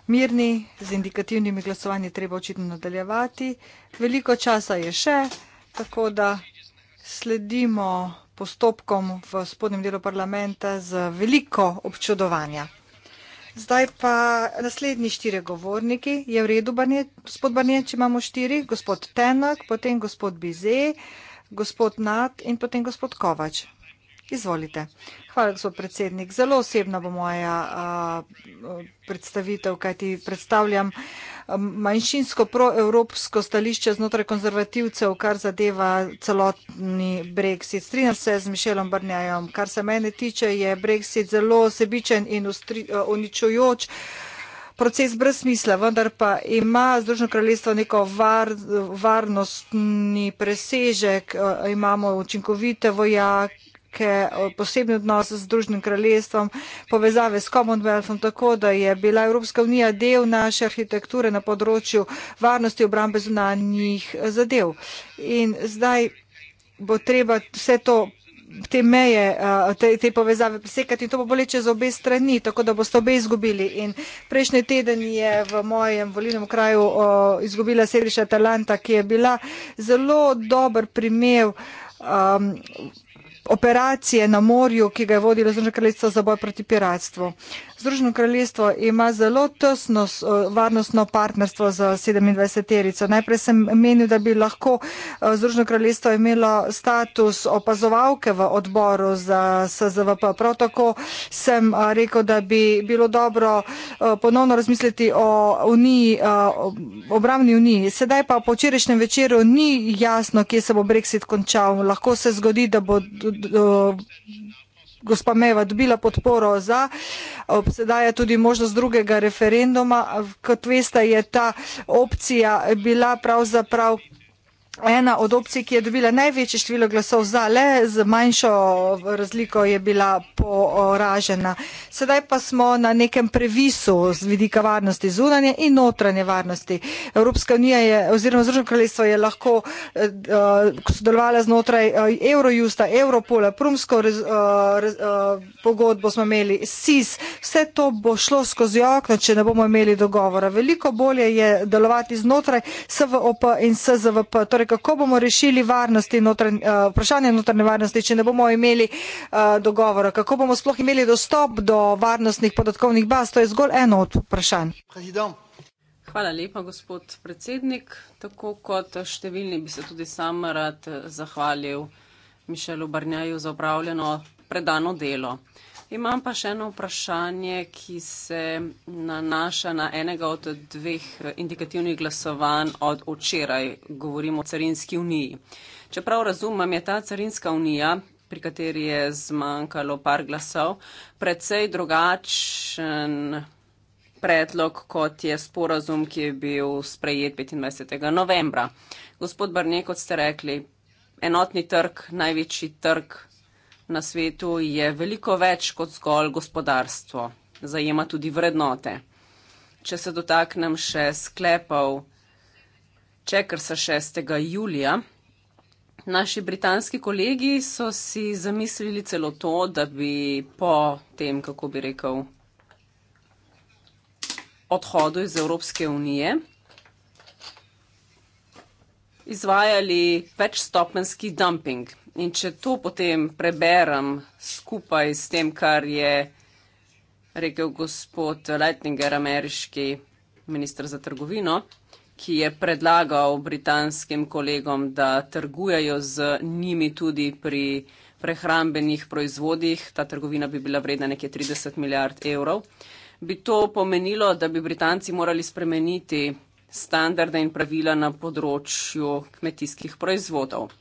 mirni, z indikativnimi glasovanji treba očitno nadaljevati. Veliko časa je še, tako da sledimo postopkom v spodnjem delu parlamenta z veliko občudovanja. Zdaj pa naslednji štiri govorniki. Je v redu, Barnje, gospod Barnje, če imamo štiri? Gospod Tenak, potem gospod Bize, gospod Nat in potem gospod Kovač. Izvolite. Hvala, gospod predsednik. Zelo osebna bo moja a, predstavitev, kajti predstavljam manjšinsko proevropsko stališče znotraj konzervativcev, kar zadeva celotni Brexit. Strinjam se z Mišelom Brnjajem. Kar se mene tiče, je Brexit zelo sebičen in uničujoč. Proces brez smisla, vendar pa ima Združeno kraljestvo neko var, varnostni presežek, imamo učinkovite vojake. Amerike, posebni odnos z Združenim kraljestvom, povezave s Commonwealthom, tako da je bila Evropska unija del naše arhitekture na področju varnosti obrambe zunanjih zadev. In zdaj bo treba vse to. Te meje, te, te povezave presekati in to bo boleče za obe strani, tako da boste obe izgubili. In prejšnji teden je v mojem volilnem kraju o, izgubila središča Atalanta, ki je bila zelo dober primer. Um, operacije na morju, ki ga je vodilo Združeno kraljestvo za boj proti piratstvu. Združeno kraljestvo ima zelo tesno eh, varnostno partnerstvo z 27-terico. Najprej sem menil, da bi lahko eh, Združeno kraljestvo imelo status opazovalke v odboru za SZVP. Prav tako sem eh, rekel, da bi bilo dobro ponovno razmisliti o uniji, obramni uniji. Sedaj pa po včerajšnjem večeru ni jasno, kje se bo Brexit končal. Lahko se zgodi, da bo Eh, gospa Meva dobila podporo za, sedaj je tudi možnost drugega referenduma. Kot veste, je ta opcija bila pravzaprav ena od opcij, ki je dobila največje število glasov za, le z manjšo razliko je bila poražena. Sedaj pa smo na nekem previsu z vidika varnosti zunanje in notranje varnosti. Evropska unija je, oziroma Združeno kraljestvo je lahko uh, sodelovala znotraj uh, Eurojusta, Europola, Prumsko rez, uh, rez, uh, pogodbo smo imeli, SIS, vse to bo šlo skozi okno, če ne bomo imeli dogovora. Veliko bolje je delovati znotraj SVOP in SZVP. Torej kako bomo rešili varnosti, notran, eh, vprašanje notranje varnosti, če ne bomo imeli eh, dogovora, kako bomo sploh imeli dostop do varnostnih podatkovnih baz, to je zgolj eno od vprašanj. Hvala lepa, gospod predsednik. Tako kot številni bi se tudi sam rad eh, zahvalil Mišelu Barnjaju za upravljeno predano delo. Imam pa še eno vprašanje, ki se nanaša na enega od dveh eh, indikativnih glasovanj od včeraj, govorimo o carinski uniji. Čeprav razumem, je ta carinska unija, pri kateri je zmanjkalo par glasov, precej drugačen predlog, kot je sporazum, ki je bil sprejet 25. novembra. Gospod Barnek, kot ste rekli, enotni trg, največji trg na svetu je veliko več kot zgolj gospodarstvo, zajema tudi vrednote. Če se dotaknem še sklepov Čekrsa 6. julija, naši britanski kolegi so si zamislili celo to, da bi po tem, kako bi rekel, odhodu iz Evropske unije, izvajali večstopenski dumping. In če to potem preberem skupaj s tem, kar je rekel gospod Leitinger, ameriški ministr za trgovino, ki je predlagal britanskim kolegom, da trgujejo z njimi tudi pri prehrambenih proizvodih, ta trgovina bi bila vredna nekje 30 milijard evrov, bi to pomenilo, da bi Britanci morali spremeniti standarde in pravila na področju kmetijskih proizvodov.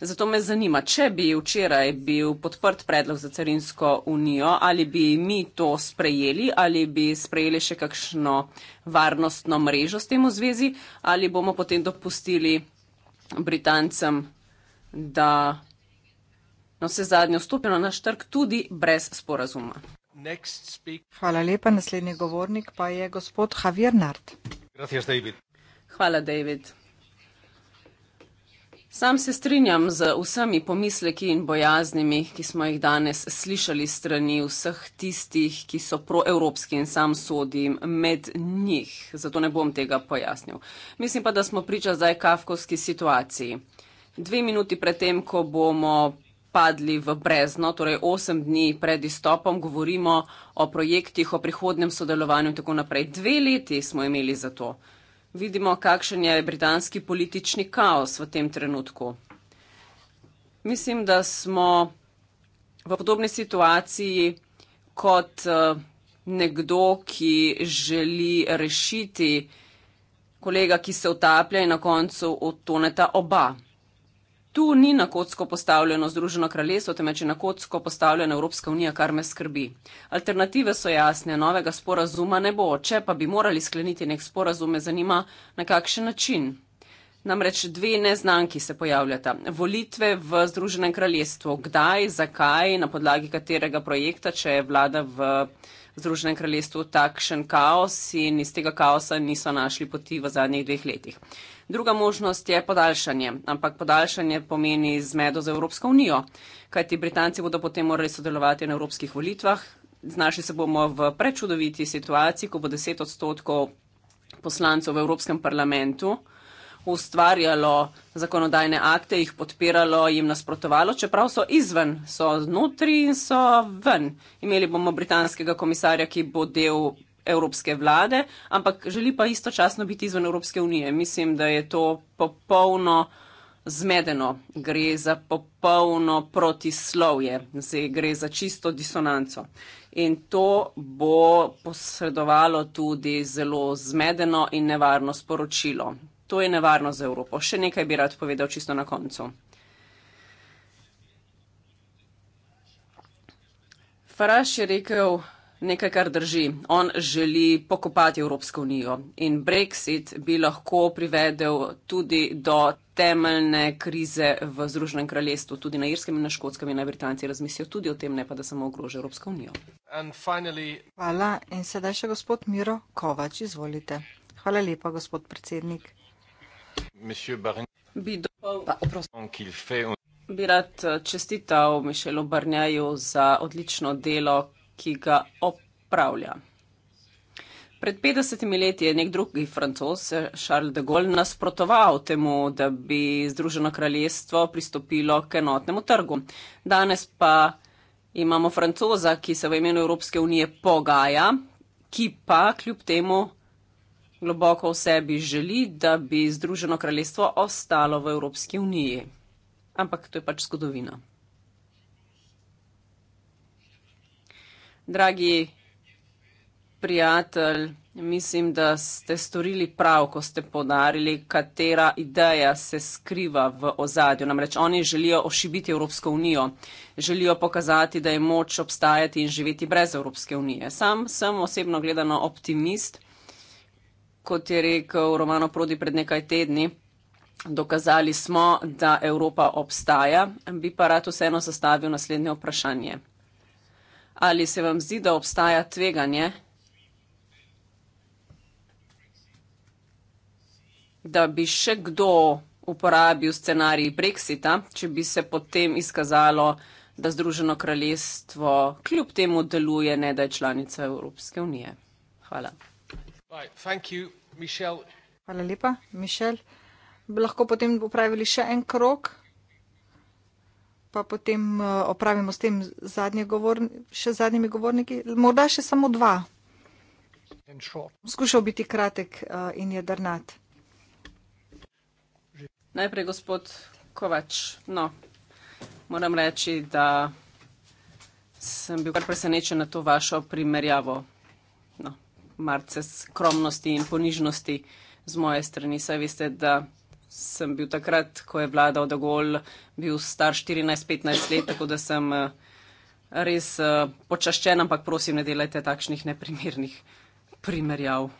Zato me zanima, če bi včeraj bil podprt predlog za carinsko unijo, ali bi mi to sprejeli, ali bi sprejeli še kakšno varnostno mrežo s tem v zvezi, ali bomo potem dopustili Britancem, da no, se zadnje vstopijo na naš trg tudi brez sporazuma. Hvala lepa, naslednji govornik pa je gospod Javier Nart. Gracias, David. Hvala, David. Sam se strinjam z vsemi pomisleki in bojaznimi, ki smo jih danes slišali strani vseh tistih, ki so proevropski in sam sodim med njih. Zato ne bom tega pojasnil. Mislim pa, da smo priča zdaj kafkovski situaciji. Dve minuti predtem, ko bomo padli v brezno, torej osem dni pred izstopom, govorimo o projektih, o prihodnem sodelovanju in tako naprej. Dve leti smo imeli za to vidimo, kakšen je britanski politični kaos v tem trenutku. Mislim, da smo v podobni situaciji kot eh, nekdo, ki želi rešiti kolega, ki se utaplja in na koncu utoneta oba. Tu ni na kocko postavljeno Združeno kraljestvo, temveč je na kocko postavljena Evropska unija, kar me skrbi. Alternative so jasne, novega sporazuma ne bo, če pa bi morali skleniti nek sporazum, me zanima na kakšen način. Namreč dve neznanki se pojavljata. Volitve v Združenem kraljestvu. Kdaj, zakaj, na podlagi katerega projekta, če je vlada v Združenem kraljestvu takšen kaos in iz tega kaosa niso našli poti v zadnjih dveh letih. Druga možnost je podaljšanje, ampak podaljšanje pomeni zmedo z Evropsko unijo, kajti Britanci bodo potem morali sodelovati na evropskih volitvah. Znašli se bomo v prečudoviti situaciji, ko bo 10 odstotkov poslancev v Evropskem parlamentu ustvarjalo zakonodajne akte, jih podpiralo, jim nasprotovalo, čeprav so izven, so znotri in so ven. Imeli bomo britanskega komisarja, ki bo del evropske vlade, ampak želi pa istočasno biti izven Evropske unije. Mislim, da je to popolno zmedeno, gre za popolno protislovje, Zdaj, gre za čisto disonanco. In to bo posredovalo tudi zelo zmedeno in nevarno sporočilo. To je nevarno za Evropo. Še nekaj bi rad povedal čisto na koncu. Faraš je rekel, nekaj, kar drži. On želi pokopati Evropsko unijo in Brexit bi lahko privedel tudi do temeljne krize v Združenem kraljestvu, tudi na Irskem in na Škotskem in na Britanci razmislijo tudi o tem, ne pa da samo ogrožijo Evropsko unijo. Finally... Hvala in sedaj še gospod Miro Kovač, izvolite. Hvala lepa, gospod predsednik. Bi, do... pa, bi rad eh, čestital Mišelu Barnjaju za odlično delo, ki ga opravlja. Pred 50 leti je nek drugi francoz, Charles de Gaulle, nasprotoval temu, da bi Združeno kraljestvo pristopilo k enotnemu trgu. Danes pa imamo francoza, ki se v imenu Evropske unije pogaja, ki pa kljub temu globoko v sebi želi, da bi Združeno kraljestvo ostalo v Evropski uniji. Ampak to je pač zgodovina. Dragi prijatelj, mislim, da ste storili prav, ko ste podarili, katera ideja se skriva v ozadju. Namreč oni želijo ošibiti Evropsko unijo, želijo pokazati, da je moč obstajati in živeti brez Evropske unije. Sam sem osebno gledano optimist, kot je rekel Romano Prodi pred nekaj tedni. Dokazali smo, da Evropa obstaja, bi pa rad vseeno zastavil naslednje vprašanje. Ali se vam zdi, da obstaja tveganje, da bi še kdo uporabil scenarij Brexita, če bi se potem izkazalo, da Združeno kraljestvo kljub temu deluje, ne da je članica Evropske unije? Hvala. Hvala lepa, Mišel. Bi lahko potem upravili še en krok? pa potem eh, opravimo s tem zadnje govorni, še zadnjimi govorniki, morda še samo dva. Skušal biti kratek eh, in jedrnat. Najprej gospod Kovač. No, moram reči, da sem bil kar presenečen na to vašo primerjavo. No, marce skromnosti in ponižnosti z moje strani. Saj veste, da sem bil takrat, ko je vladal Dagol, bil star 14-15 let, tako da sem eh, res eh, počaščen, ampak prosim, ne delajte takšnih neprimernih primerjav.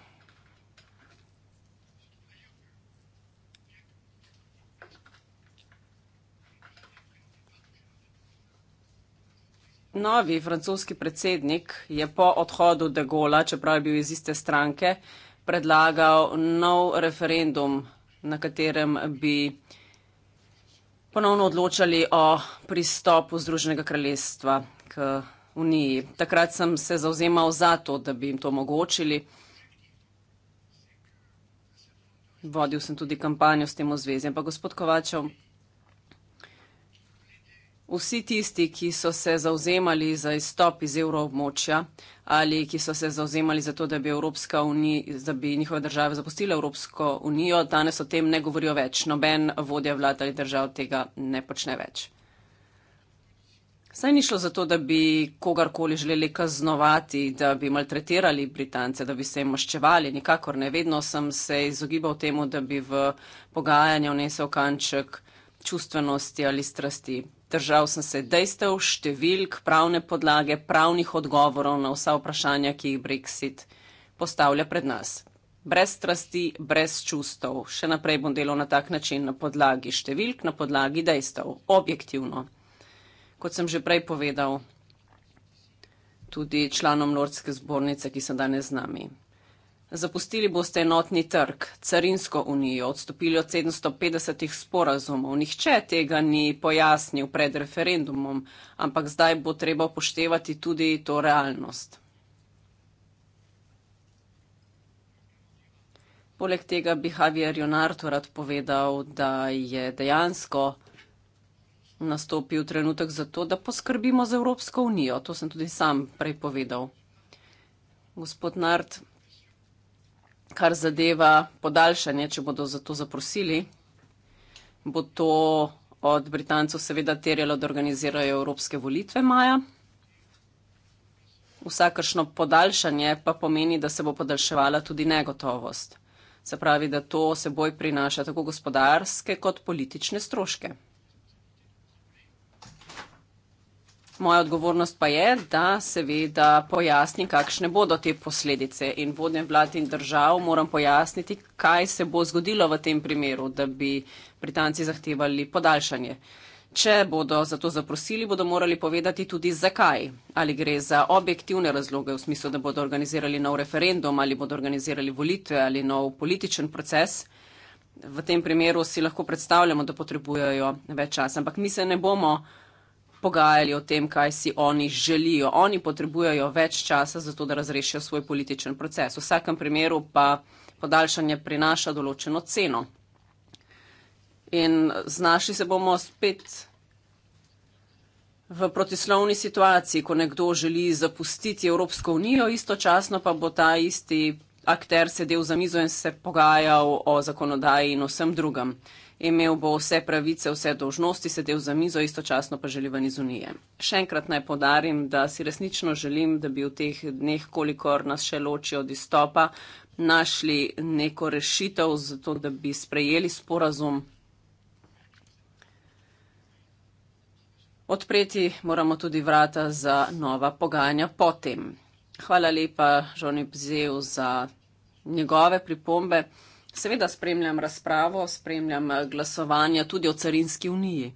Novi francoski predsednik je po odhodu De Gola, čeprav je bil iz iste stranke, predlagal nov referendum na katerem bi ponovno odločali o pristopu Združenega kraljestva k Uniji. Takrat sem se zauzemal za to, da bi jim to omogočili. Vodil sem tudi kampanjo s tem v zvezi, ampak gospod Kovačev, Vsi tisti, ki so se zauzemali za izstop iz evroobmočja ali ki so se zauzemali za to, da bi, unij, da bi njihove države zapustile Evropsko unijo, danes o tem ne govorijo več. Noben vodja vlad ali držav tega ne počne več. Saj ni šlo za to, da bi kogarkoli želeli kaznovati, da bi maltretirali Britance, da bi se jim maščevali, nikakor ne. Vedno sem se izogibal temu, da bi v pogajanja vnesel kanček čustvenosti ali strasti držal sem se dejstev, številk, pravne podlage, pravnih odgovorov na vsa vprašanja, ki jih Brexit postavlja pred nas. Brez strasti, brez čustev. Še naprej bom delal na tak način, na podlagi številk, na podlagi dejstev, objektivno. Kot sem že prej povedal, tudi članom Lordske zbornice, ki so danes z nami. Zapustili boste enotni trg, carinsko unijo, odstopili od 750 sporazumov. Nihče tega ni pojasnil pred referendumom, ampak zdaj bo treba poštevati tudi to realnost. Poleg tega bi Javier Jonarto rad povedal, da je dejansko nastopil trenutek za to, da poskrbimo za Evropsko unijo. To sem tudi sam prej povedal. Gospod Nart kar zadeva podaljšanje, če bodo za to zaprosili, bo to od Britancev seveda terjalo, da organizirajo evropske volitve maja. Vsakršno podaljšanje pa pomeni, da se bo podaljševala tudi negotovost. Se pravi, da to seboj prinaša tako gospodarske kot politične stroške. Moja odgovornost pa je, da seveda pojasnim, kakšne bodo te posledice in vodnem vlad in držav moram pojasniti, kaj se bo zgodilo v tem primeru, da bi Britanci zahtevali podaljšanje. Če bodo za to zaprosili, bodo morali povedati tudi zakaj. Ali gre za objektivne razloge v smislu, da bodo organizirali nov referendum ali bodo organizirali volitve ali nov političen proces. V tem primeru si lahko predstavljamo, da potrebujejo več časa, ampak mi se ne bomo uh, pogajali o tem, kaj si oni želijo. Oni potrebujejo več časa za to, da razrešijo svoj političen proces. V vsakem primeru pa podaljšanje prinaša določeno ceno. In znašli se bomo spet v protislovni situaciji, ko nekdo želi zapustiti Evropsko unijo, istočasno pa bo ta isti akter sedel za mizo in se pogajal o zakonodaji in vsem drugem imel bo vse pravice, vse dožnosti, sedel za mizo, istočasno pa želivan iz Unije. Še enkrat naj podarim, da si resnično želim, da bi v teh dneh, kolikor nas še loči od izstopa, našli neko rešitev za to, da bi sprejeli sporazum. Odpreti moramo tudi vrata za nova pogajanja potem. Hvala lepa, Žoni Pzev, za njegove pripombe. Seveda spremljam razpravo, spremljam eh, glasovanja tudi o carinski uniji.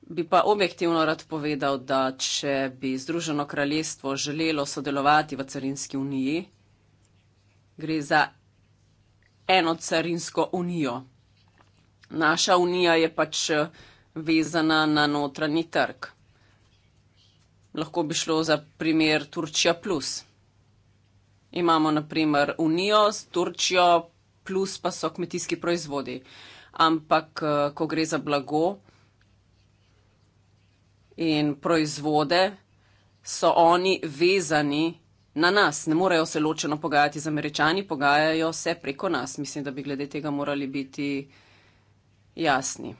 Bi pa objektivno rad povedal, da če bi Združeno kraljestvo želelo sodelovati v carinski uniji, gre za eno carinsko unijo. Naša unija je pač eh, vezana na notranji trg. Lahko bi šlo za primer Turčija plus imamo naprimer Unijo s Turčijo, plus pa so kmetijski proizvodi. Ampak, eh, ko gre za blago in proizvode, so oni vezani na nas, ne morejo se ločeno pogajati z američani, pogajajo se preko nas. Mislim, da bi glede tega morali biti jasni.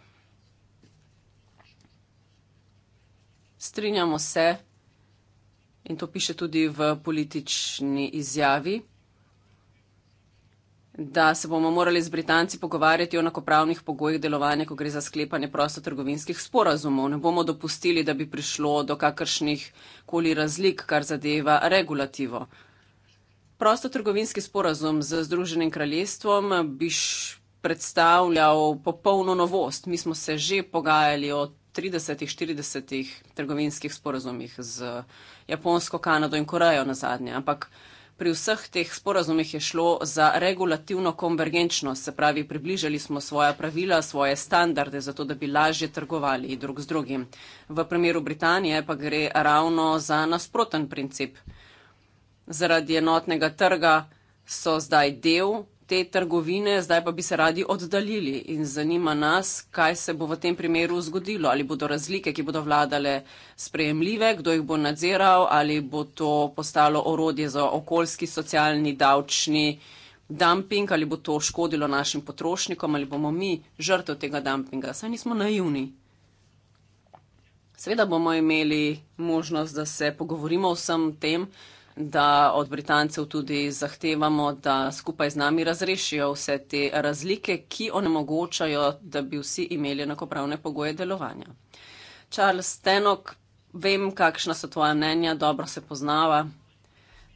Strinjamo se, in to piše tudi v politični izjavi, da se bomo morali z Britanci pogovarjati o enakopravnih pogojih delovanja, ko gre za sklepanje prostotrgovinskih sporazumov. Ne bomo dopustili, da bi prišlo do kakršnih koli razlik, kar zadeva regulativo. Prostotrgovinski sporazum z Združenim kraljestvom biš predstavljal popolno novost. Mi smo se že pogajali o 30, 40 trgovinskih sporazumih z Japonsko, Kanado in Korejo na zadnje. Ampak pri vseh teh sporazumih je šlo za regulativno konvergenčnost, se pravi, približali smo svoja pravila, svoje standarde, zato da bi lažje trgovali drug z drugim. V primeru Britanije pa gre ravno za nasproten princip. Zaradi enotnega trga so zdaj del te trgovine, zdaj pa bi se radi oddaljili in zanima nas, kaj se bo v tem primeru zgodilo. Ali bodo razlike, ki bodo vladale, sprejemljive, kdo jih bo nadziral, ali bo to postalo orodje za okoljski, socialni, davčni dumping, ali bo to škodilo našim potrošnikom, ali bomo mi žrtev tega dumpinga. Saj nismo naivni. Seveda bomo imeli možnost, da se pogovorimo o vsem tem da od Britancev tudi zahtevamo, da skupaj z nami razrešijo vse te razlike, ki onemogočajo, da bi vsi imeli enakopravne pogoje delovanja. Charles Stenok, vem, kakšna so tvoja mnenja, dobro se poznava.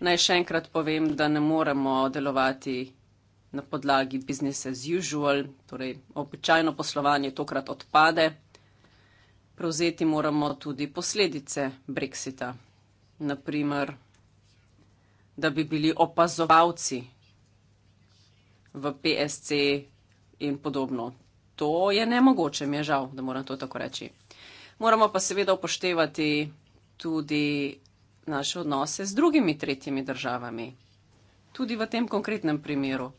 Naj še enkrat povem, da ne moremo delovati na podlagi business as usual, torej običajno poslovanje tokrat odpade. Prevzeti moramo tudi posledice Brexita, naprimer da bi bili opazovalci v PSC in podobno. To je nemogoče, mi je žal, da moram to tako reči. Moramo pa seveda upoštevati tudi naše odnose z drugimi tretjimi državami. Tudi v tem konkretnem primeru.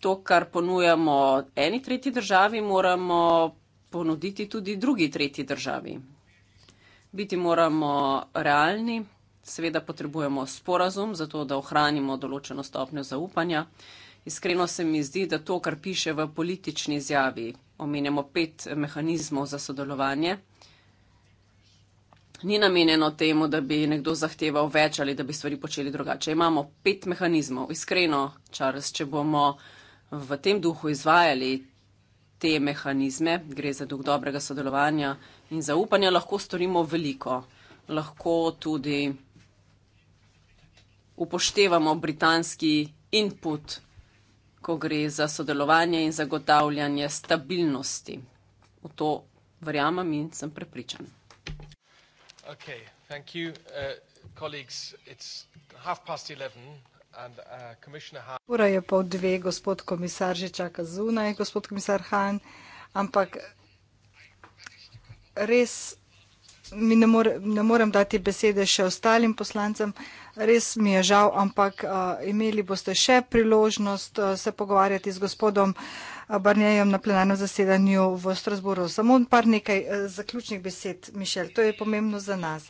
To, kar ponujamo eni tretji državi, moramo ponuditi tudi drugi tretji državi. Biti moramo realni, Seveda potrebujemo sporazum, zato da ohranimo določeno stopnjo zaupanja. Iskreno se mi zdi, da to, kar piše v politični izjavi, omenjamo pet mehanizmov za sodelovanje, ni namenjeno temu, da bi nekdo zahteval več ali da bi stvari počeli drugače. Imamo pet mehanizmov. Iskreno, Charles, če bomo v tem duhu izvajali te mehanizme, gre za duh dobrega sodelovanja in zaupanja, lahko storimo veliko. Lahko tudi upoštevamo britanski input, ko gre za sodelovanje in zagotavljanje stabilnosti. V to verjamem in sem prepričan. Okay, thank you, uh, colleagues. It's half past 11. Uh, Ura je pol dve, gospod komisar že čaka zunaj, gospod komisar Han, ampak res mi ne, more, ne morem dati besede še ostalim poslancem, uh, res mi je žal, ampak imeli boste še priložnost se pogovarjati z gospodom Barnejem na plenarnem zasedanju v Strasboru. Samo par nekaj zaključnih besed, Mišel, to je pomembno za nas.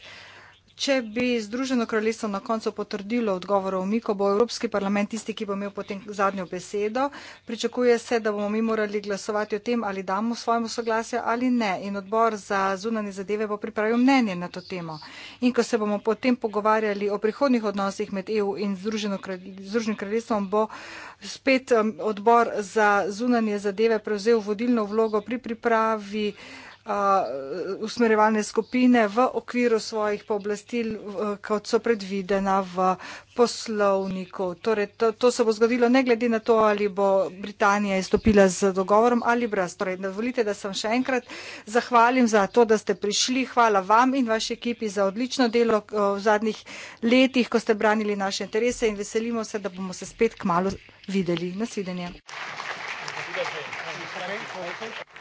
Če bi Združeno kraljestvo na koncu potrdilo odgovor o umiku, bo Evropski parlament tisti, ki bo imel potem zadnjo besedo. Pričakuje se, da bomo mi morali glasovati o tem, ali damo svojemu soglasju ali ne. In odbor za zunanje zadeve bo pripravil mnenje na to temo. In ko se bomo potem pogovarjali o prihodnih odnosih med EU in Združenim kraljestvom, bo spet um, odbor za zunanje zadeve prevzel vodilno vlogo pri pripravi usmerjevalne skupine v okviru svojih pooblastil, kot so predvidena v poslovniku. Torej, to, to se bo zgodilo ne glede na to, ali bo Britanija izstopila z dogovorom ali brez. Torej, dovolite, da sem še enkrat zahvalim za to, da ste prišli. Hvala vam in vaši ekipi za odlično delo v zadnjih letih, ko ste branili naše interese in veselimo se, da bomo se spet k malu videli. Nasvidenje. Thank you.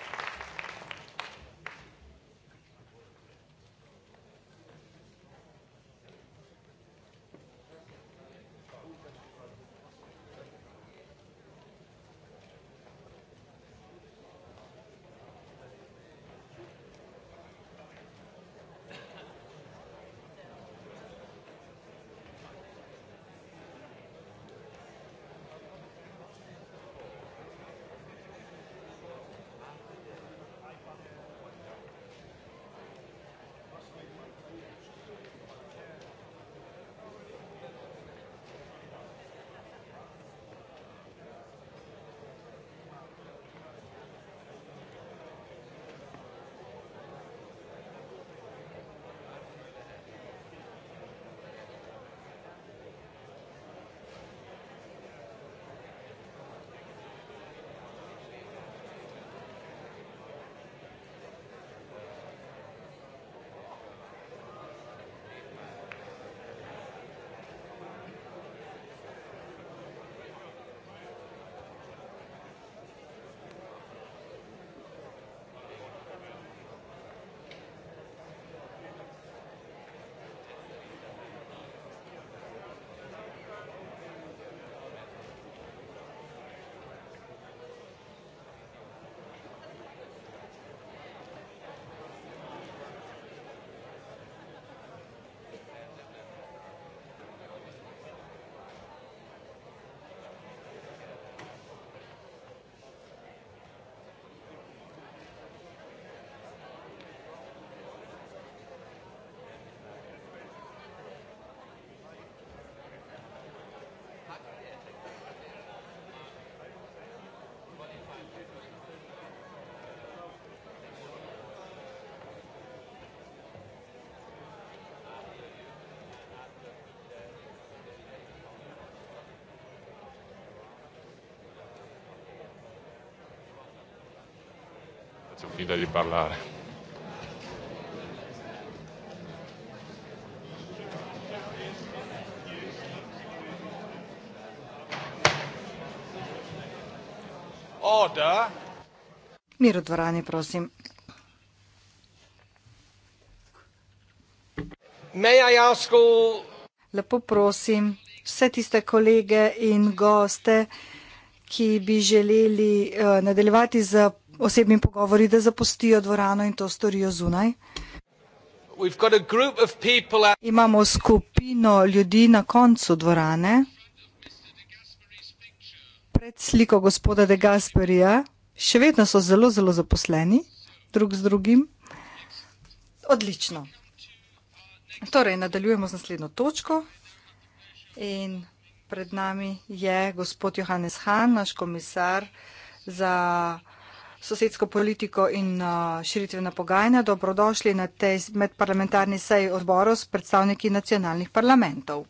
faccio finta di parlare. Oda. Mir v dvorani, prosim. Lepo prosim vse tiste kolege in goste, ki bi želeli uh, nadaljevati z osebni pogovori, da zapustijo dvorano in to storijo zunaj. Imamo skupino ljudi na koncu dvorane pred sliko gospoda De Gasperija. Še vedno so zelo, zelo zaposleni drug z drugim. Odlično. Torej, nadaljujemo z naslednjo točko in pred nami je gospod Johannes Han, naš komisar za sosedsko politiko in uh, širitvena pogajanja. Dobrodošli na tej medparlamentarni seji odborov s predstavniki nacionalnih parlamentov.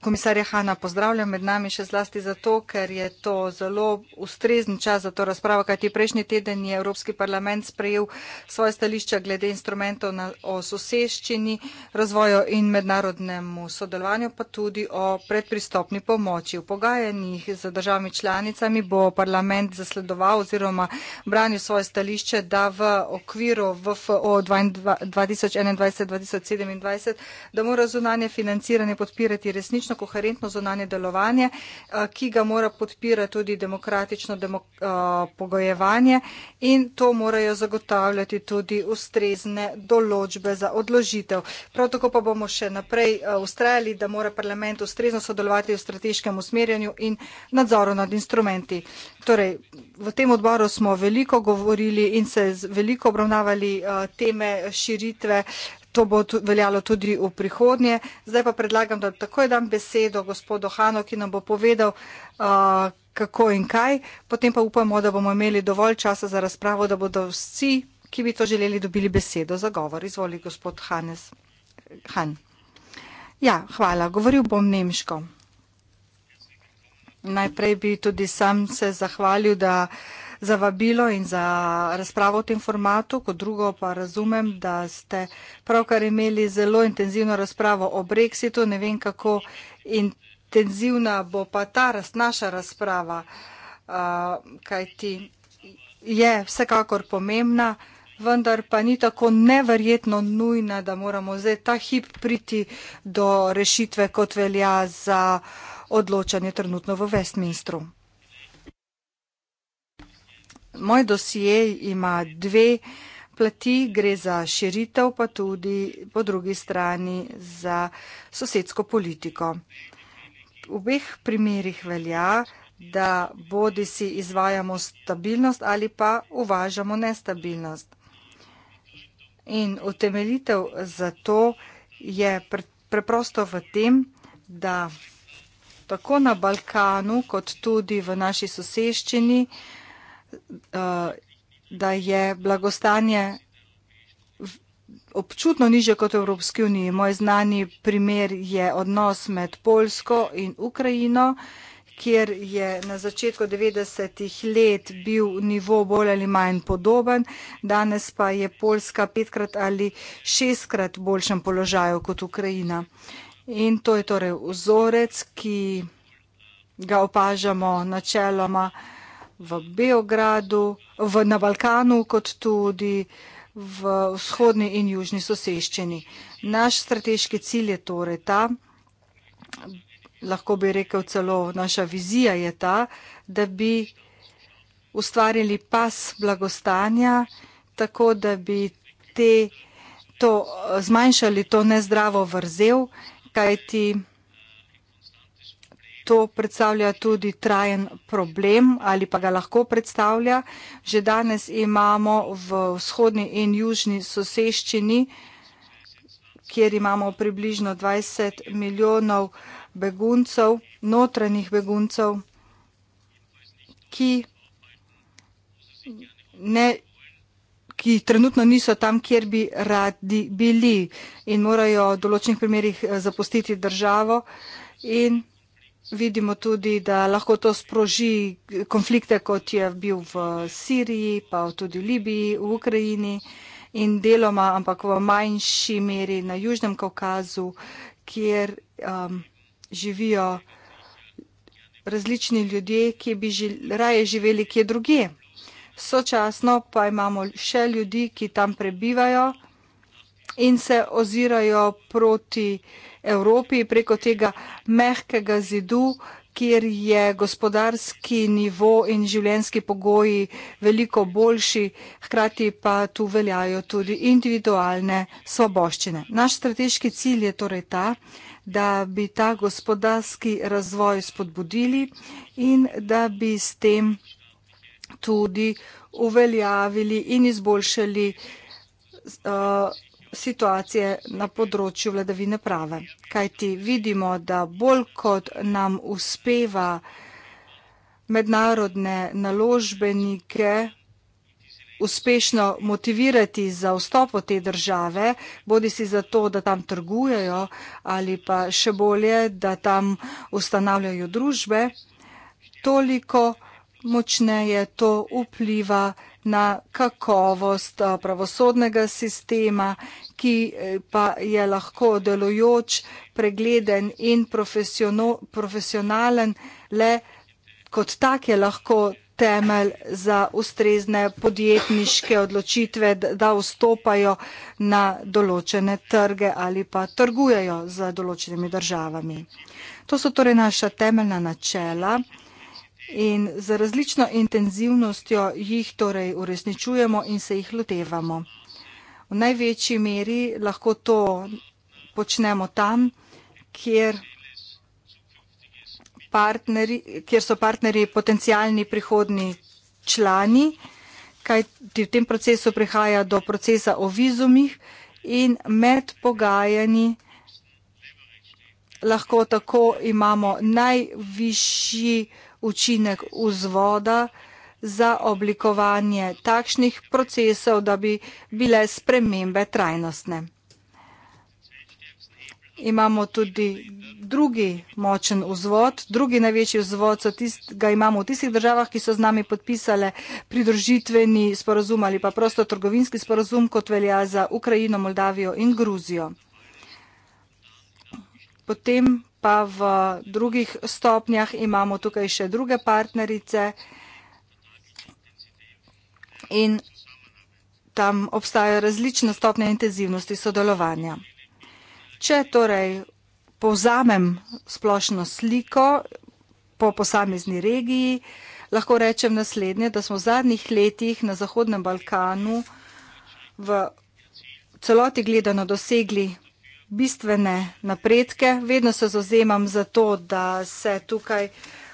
komisarja Hanna pozdravljam med nami še zlasti zato, ker je to zelo ustrezen čas za to razpravo, kajti prejšnji teden je Evropski parlament sprejel svoje stališča glede instrumentov na, o soseščini, razvoju in mednarodnemu sodelovanju, pa tudi o predpristopni pomoči. V pogajanjih z državami članicami bo parlament zasledoval oziroma branil svoje stališče, da v okviru VFO 2021-2027, da mora zunanje financiranje podpirati zagotavljati resnično koherentno zunanje delovanje, eh, ki ga mora podpirati tudi demokratično demok eh, pogojevanje in to morajo zagotavljati tudi ustrezne določbe za odložitev. Prav tako pa bomo še naprej ustrajali, eh, da mora parlament ustrezno sodelovati v strateškem usmerjanju in nadzoru nad instrumenti. Torej, v tem odboru smo veliko govorili in se veliko obravnavali teme širitve to bo veljalo tudi v prihodnje. Zdaj pa predlagam, da takoj dam besedo gospodu Hanu, ki nam bo povedal, uh, kako in kaj. Potem pa upamo, da bomo imeli dovolj časa za razpravo, da bodo vsi, ki bi to želeli, dobili besedo za govor. Izvoli gospod Hanes. Han. Ja, hvala. Govoril bom nemško. Najprej bi tudi sam se zahvalil, da za vabilo in za razpravo v tem formatu. Kot drugo pa razumem, da ste pravkar imeli zelo intenzivno razpravo o Brexitu. Ne vem, kako intenzivna bo pa ta raz, naša razprava, uh, kaj ti je vsekakor pomembna. Vendar pa ni tako neverjetno nujna, da moramo zdaj ta hip priti do rešitve, kot velja za odločanje trenutno v Westminstru. Moj dosije ima dve plati, gre za širitev, pa tudi po drugi strani za sosedsko politiko. V obeh primerih velja, da bodi si izvajamo stabilnost ali pa uvažamo nestabilnost. In utemeljitev za to je pre, preprosto v tem, da tako na Balkanu kot tudi v naši soseščini Eh, da je blagostanje občutno niže kot v Evropski uniji. Moj znani primer je odnos med Polsko in Ukrajino, kjer je na začetku 90-ih let bil nivo bolj ali manj podoben, danes pa je Polska petkrat ali šestkrat v boljšem položaju kot Ukrajina. In to je torej vzorec, ki ga opažamo načeloma v Beogradu, v, na Balkanu, kot tudi v vzhodni in južni soseščini. Naš strateški cilj je torej ta, lahko bi rekel celo naša vizija je ta, da bi ustvarili pas blagostanja, tako da bi te, to, zmanjšali to nezdravo vrzel, kajti to predstavlja tudi trajen problem ali pa ga lahko predstavlja. Že danes imamo v vzhodni in južni soseščini, kjer imamo približno 20 milijonov beguncev, notranjih beguncev, ki, ne, ki trenutno niso tam, kjer bi radi bili in morajo v določenih primerjih eh, zapustiti državo. In vidimo tudi, da lahko to sproži konflikte, kot je bil v Siriji, pa tudi v Libiji, v Ukrajini in deloma, ampak v manjši meri na Južnem Kaukazu, kjer um, živijo različni ljudje, ki bi žil, raje živeli kje druge. Sočasno pa imamo še ljudi, ki tam prebivajo in se ozirajo proti Evropi preko tega mehkega zidu, kjer je gospodarski nivo in življenjski pogoji veliko boljši, hkrati pa tu veljajo tudi individualne svoboščine. Naš strateški cilj je torej ta, da bi ta gospodarski razvoj spodbudili in da bi s tem tudi uveljavili in izboljšali uh, situacije na področju vladavine prave. Kajti vidimo, da bolj kot nam uspeva mednarodne naložbenike uspešno motivirati za vstop v te države, bodi si zato, da tam trgujejo ali pa še bolje, da tam ustanavljajo družbe, toliko močneje to vpliva na na kakovost eh, pravosodnega sistema, ki eh, pa je lahko delujoč, pregleden in profesionalen, le kot tak je lahko temelj za ustrezne podjetniške odločitve, da vstopajo na določene trge ali pa trgujejo z določenimi državami. To so torej naša temeljna načela in z različno intenzivnostjo jih torej uresničujemo in se jih lotevamo. V največji meri lahko to počnemo tam, kjer, partneri, kjer so partnerji potencijalni prihodni člani, kajti v tem procesu prihaja do procesa o vizumih in med pogajanji lahko tako imamo najvišji učinek vzvoda za oblikovanje takšnih procesov, da bi bile spremembe trajnostne. Imamo tudi drugi močen vzvod, drugi največji vzvod tist, ga imamo v tistih državah, ki so z nami podpisale pridružitveni sporazum ali pa prosto trgovinski sporazum, kot velja za Ukrajino, Moldavijo in Gruzijo. Potem pa v drugih stopnjah imamo tukaj še druge partnerice in tam obstajajo različne stopnje intenzivnosti sodelovanja. Če torej povzamem splošno sliko po posamezni regiji, lahko rečem naslednje, da smo v zadnjih letih na Zahodnem Balkanu v celoti gledano dosegli bistvene napredke. Vedno se zauzemam za to, da se tukaj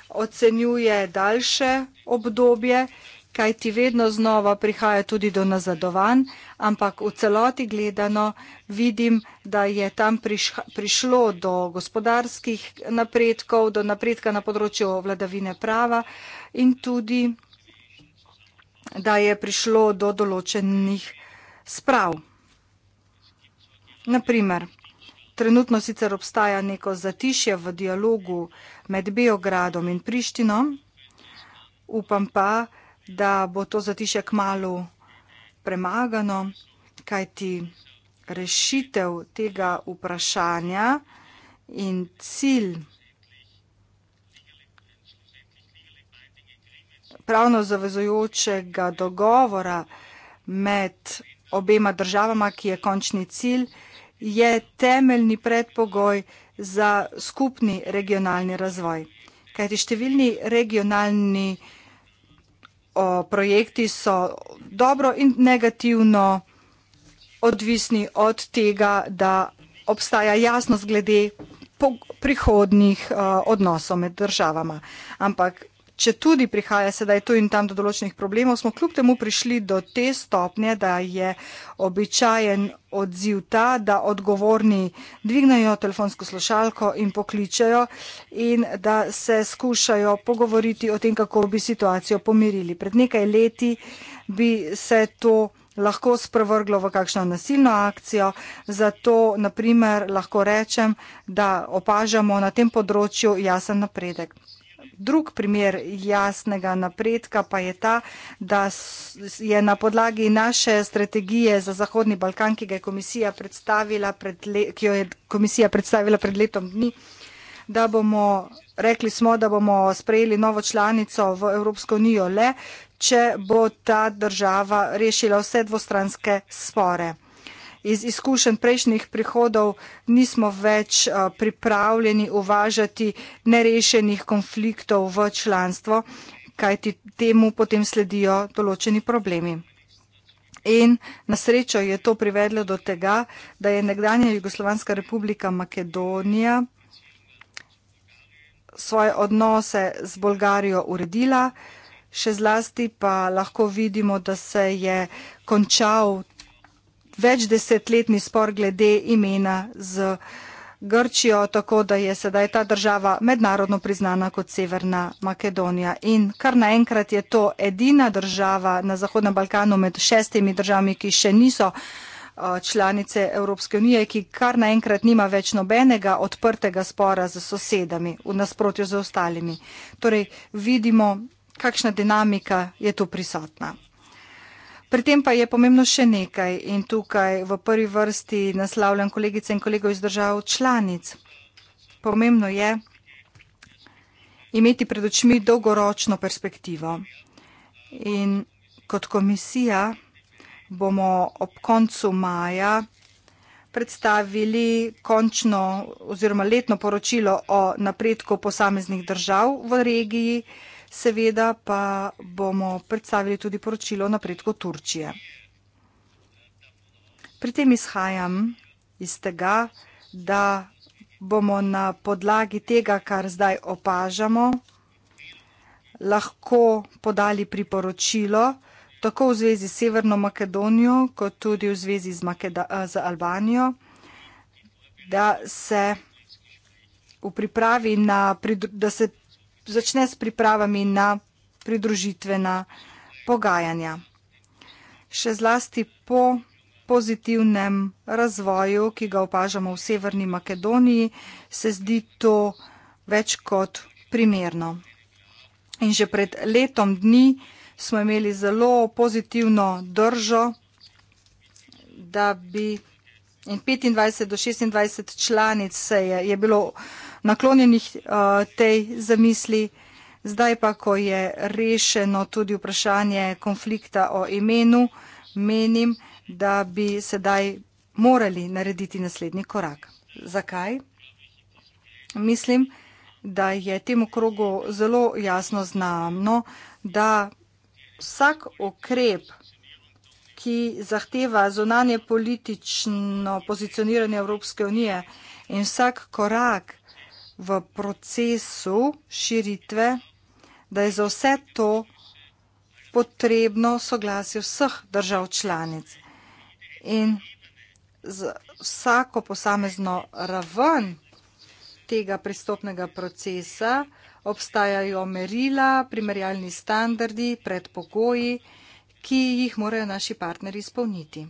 ocenjuje daljše obdobje, kaj ti vedno znova prihaja tudi do nazadovanj, ampak v celoti gledano vidim, da je tam prišlo do gospodarskih napredkov, do napredka na področju vladavine prava in tudi, da je prišlo do določenih sprav. Naprimer, Trenutno sicer obstaja neko zatišje v dialogu med Beogradom in Prištino, upam pa, da bo to zatišje k malu premagano, kajti rešitev tega vprašanja in cilj pravno zavezujočega dogovora med obema državama, ki je končni cilj, je temeljni predpogoj za skupni regionalni razvoj. Kajti številni regionalni o, projekti so dobro in negativno odvisni od tega, da obstaja jasnost glede prihodnih uh, odnosov med državama. Ampak če tudi prihaja sedaj tu in tam do določenih problemov, smo kljub temu prišli do te stopnje, da je običajen odziv ta, da odgovorni dvignajo telefonsko slušalko in pokličajo in da se skušajo pogovoriti o tem, kako bi situacijo pomirili. Pred nekaj leti bi se to lahko sprevrglo v kakšno nasilno akcijo, zato naprimer lahko rečem, da opažamo na tem področju jasen napredek. Drug primer jasnega napredka pa je ta, da je na podlagi naše strategije za Zahodni Balkan, ki je komisija predstavila pred, le, je komisija predstavila pred letom dni, da bomo rekli, smo, da bomo sprejeli novo članico v Evropsko unijo le, če bo ta država rešila vse dvostranske spore iz izkušenj prejšnjih prihodov nismo več eh, pripravljeni uvažati nerešenih konfliktov v članstvo, kajti temu potem sledijo določeni problemi. In na srečo je to privedlo do tega, da je nekdanja Jugoslovanska republika Makedonija svoje odnose z Bolgarijo uredila, še zlasti pa lahko vidimo, da se je končal večdesetletni spor glede imena z Grčijo, tako da je sedaj ta država mednarodno priznana kot Severna Makedonija. In kar naenkrat je to edina država na Zahodnem Balkanu med šestimi državami, ki še niso eh, članice Evropske unije, ki kar naenkrat nima več nobenega odprtega spora z sosedami v nasprotju z ostalimi. Torej vidimo, kakšna dinamika je tu prisotna. Pri tem pa je pomembno še nekaj in tukaj v prvi vrsti naslavljam kolegice in kolego iz držav članic. Pomembno je imeti pred očmi dolgoročno perspektivo. In kot komisija bomo ob koncu maja predstavili končno oziroma letno poročilo o napredku posameznih držav v regiji seveda pa bomo predstavili tudi poročilo o napredku Turčije. Pri tem izhajam iz tega, da bomo na podlagi tega, kar zdaj opažamo, lahko podali priporočilo tako v zvezi s Severno Makedonijo, kot tudi v zvezi z, Makeda z Albanijo, da se v pripravi na, da se začne s pripravami na pridružitvena pogajanja. Še zlasti po pozitivnem razvoju, ki ga opažamo v Severni Makedoniji, se zdi to več kot primerno. In že pred letom dni smo imeli zelo pozitivno držo, da bi 25 do 26 članic se je, je bilo naklonjenih uh, tej zamisli. Zdaj pa, ko je rešeno tudi vprašanje konflikta o imenu, menim, da bi sedaj morali narediti naslednji korak. Zakaj? Mislim, da je temu krogu zelo jasno znano, da vsak okrep, ki zahteva zunanje politično pozicioniranje Evropske unije in vsak korak, v procesu širitve, da je za vse to potrebno soglasje vseh držav članic. In z vsako posamezno raven tega pristopnega procesa obstajajo merila, primerjalni standardi, predpogoji, ki jih morajo naši partneri izpolniti.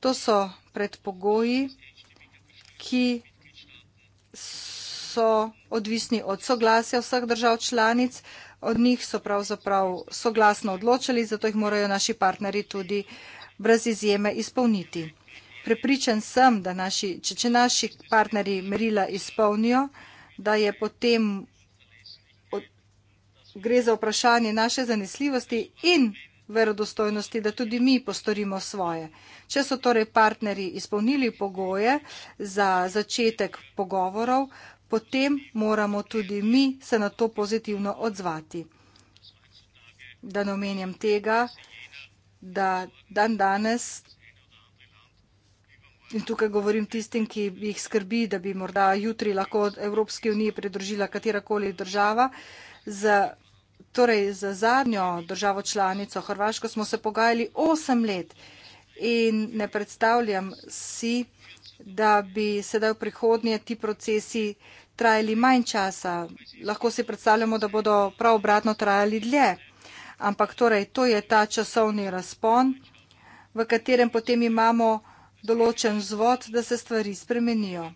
To so predpogoji, ki so odvisni od soglasja vseh držav članic, od njih so pravzaprav soglasno odločali, zato jih morajo naši partnerji tudi brez izjeme izpolniti. Prepričan sem, da naši, če, če naši partnerji merila izpolnijo, da je potem od, gre za vprašanje naše zanesljivosti in verodostojnosti, da tudi mi postorimo svoje. Če so torej partnerji izpolnili pogoje za začetek pogovorov, potem moramo tudi mi se na to pozitivno odzvati. Da ne omenjam tega, da dan danes. In tukaj govorim tistim, ki jih skrbi, da bi morda jutri lahko Evropski uniji pridružila katerakoli država z Torej, za zadnjo državo članico Hrvaško smo se pogajali osem let in ne predstavljam si, da bi sedaj v prihodnje ti procesi trajali manj časa. Lahko si predstavljamo, da bodo prav obratno trajali dlje. Ampak torej, to je ta časovni razpon, v katerem potem imamo določen vzvod, da se stvari spremenijo.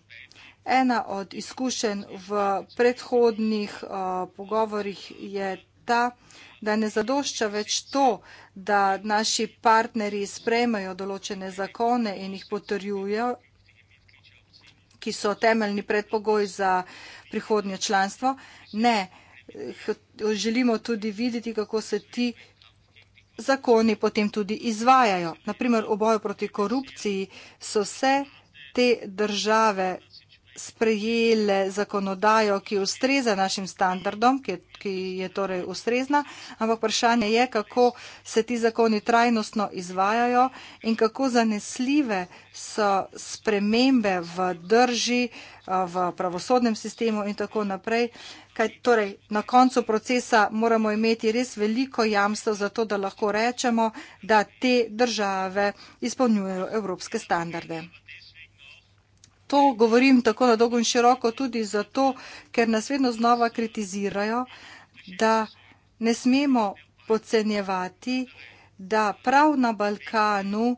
Ena od izkušenj v predhodnih uh, pogovorih je ta, da ne zadošča več to, da naši partnerji sprejmajo določene zakone in jih potrjujo, ki so temeljni predpogoj za prihodnje članstvo. Ne, eh, želimo tudi videti, kako se ti zakoni potem tudi izvajajo. Naprimer, v boju proti korupciji so vse te države sprejeli zakonodajo, ki ustreza našim standardom, ki je, ki je torej ustrezna, ampak vprašanje je, kako se ti zakoni trajnostno izvajajo in kako zanesljive so spremembe v drži, v pravosodnem sistemu in tako naprej. Kaj, torej, na koncu procesa moramo imeti res veliko jamstev za to, da lahko rečemo, da te države izpolnjujejo evropske standarde to govorim tako na dolgo in široko tudi zato, ker nas vedno znova kritizirajo, da ne smemo pocenjevati, da prav na Balkanu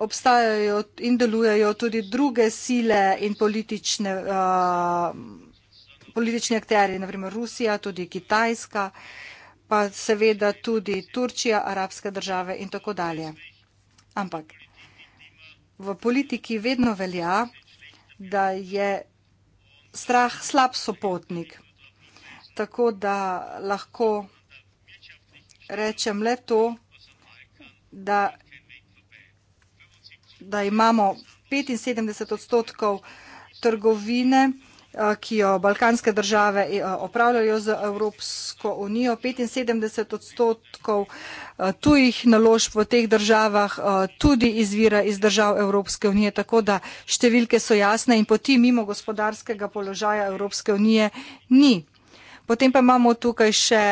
obstajajo in delujejo tudi druge sile in politične, uh, politični akteri, naprimer Rusija, tudi Kitajska, pa seveda tudi Turčija, arabske države in tako dalje. Ampak v politiki vedno velja, da je strah slab sopotnik. Tako da lahko rečem le to, da, da imamo 75 odstotkov trgovine, ki jo balkanske države e, opravljajo z Evropsko unijo. 75 odstotkov tujih naložb v teh državah tudi izvira iz držav Evropske unije, tako da številke so jasne in poti mimo gospodarskega položaja Evropske unije ni. Potem pa imamo tukaj še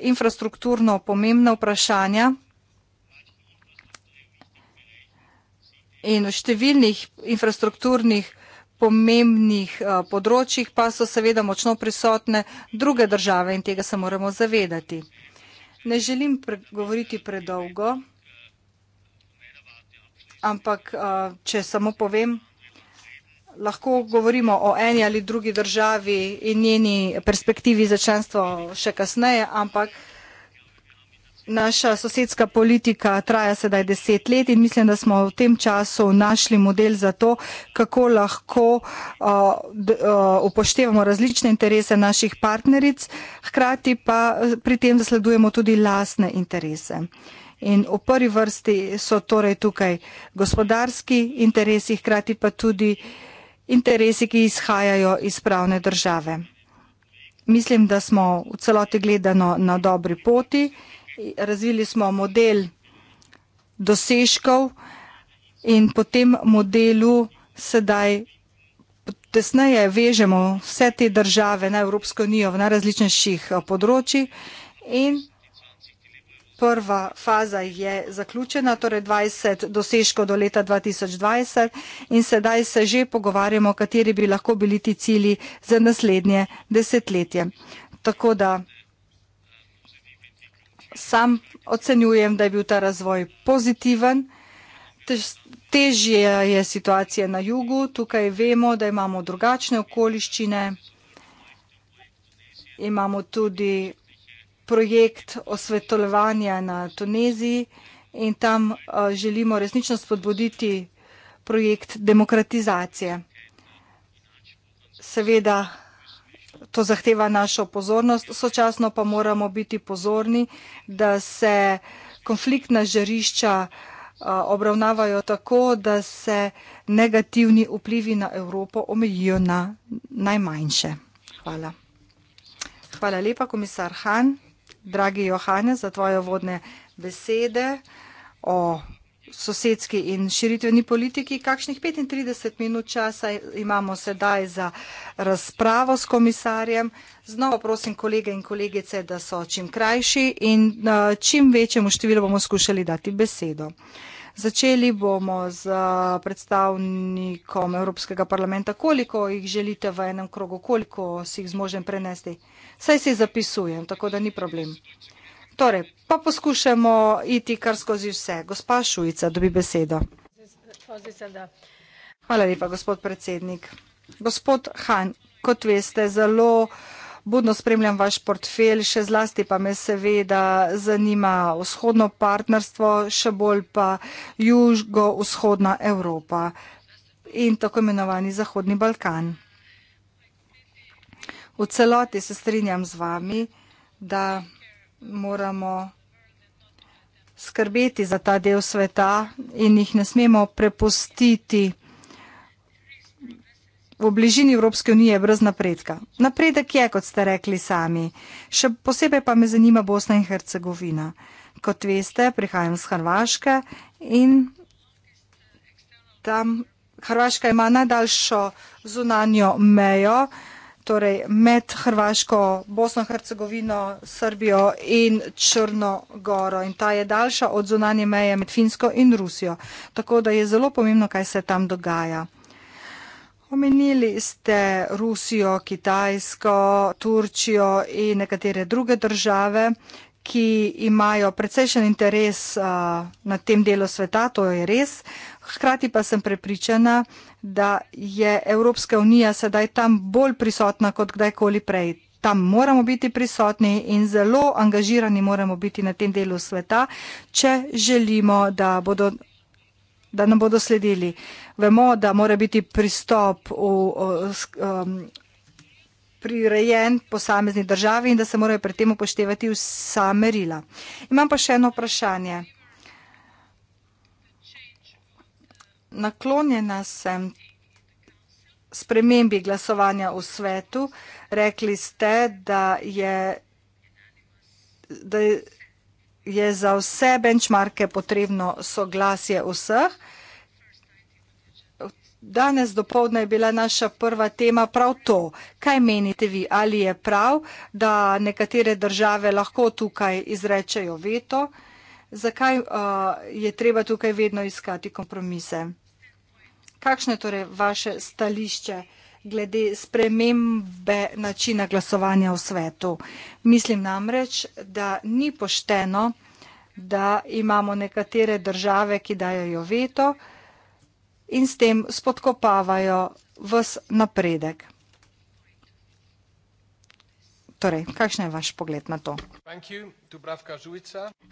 infrastrukturno pomembna vprašanja. In v številnih infrastrukturnih vprašanjah pomembnih eh, področjih pa so seveda močno prisotne druge države in tega se moramo zavedati. Ne želim pre govoriti predolgo, ampak eh, če samo povem, lahko govorimo o eni ali drugi državi in njeni perspektivi za članstvo še kasneje, ampak Naša sosedska politika traja sedaj deset let in mislim, da smo v tem času našli model za to, kako lahko uh, d, uh, upoštevamo različne interese naših partneric, hkrati pa uh, pri tem zasledujemo tudi lasne interese. In v prvi vrsti so torej tukaj gospodarski interesi, hkrati pa tudi interesi, ki izhajajo iz pravne države. Mislim, da smo v celoti gledano na dobri poti razvili smo model dosežkov in po tem modelu sedaj tesneje vežemo vse te države na Evropsko unijo v najrazličnejših eh, področjih in prva faza je zaključena, torej 20 dosežkov do leta 2020 in sedaj se že pogovarjamo, kateri bi lahko bili ti cilji za naslednje desetletje. Tako da sam ocenjujem, da je bil ta razvoj pozitiven. Tež, težje je situacija na jugu, tukaj vemo, da imamo drugačne okoliščine. Imamo tudi projekt osvetljevanja na Tuneziji in tam eh, želimo resnično spodbuditi projekt demokratizacije. Seveda to zahteva našo pozornost, sočasno pa moramo biti pozorni, da se konfliktna žarišča obravnavajo tako, da se negativni vplivi na Evropo omejijo na najmanjše. Hvala. Hvala lepa, komisar Han, dragi Johane, za tvoje vodne besede o sosedski in širitveni politiki. Kakšnih 35 minut časa imamo sedaj za razpravo s komisarjem. Znova prosim kolege in kolegice, da so čim krajši in eh, čim večjemu številu bomo skušali dati besedo. Začeli bomo z eh, predstavnikom Evropskega parlamenta. Koliko jih želite v enem krogu, koliko si jih zmožen prenesti? Saj se zapisujem, tako da ni problem. Torej, pa poskušamo iti kar skozi vse. Gospa Šujica, dobi besedo. Hvala lepa, gospod predsednik. Gospod Han, kot veste, zelo budno spremljam vaš portfelj, še zlasti pa me seveda zanima vzhodno partnerstvo, še bolj pa jugo-vzhodna Evropa in tako imenovani Zahodni Balkan. V celoti se strinjam z vami, da moramo skrbeti za ta del sveta in jih ne smemo prepustiti v bližini Evropske unije brez napredka. Napredek je, kot ste rekli sami. Še posebej pa me zanima Bosna in Hercegovina. Kot veste, prihajam z Hrvaške in tam Hrvaška ima najdaljšo zunanjo mejo torej med Hrvaško, Bosno, Hercegovino, Srbijo in Črno goro. In ta je daljša od zunanje meje med Finsko in Rusijo. Tako da je zelo pomembno, kaj se tam dogaja. Omenili ste Rusijo, Kitajsko, Turčijo in nekatere druge države, ki imajo precejšen interes uh, na tem delu sveta, to je res. Hkrati pa sem prepričana, da je Evropska unija sedaj tam bolj prisotna kot kdajkoli prej. Tam moramo biti prisotni in zelo angažirani moramo biti na tem delu sveta, če želimo, da, bodo, da nam bodo sledili. Vemo, da mora biti pristop v, um, prirejen posamezni državi in da se morajo pri tem upoštevati vsa merila. Imam pa še eno vprašanje. naklonjena sem spremembi glasovanja v svetu. Rekli ste, da je, da je za vse benchmarke potrebno soglasje vseh. Danes dopoldne je bila naša prva tema prav to. Kaj menite vi, ali je prav, da nekatere države lahko tukaj izrečejo veto? Zakaj uh, je treba tukaj vedno iskati kompromise? Kakšno je torej vaše stališče glede spremembe načina glasovanja v svetu? Mislim namreč, da ni pošteno, da imamo nekatere države, ki dajajo veto in s tem spodkopavajo vs napredek. Torej, kakšen je vaš pogled na to?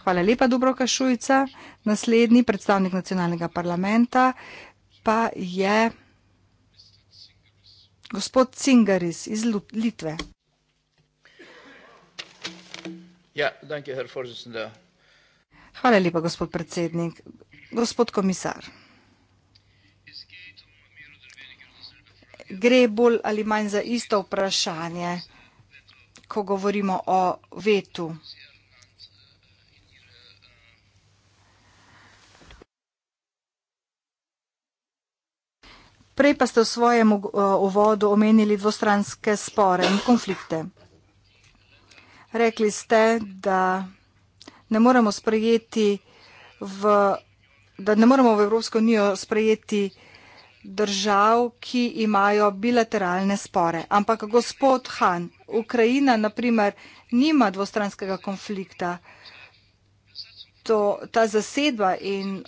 Hvala lepa, Dubrovka Šujica. Naslednji predstavnik nacionalnega parlamenta, pa je gospod Cingaris iz Litve. Ja, danke, Hvala lepa, gospod predsednik. Gospod komisar. Gre bolj ali manj za isto vprašanje, ko govorimo o vetu. Prej pa ste v svojem uh, uvodu omenili dvostranske spore in konflikte. Rekli ste, da ne moremo sprejeti v, da ne moremo v Evropsko unijo sprejeti držav, ki imajo bilateralne spore. Ampak gospod Han, Ukrajina, na primer, nima dvostranskega konflikta. To, ta zasedba in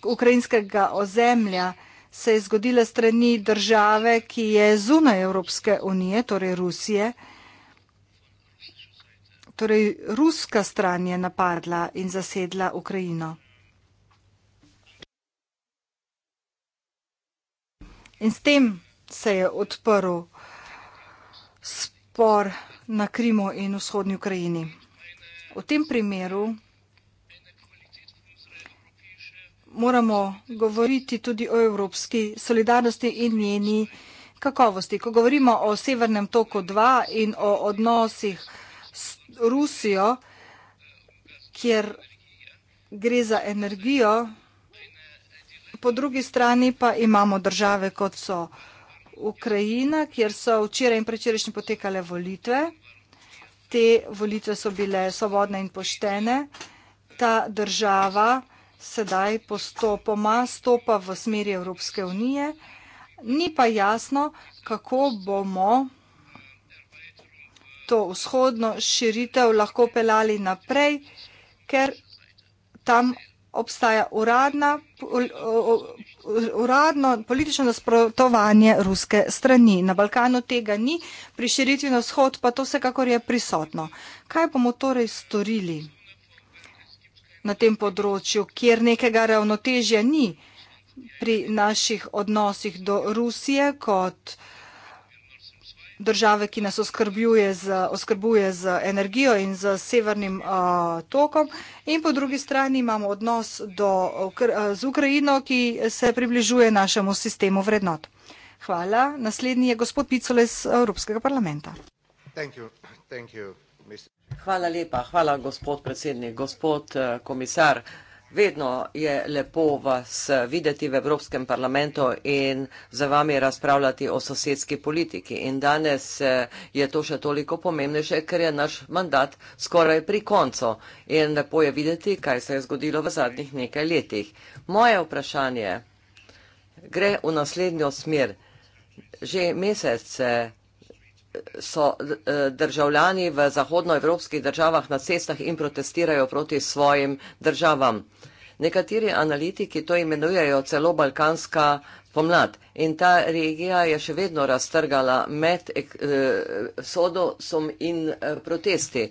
ukrajinskega ozemlja se je zgodila strani države, ki je zunaj Evropske unije, torej Rusije. Torej, ruska stran je napadla in zasedla Ukrajino. In s tem se je odprl spor na Krimu in vzhodnji Ukrajini. V tem primeru moramo govoriti tudi o evropski solidarnosti in njeni kakovosti. Ko govorimo o Severnem toku 2 in o odnosih s Rusijo, kjer gre za energijo, po drugi strani pa imamo države, kot so Ukrajina, kjer so včeraj in prečerajšnji potekale volitve. Te volitve so bile svobodne in poštene. Ta država je sedaj postopoma stopa v smeri Evropske unije, ni pa jasno, kako bomo to vzhodno širitev lahko peljali naprej, ker tam obstaja uradna, uradno politično nasprotovanje ruske strani. Na Balkanu tega ni, pri širitvi na vzhod pa to vsekakor je prisotno. Kaj bomo torej storili? na tem področju, kjer nekega ravnotežja ni pri naših odnosih do Rusije kot države, ki nas oskrbuje z, oskrbuje z energijo in z severnim uh, tokom. In po drugi strani imamo odnos do, kr, z Ukrajino, ki se približuje našemu sistemu vrednot. Hvala. Naslednji je gospod Picole iz Evropskega parlamenta. Thank you. Thank you. Hvala lepa, hvala gospod predsednik, gospod eh, komisar. Vedno je lepo vas eh, videti v Evropskem parlamentu in za vami razpravljati o sosedski politiki. In danes eh, je to še toliko pomembnejše, ker je naš mandat skoraj pri koncu. In lepo je videti, kaj se je zgodilo v zadnjih nekaj letih. Moje vprašanje gre v naslednjo smer. Že mesec so eh, državljani v zahodnoevropskih državah na cestah in protestirajo proti svojim državam. Nekateri analitiki to imenujejo celo balkanska pomlad in ta regija je še vedno raztrgala med eh, sodosom in eh, protesti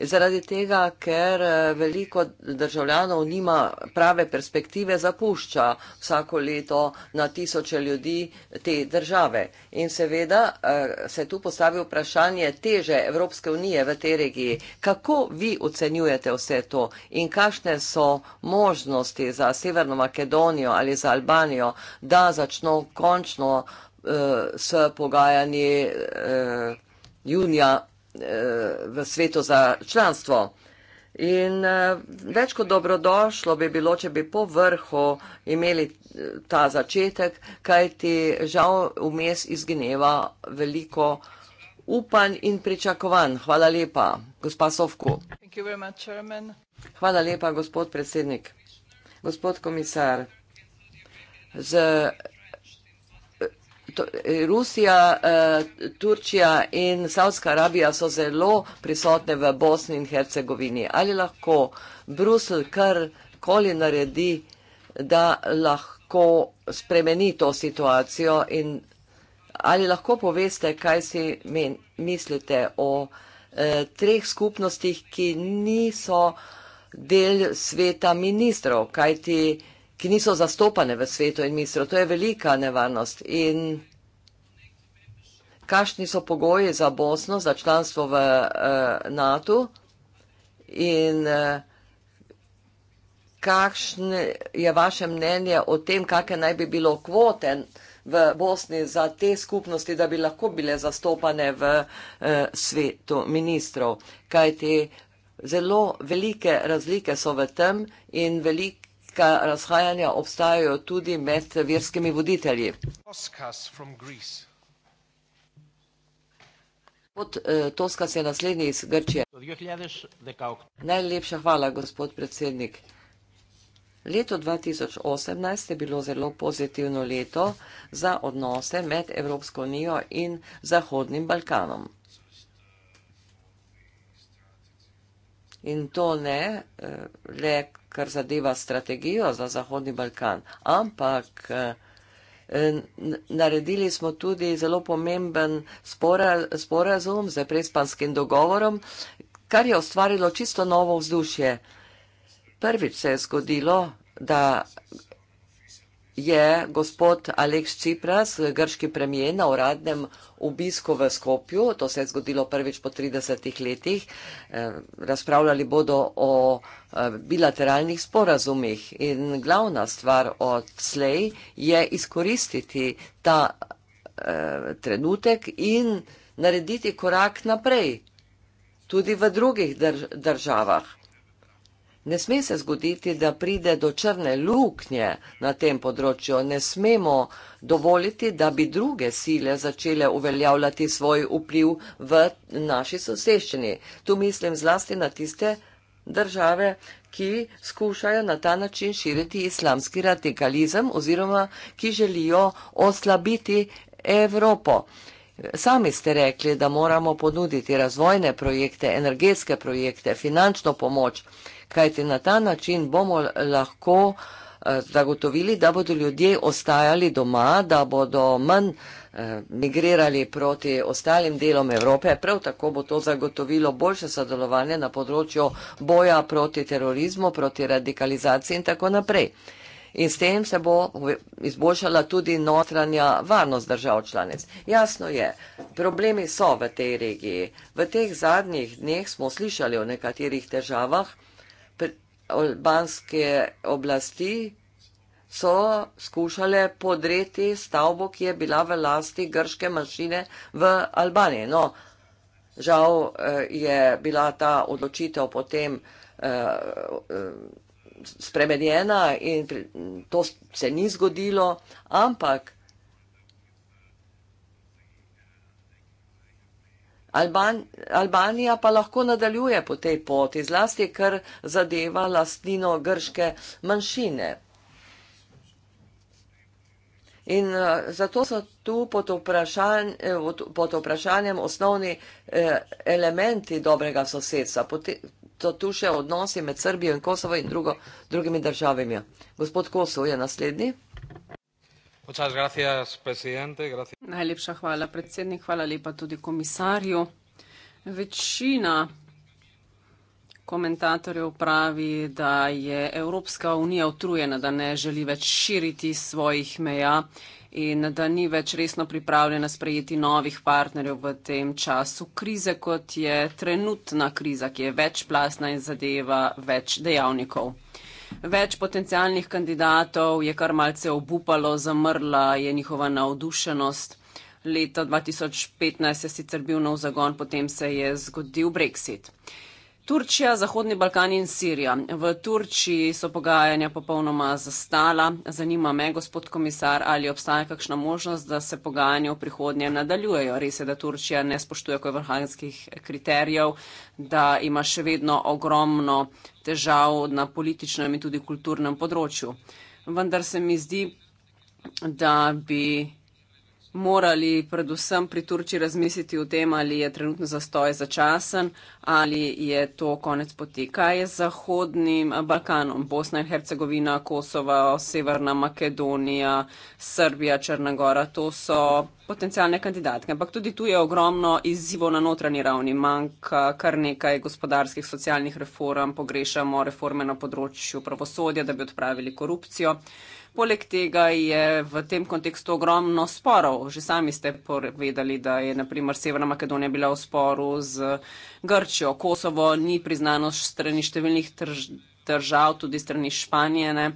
zaradi tega, ker eh, veliko državljanov nima prave perspektive, zapušča vsako leto na tisoče ljudi te države. In seveda eh, se tu postavi vprašanje teže Evropske unije v tej regiji. Kako vi ocenjujete vse to in kakšne so možnosti za Severno Makedonijo ali za Albanijo, da začno končno eh, s pogajanji junija v svetu za članstvo. In eh, več kot dobrodošlo bi bilo, če bi po vrhu imeli eh, ta začetek, kaj ti žal vmes izgineva veliko upanj in pričakovanj. Hvala lepa, gospa Sovku. Hvala lepa, gospod predsednik. Gospod komisar, z Eh, Rusija, eh, Turčija in Saudska Arabija so zelo prisotne v Bosni in Hercegovini. Ali lahko Brusel karkoli naredi, da lahko spremeni to situacijo in ali lahko poveste, kaj si men, mislite o eh, treh skupnostih, ki niso del sveta ministrov, kajti eh, ki niso zastopane v svetu in mislijo, to je velika nevarnost. In kašni so pogoji za Bosno, za članstvo v uh, NATO in uh, kakšne je vaše mnenje o tem, kakšne naj bi bilo kvote v Bosni za te skupnosti, da bi lahko bile zastopane v uh, svetu ministrov. Kaj te zelo velike razlike so v tem in velike Velika razhajanja obstajajo tudi med verskimi voditelji. Pod Toska se je naslednji iz Grčije. Najlepša hvala, gospod predsednik. Leto 2018 je bilo zelo pozitivno leto za odnose med Evropsko unijo in Zahodnim Balkanom. In to ne eh, le kar zadeva strategijo za Zahodni Balkan, ampak eh, naredili smo tudi zelo pomemben sporazum z prespanskim dogovorom, kar je ustvarilo čisto novo vzdušje. Prvič se je zgodilo, da je gospod Aleks Čipras, grški premije, na uradnem obisku v Skopju. To se je zgodilo prvič po 30 letih. Eh, razpravljali bodo o eh, bilateralnih sporazumih in glavna stvar od slej je izkoristiti ta eh, trenutek in narediti korak naprej tudi v drugih državah. Ne sme se zgoditi, da pride do črne luknje na tem področju. Ne smemo dovoliti, da bi druge sile začele uveljavljati svoj vpliv v naši soseščini. Tu mislim zlasti na tiste države, ki skušajo na ta način širiti islamski radikalizem oziroma ki želijo oslabiti Evropo. Sami ste rekli, da moramo ponuditi razvojne projekte, energetske projekte, finančno pomoč kajti na ta način bomo lahko eh, zagotovili, da bodo ljudje ostajali doma, da bodo manj eh, migrirali proti ostalim delom Evrope. Prav tako bo to zagotovilo boljše sodelovanje na področju boja proti terorizmu, proti radikalizaciji in tako naprej. In s tem se bo izboljšala tudi notranja varnost držav članic. Jasno je, problemi so v tej regiji. V teh zadnjih dneh smo slišali o nekaterih težavah, albanske oblasti so skušale podreti stavbo, ki je bila v lasti grške manjšine v Albaniji. No, žal eh, je bila ta odločitev potem eh, eh, spremenjena in to se ni zgodilo, ampak Alban, Albanija pa lahko nadaljuje po tej poti, zlasti kar zadeva lastnino grške manjšine. In eh, zato so tu pod, vprašanj, eh, pod vprašanjem osnovni eh, elementi dobrega sosedstva. To tu še odnosi med Srbijo in Kosovo in drugo, drugimi državami. Gospod Kosov je naslednji. Muchas gracias, presidente. Gracias. Najlepša hvala, predsednik. Hvala lepa tudi komisarju. Večina komentatorjev pravi, da je Evropska unija utrujena, da ne želi več širiti svojih meja in da ni več resno pripravljena sprejeti novih partnerjev v tem času krize, kot je trenutna kriza, ki je večplastna in zadeva več dejavnikov več potencijalnih kandidatov, je kar malce obupalo, zamrla je njihova navdušenost. Leta 2015 je sicer bil nov zagon, potem se je zgodil Brexit. Uh, Turčija, Zahodni Balkan in Sirija. V Turčiji so pogajanja popolnoma zastala. Zanima me, gospod komisar, ali obstaja kakšna možnost, da se pogajanja v prihodnje nadaljujejo. Res je, da Turčija ne spoštuje kojvrhanskih kriterijev, da ima še vedno ogromno težav na političnem in tudi kulturnem področju. Vendar se mi zdi, da bi morali predvsem pri Turčji razmisliti o tem, ali je trenutno zastoj začasen, ali je to konec poti. Kaj je z Zahodnim Balkanom, Bosna in Hercegovina, Kosova, Severna Makedonija, Srbija, Črnagora, to so potencijalne kandidatke. Ampak tudi tu je ogromno izzivov na notranji ravni, manjka kar nekaj gospodarskih, socialnih reform, pogrešamo reforme na področju pravosodja, da bi odpravili korupcijo. Poleg tega je v tem kontekstu ogromno sporov. Že sami ste povedali, da je naprimer Severna Makedonija bila v sporu z Grčijo. Kosovo ni priznano strani številnih trž, držav, tudi strani Španije. Ne.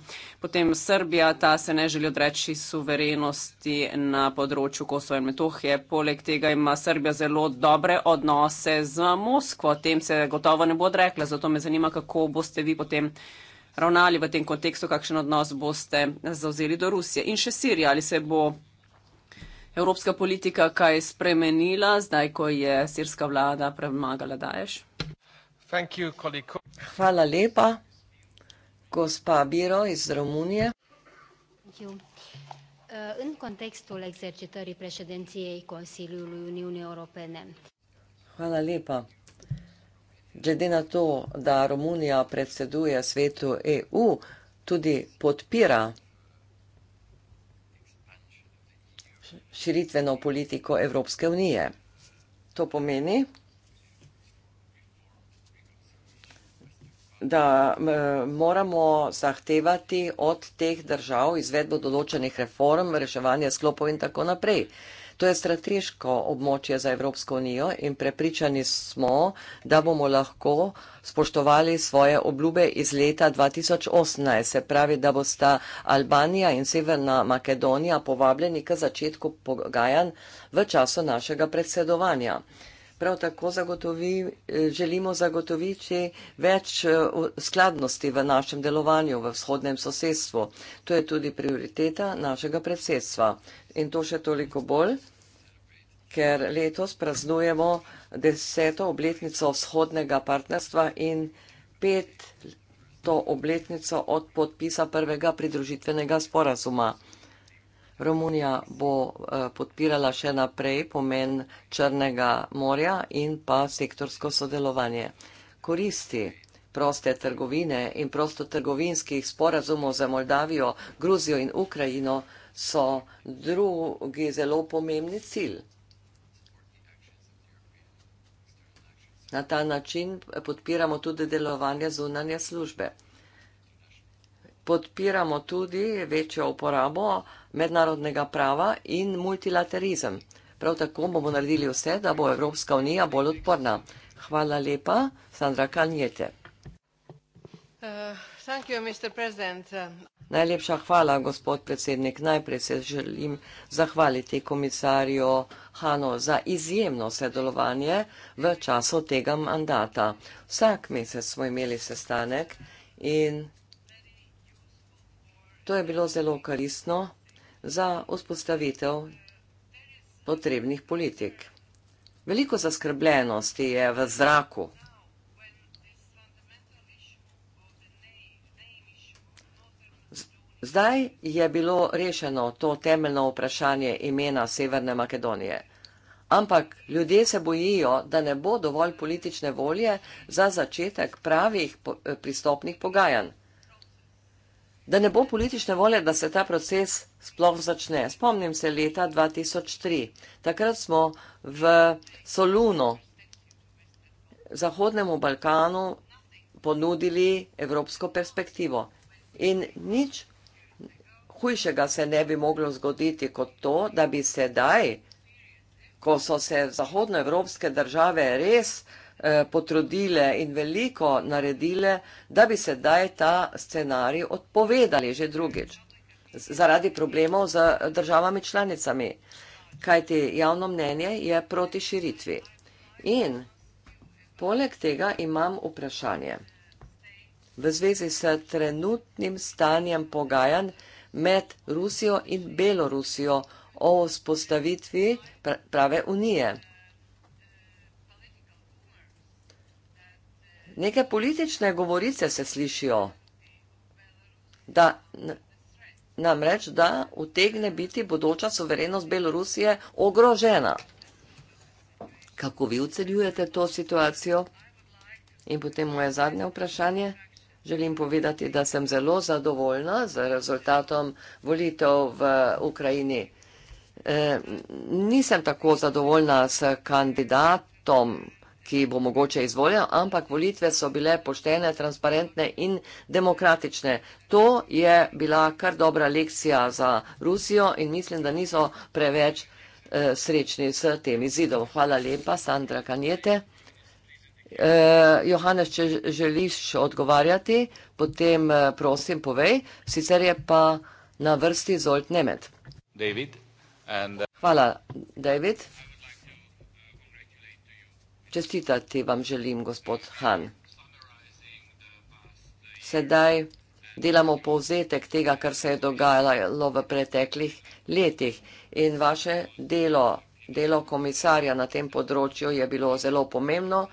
Potem Srbija, ta se ne želi odreči suverenosti na področju Kosova in Metohije. Poleg tega ima Srbija zelo dobre odnose z Moskvo. Tem se gotovo ne bo odrekla. Zato me zanima, kako boste vi potem ravnali v tem kontekstu, kakšen odnos boste zauzeli do Rusije. In še Sirija, ali se bo evropska politika kaj spremenila, zdaj, ko je sirska vlada premagala Daješ? Hvala lepa, gospa Biro iz Romunije. Uh, în contextul exercitării președinției Consiliului Uniunii Europene. Hvala lepa, glede na to, da Romunija predseduje svetu EU, tudi podpira širitveno politiko Evropske unije. To pomeni, da moramo zahtevati od teh držav izvedbo določenih reform, reševanje sklopov in tako naprej. To je strateško območje za Evropsko unijo in prepričani smo, da bomo lahko spoštovali svoje obljube iz leta 2018. Se pravi, da bosta Albanija in Severna Makedonija povabljeni k začetku pogajanj v času našega predsedovanja. Prav tako zagotovi, želimo zagotoviti več eh, skladnosti v našem delovanju v vzhodnem sosedstvu. To je tudi prioriteta našega predsedstva. In to še toliko bolj ker letos praznujemo deseto obletnico vzhodnega partnerstva in peto obletnico od podpisa prvega pridružitvenega sporazuma. Romunija bo eh, podpirala še naprej pomen Črnega morja in pa sektorsko sodelovanje. Koristi proste trgovine in prostotrgovinskih sporazumov za Moldavijo, Gruzijo in Ukrajino so drugi zelo pomembni cilj. Na ta način podpiramo tudi delovanje zunanje službe. Podpiramo tudi večjo uporabo mednarodnega prava in multilaterizem. Prav tako bomo naredili vse, da bo Evropska unija bolj odporna. Hvala lepa, Sandra Kanjete. Uh, thank you, Mr. President. Najlepša hvala, gospod predsednik. Najprej se želim zahvaliti komisarju Hano za izjemno sodelovanje v času tega mandata. Vsak mesec smo imeli sestanek in to je bilo zelo koristno za vzpostavitev potrebnih politik. Veliko zaskrbljenosti je v zraku. Zdaj je bilo rešeno to temeljno vprašanje imena Severne Makedonije. Ampak ljudje se bojijo, da ne bo dovolj politične volje za začetek pravih eh, pristopnih pogajanj. Da ne bo politične volje, da se ta proces sploh začne. Spomnim se leta 2003. Takrat smo v Soluno, Zahodnemu Balkanu, ponudili evropsko perspektivo. In nič hujšega se ne bi moglo zgoditi kot to, da bi sedaj, ko so se zahodnoevropske države res eh, potrudile in veliko naredile, da bi sedaj ta scenarij odpovedali že drugič zaradi problemov z državami članicami. Kajti javno mnenje je proti širitvi. In poleg tega imam vprašanje. V zvezi s trenutnim stanjem pogajanj, med Rusijo in Belorusijo o spostavitvi prave unije. Neke politične govorice se slišijo, da nam reč, da utegne biti bodoča soverenost Belorusije ogrožena. Kako vi ocenjujete to situacijo? In potem moje zadnje vprašanje želim povedati, da sem zelo zadovoljna z rezultatom volitev v Ukrajini. E, nisem tako zadovoljna s kandidatom, ki bo mogoče izvoljen, ampak volitve so bile poštene, transparentne in demokratične. To je bila kar dobra lekcija za Rusijo in mislim, da niso preveč e, srečni s tem izidom. Hvala lepa, Sandra Kanjete. Eh, Johannes, če želiš odgovarjati, potem eh, prosim povej, sicer je pa na vrsti Zolt Nemet. David, and, uh, Hvala, David. Čestitati vam želim, gospod Han. Sedaj delamo povzetek tega, kar se je dogajalo v preteklih letih in vaše delo Delo komisarja na tem področju je bilo zelo pomembno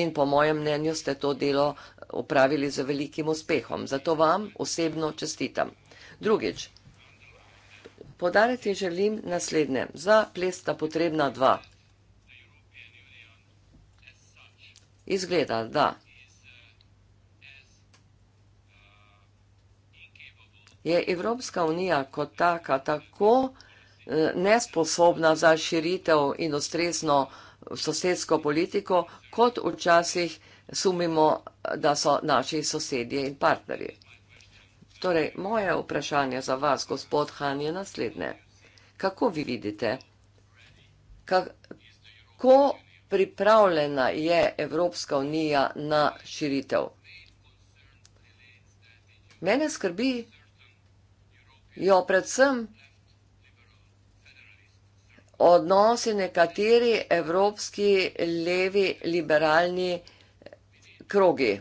in po mojem mnenju ste to delo upravili z velikim uspehom. Zato vam osebno čestitam. Drugič, podariti želim naslednje. Za ples sta potrebna dva. Izgleda, da je Evropska unija kot taka tako vsega, nesposobna za širitev in ustrezno sosedsko politiko, kot včasih sumimo, da so naši sosedje in partnerji. Torej, moje vprašanje za vas, gospod Han, je naslednje. Kako vi vidite, kako pripravljena je Evropska unija na širitev? Mene skrbi jo predvsem odnosi nekateri evropski levi liberalni krogi.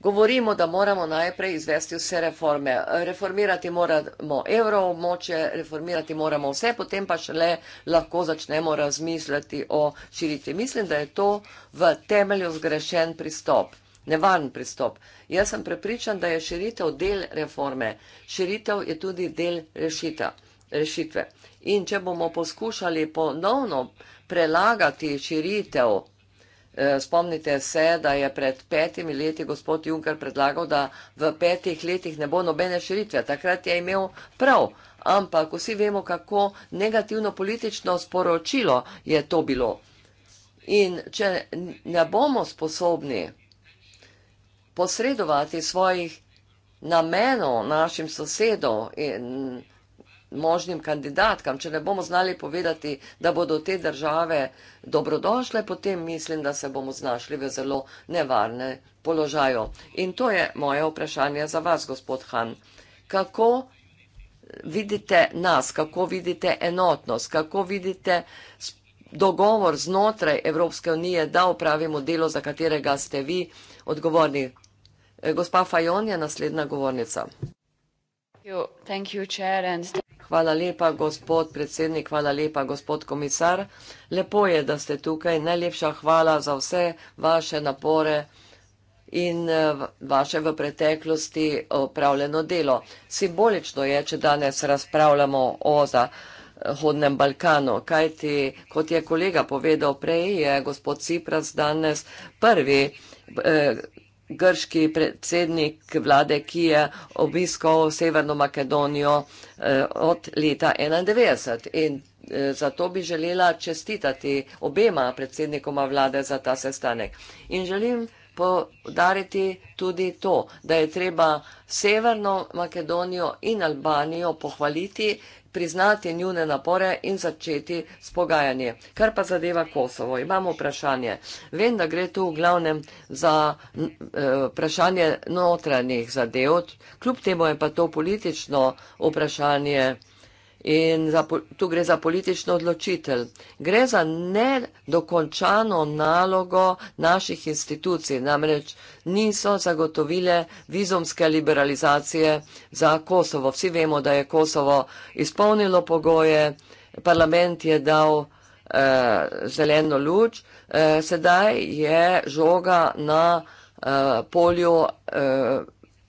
Govorimo, da moramo najprej izvesti vse reforme. Reformirati moramo evro območje, reformirati moramo vse, potem pa šele lahko začnemo razmisliti o širitvi. Mislim, da je to v temelju zgrešen pristop, nevaren pristop. Jaz sem prepričan, da je širitev del reforme. Širitev je tudi del rešita, rešitve. In če bomo poskušali ponovno prelagati širitev, eh, spomnite se, da je pred petimi leti gospod Juncker predlagal, da v petih letih ne bo nobene širitve. Takrat je imel prav, ampak vsi vemo, kako negativno politično sporočilo je to bilo. In če ne bomo sposobni posredovati svojih namenov našim sosedom in sosedom, možnim kandidatkam, če ne bomo znali povedati, da bodo te države dobrodošle, potem mislim, da se bomo znašli v zelo nevarne položaju. In to je moje vprašanje za vas, gospod Han. Kako vidite nas, kako vidite enotnost, kako vidite dogovor znotraj Evropske unije, da upravimo delo, za katerega ste vi odgovorni? Eh, gospa Fajon je naslednja govornica. Thank you, Chair, and Hvala lepa, gospod predsednik, hvala lepa, gospod komisar. Lepo je, da ste tukaj. Najlepša hvala za vse vaše napore in eh, vaše v preteklosti opravljeno delo. Simbolično je, če danes razpravljamo o za Hodnem Balkanu, kajti, kot je kolega povedal prej, je gospod Cipras danes prvi eh, grški predsednik vlade, ki je obiskal Severno Makedonijo eh, od leta 1991. In eh, zato bi želela čestitati obema predsednikoma vlade za ta sestanek. In želim podariti tudi to, da je treba Severno Makedonijo in Albanijo pohvaliti, priznati njune napore in začeti s pogajanji. Kar pa zadeva Kosovo, imamo vprašanje. Vem, da gre tu v glavnem za e, vprašanje notranjih zadev, kljub temu je pa to politično vprašanje. In za, tu gre za politično odločitelj. Gre za nedokončano nalogo naših institucij, namreč niso zagotovile vizumske liberalizacije za Kosovo. Vsi vemo, da je Kosovo izpolnilo pogoje, parlament je dal eh, zeleno luč, eh, sedaj je žoga na eh, polju eh,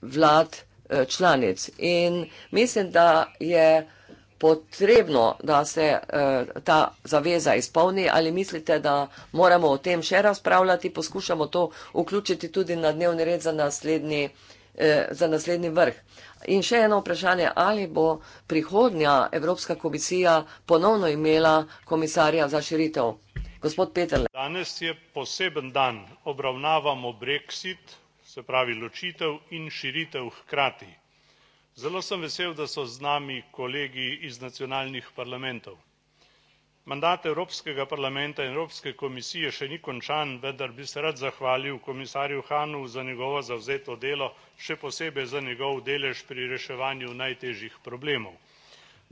vlad eh, članic. In mislim, da je potrebno, da se eh, ta zaveza izpolni ali mislite, da moramo o tem še razpravljati, poskušamo to vključiti tudi na dnevni red za naslednji, eh, za naslednji vrh. In še eno vprašanje, ali bo prihodnja Evropska komisija ponovno imela komisarja za širitev? Gospod Peterle. Danes je poseben dan, obravnavamo brexit, se pravi ločitev in širitev hkrati. Zelo sem vesel, da so z nami kolegi iz nacionalnih parlamentov. Mandat Evropskega parlamenta in Evropske komisije še ni končan, vendar bi se rad zahvalil komisarju Hanu za njegovo zavzeto delo, še posebej za njegov delež pri reševanju najtežjih problemov.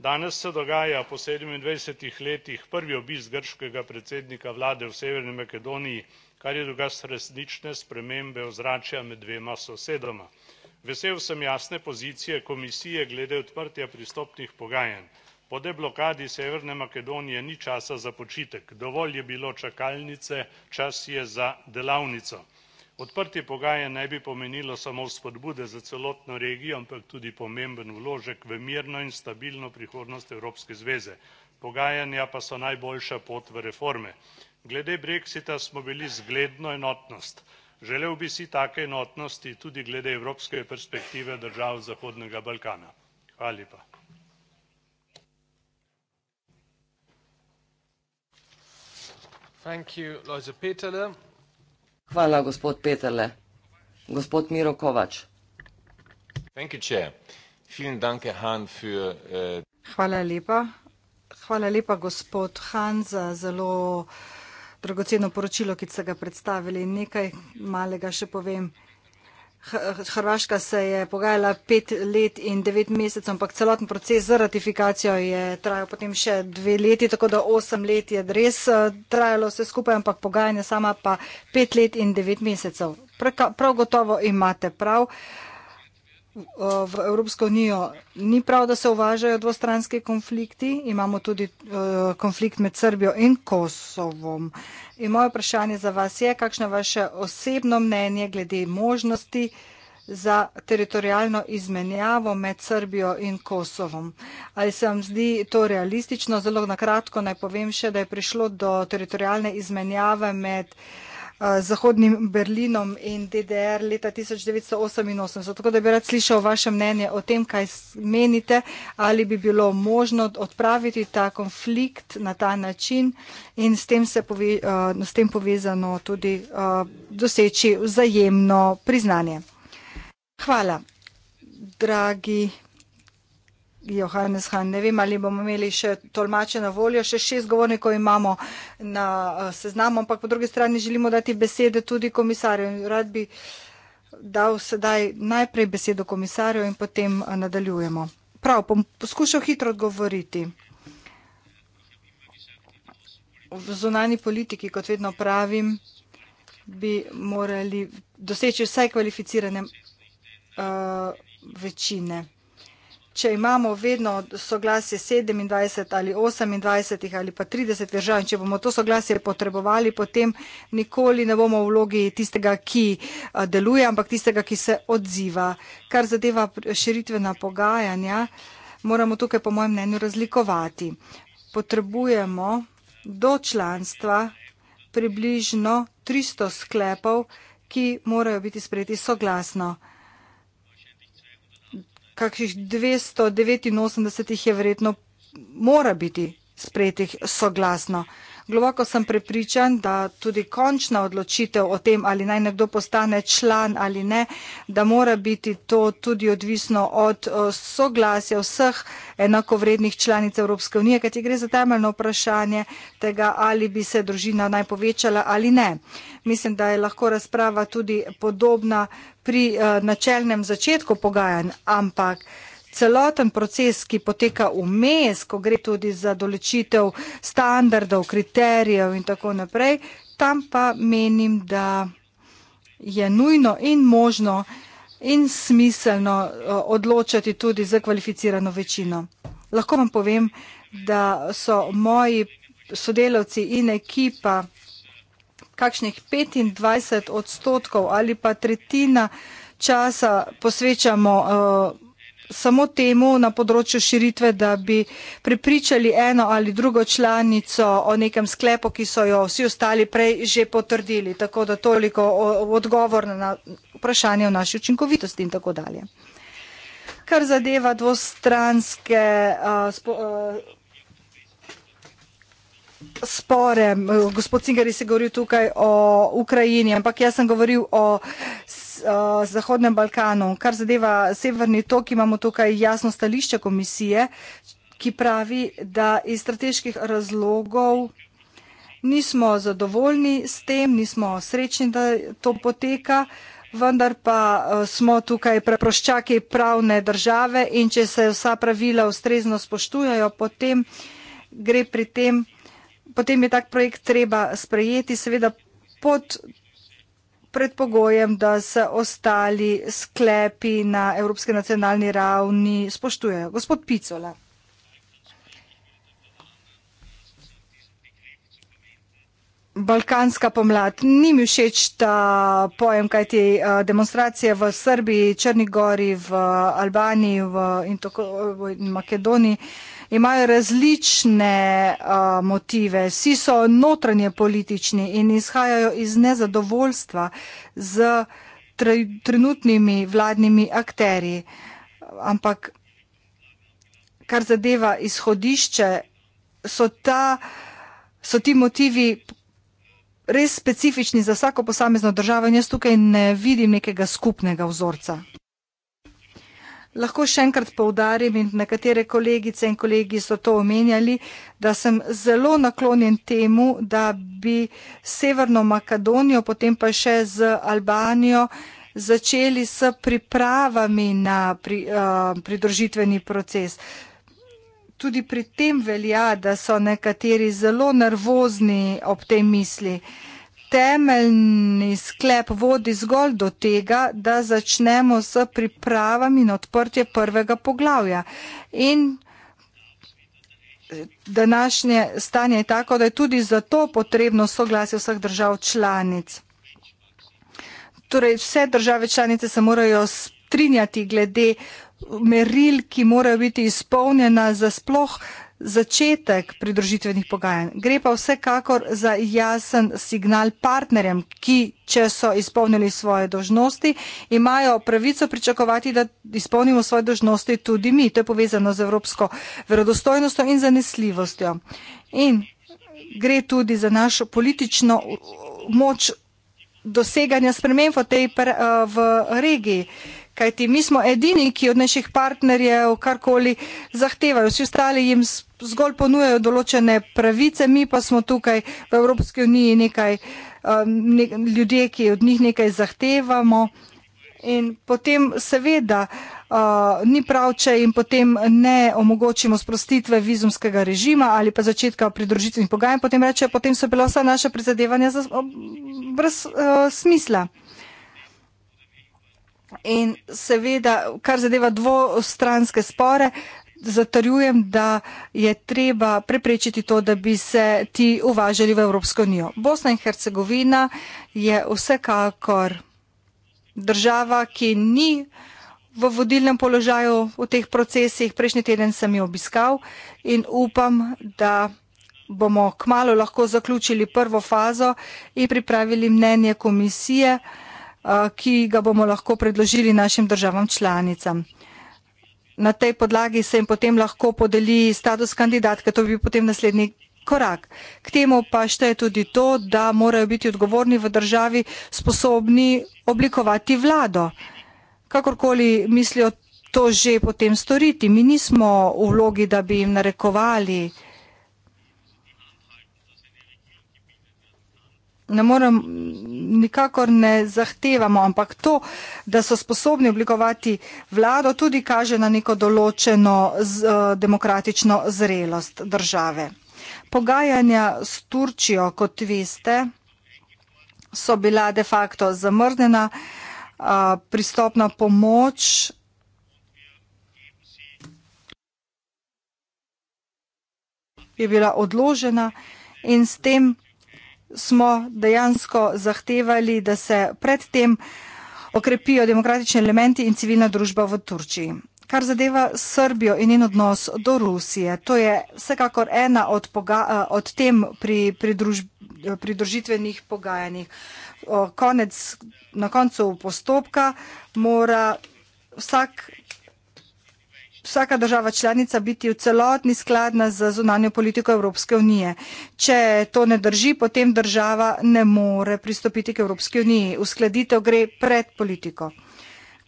Danes se dogaja po sedemindvajsetih letih prvi obisk grškega predsednika vlade v Severni Makedoniji, kar je dokaz resnične spremembe ozračja med dvema sosedama. Vesel sem jasne pozicije komisije glede odprtja pristopnih pogajanj. Po deblokadi Severne Makedonije ni časa za počitek. Dovolj je bilo čakalnice, čas je za delavnico. Odprtje pogajanj ne bi pomenilo samo spodbude za celotno regijo, ampak tudi pomemben vložek v mirno in stabilno prihodnost Evropske zveze. Pogajanja pa so najboljša pot v reforme. Glede brexita smo bili zgledno enotnost. Želel bi si take enotnosti tudi glede evropske perspektive držav Zahodnega Balkana. Hvala lepa. Hvala, gospod Peterle. Gospod Miro Kovač. Äh Hvala lepa. Hvala lepa, gospod Han, za zelo dragoceno poročilo, ki ste ga predstavili. Nekaj malega še povem. Hrvaška se je pogajala pet let in devet mesecev, ampak celoten proces za ratifikacijo je trajal potem še dve leti, tako da osem let je res eh, trajalo vse skupaj, ampak pogajanje sama pa pet let in devet mesecev. Prav gotovo imate prav. Uh, Eh, v Evropsko unijo. Ni prav, da se uvažajo dvostranski konflikti. Imamo tudi eh, konflikt med Srbijo in Kosovom. In moje vprašanje za vas je, kakšno je vaše osebno mnenje glede možnosti za teritorijalno izmenjavo med Srbijo in Kosovom. Ali se vam zdi to realistično? Zelo nakratko naj povem še, da je prišlo do teritorijalne izmenjave med Srbijo Eh, Zahodnim Berlinom in DDR leta 1988. Tako da bi rad slišal vaše mnenje o tem, kaj menite, ali bi bilo možno odpraviti ta konflikt na ta način in s tem, se pove, eh, s tem povezano tudi eh, doseči vzajemno priznanje. Hvala, dragi Johannes Han. Ne vem, ali bomo imeli še tolmače na voljo, še šest govornikov imamo na eh, seznamu, ampak po drugi strani želimo dati besede tudi komisarju. Rad bi dal sedaj najprej besedo komisarju in potem eh, nadaljujemo. Prav, bom poskušal hitro odgovoriti. V zunani politiki, kot vedno pravim, bi morali doseči vsaj kvalificirane uh, večine če imamo vedno soglasje 27 ali 28 ali pa 30 držav in če bomo to soglasje potrebovali, potem nikoli ne bomo v vlogi tistega, ki deluje, ampak tistega, ki se odziva. Kar zadeva širitvena pogajanja, moramo tukaj po mojem mnenju razlikovati. Potrebujemo do članstva približno 300 sklepov, ki morajo biti sprejeti soglasno kakšnih 289 jih je verjetno mora biti sprejetih soglasno. Globoko sem prepričan, da tudi končna odločitev o tem, ali naj nekdo postane član ali ne, da mora biti to tudi odvisno od soglasja vseh enakovrednih članic Evropske unije, kajti gre za temeljno vprašanje tega, ali bi se družina naj povečala ali ne. Mislim, da je lahko razprava tudi podobna pri eh, načelnem začetku pogajanj, ampak celoten proces, ki poteka vmes, ko gre tudi za določitev standardov, kriterijev in tako naprej, tam pa menim, da je nujno in možno in smiselno eh, odločati tudi za kvalificirano večino. Lahko vam povem, da so moji sodelavci in ekipa kakšnih 25 odstotkov ali pa tretjina časa posvečamo uh, samo temu na področju širitve, da bi prepričali eno ali drugo članico o nekem sklepu, ki so jo vsi ostali prej že potrdili. Tako da toliko o, o odgovor na vprašanje o naši učinkovitosti in tako dalje. Kar zadeva dvostranske uh, spo, uh, spore, gospod Cingari se govori tukaj o Ukrajini, ampak jaz sem govoril o uh, Zahodnem Balkanu. Kar zadeva Severni tok, imamo tukaj jasno stališče komisije, ki pravi, da iz strateških razlogov nismo zadovoljni s tem, nismo srečni, da to poteka, vendar pa uh, smo tukaj preproščaki pravne države in če se vsa pravila ustrezno spoštujajo, potem gre pri tem, potem je tak projekt treba sprejeti, seveda pod pred pogojem, da se ostali sklepi na evropske nacionalni ravni spoštujejo. Gospod Picola. Balkanska pomlad. Ni mi všeč ta pojem, kaj ti eh, demonstracije v Srbiji, Črnigori, v Albaniji v, in tako v Makedoniji. Uh, imajo različne uh, motive, vsi so notranje politični in izhajajo iz nezadovoljstva z tre, trenutnimi vladnimi akteri. Ampak, kar zadeva izhodišče, so, ta, so ti motivi res specifični za vsako posamezno državo in jaz tukaj ne vidim nekega skupnega vzorca lahko še enkrat povdarim in nekatere kolegice in kolegi so to omenjali, da sem zelo naklonjen temu, da bi Severno Makedonijo, potem pa še z Albanijo začeli s pripravami na pri, uh, pridružitveni proces. Tudi pri tem velja, da so nekateri zelo nervozni ob tej misli. Uh, temeljni sklep vodi zgolj do tega, da začnemo s pripravami na odprtje prvega poglavja. In današnje stanje je tako, da je tudi zato potrebno soglasje vseh držav članic. Torej, vse države članice se morajo strinjati glede meril, ki morajo biti izpolnjena za sploh začetek pridružitvenih pogajanj. Gre pa vsekakor za jasen signal partnerjem, ki, če so izpolnili svoje dožnosti, imajo pravico pričakovati, da izpolnimo svoje dožnosti tudi mi. To je povezano z evropsko verodostojnostjo in zanesljivostjo. In gre tudi za našo politično moč doseganja sprememb v tej eh, v regiji kajti mi smo edini, ki od naših partnerjev karkoli zahtevajo. Vsi ostali jim zgolj ponujejo določene pravice, mi pa smo tukaj v Evropski uniji nekaj um, ne, ljudje, ki od njih nekaj zahtevamo. In potem seveda uh, ni prav, če jim potem ne omogočimo sprostitve vizumskega režima ali pa začetka pridružitvenih pogajanj, potem reče, potem so bila vsa naša prizadevanja za, brez uh, smisla. In seveda, kar zadeva dvostranske spore, zatrjujem, da je treba preprečiti to, da bi se ti uvažali v Evropsko unijo. Bosna in Hercegovina je vsekakor država, ki ni v vodilnem položaju v teh procesih. Prejšnji teden sem jo obiskal in upam, da bomo kmalo lahko zaključili prvo fazo in pripravili mnenje komisije ki ga bomo lahko predložili našim državam članicam. Na tej podlagi se jim potem lahko podeli status kandidatke, to bi potem naslednji korak. K temu pa šteje tudi to, da morajo biti odgovorni v državi sposobni oblikovati vlado. Kakorkoli mislijo to že potem storiti, mi nismo v vlogi, da bi jim narekovali uh, ne morem, nikakor ne zahtevamo, ampak to, da so sposobni oblikovati vlado, tudi kaže na neko določeno z, eh, demokratično zrelost države. Pogajanja s Turčijo, kot veste, so bila de facto zamrnjena, pristopna pomoč. Je bila odložena in s tem smo dejansko zahtevali, da se predtem okrepijo demokratični elementi in civilna družba v Turčiji. Kar zadeva Srbijo in njen odnos do Rusije, to je vsekakor ena od, poga, od tem pri, pri, druž, pri družitvenih pogajanjih. Konec, na koncu postopka mora vsak vsaka država članica biti v celotni skladna z zunanjo politiko Evropske unije. Če to ne drži, potem država ne more pristopiti k Evropski uniji. Uskladitev gre pred politiko.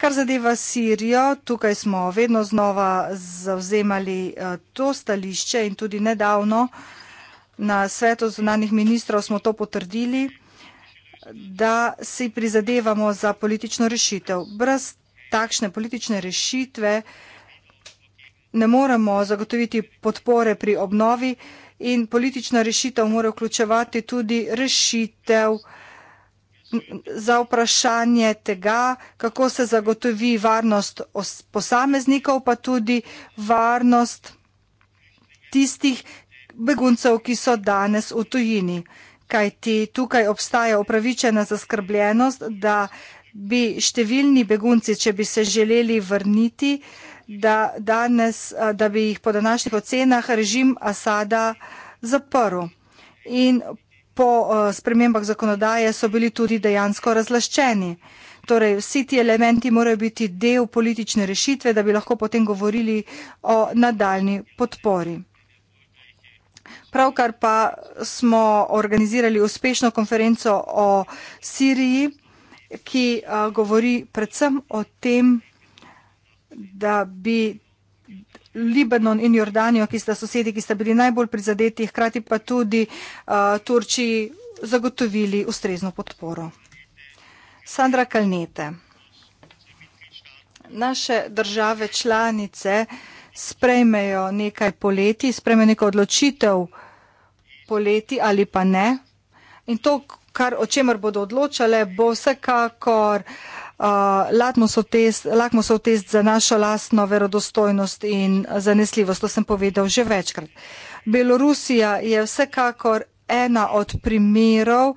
Kar zadeva Sirijo, tukaj smo vedno znova zauzemali eh, to stališče in tudi nedavno na svetu zunanih ministrov smo to potrdili, da si prizadevamo za politično rešitev. Brez takšne politične rešitve, ne moremo zagotoviti podpore pri obnovi in politična rešitev mora vključevati tudi rešitev za vprašanje tega, kako se zagotovi varnost posameznikov, pa tudi varnost tistih beguncev, ki so danes v tujini. Kajti tukaj obstaja upravičena zaskrbljenost, da bi številni begunci, če bi se želeli vrniti, da, danes, da bi jih po današnjih ocenah režim Asada zaprl. In po spremembah zakonodaje so bili tudi dejansko razlaščeni. Torej, vsi ti elementi morajo biti del politične rešitve, da bi lahko potem govorili o nadaljni podpori. Pravkar pa smo organizirali uspešno konferenco o Siriji, ki govori predvsem o tem, da bi Libanon in Jordanijo, ki sta sosedi, ki sta bili najbolj prizadeti, hkrati pa tudi uh, Turčiji zagotovili ustrezno podporo. Sandra Kalnete. Naše države članice sprejmejo nekaj poleti, sprejmejo neko odločitev poleti ali pa ne. In to, kar, o čemer bodo odločale, bo vsekakor uh, Uh, lakmusov test, lakmusov test za našo lastno verodostojnost in zanesljivost. To sem povedal že večkrat. Belorusija je vsekakor ena od primerov,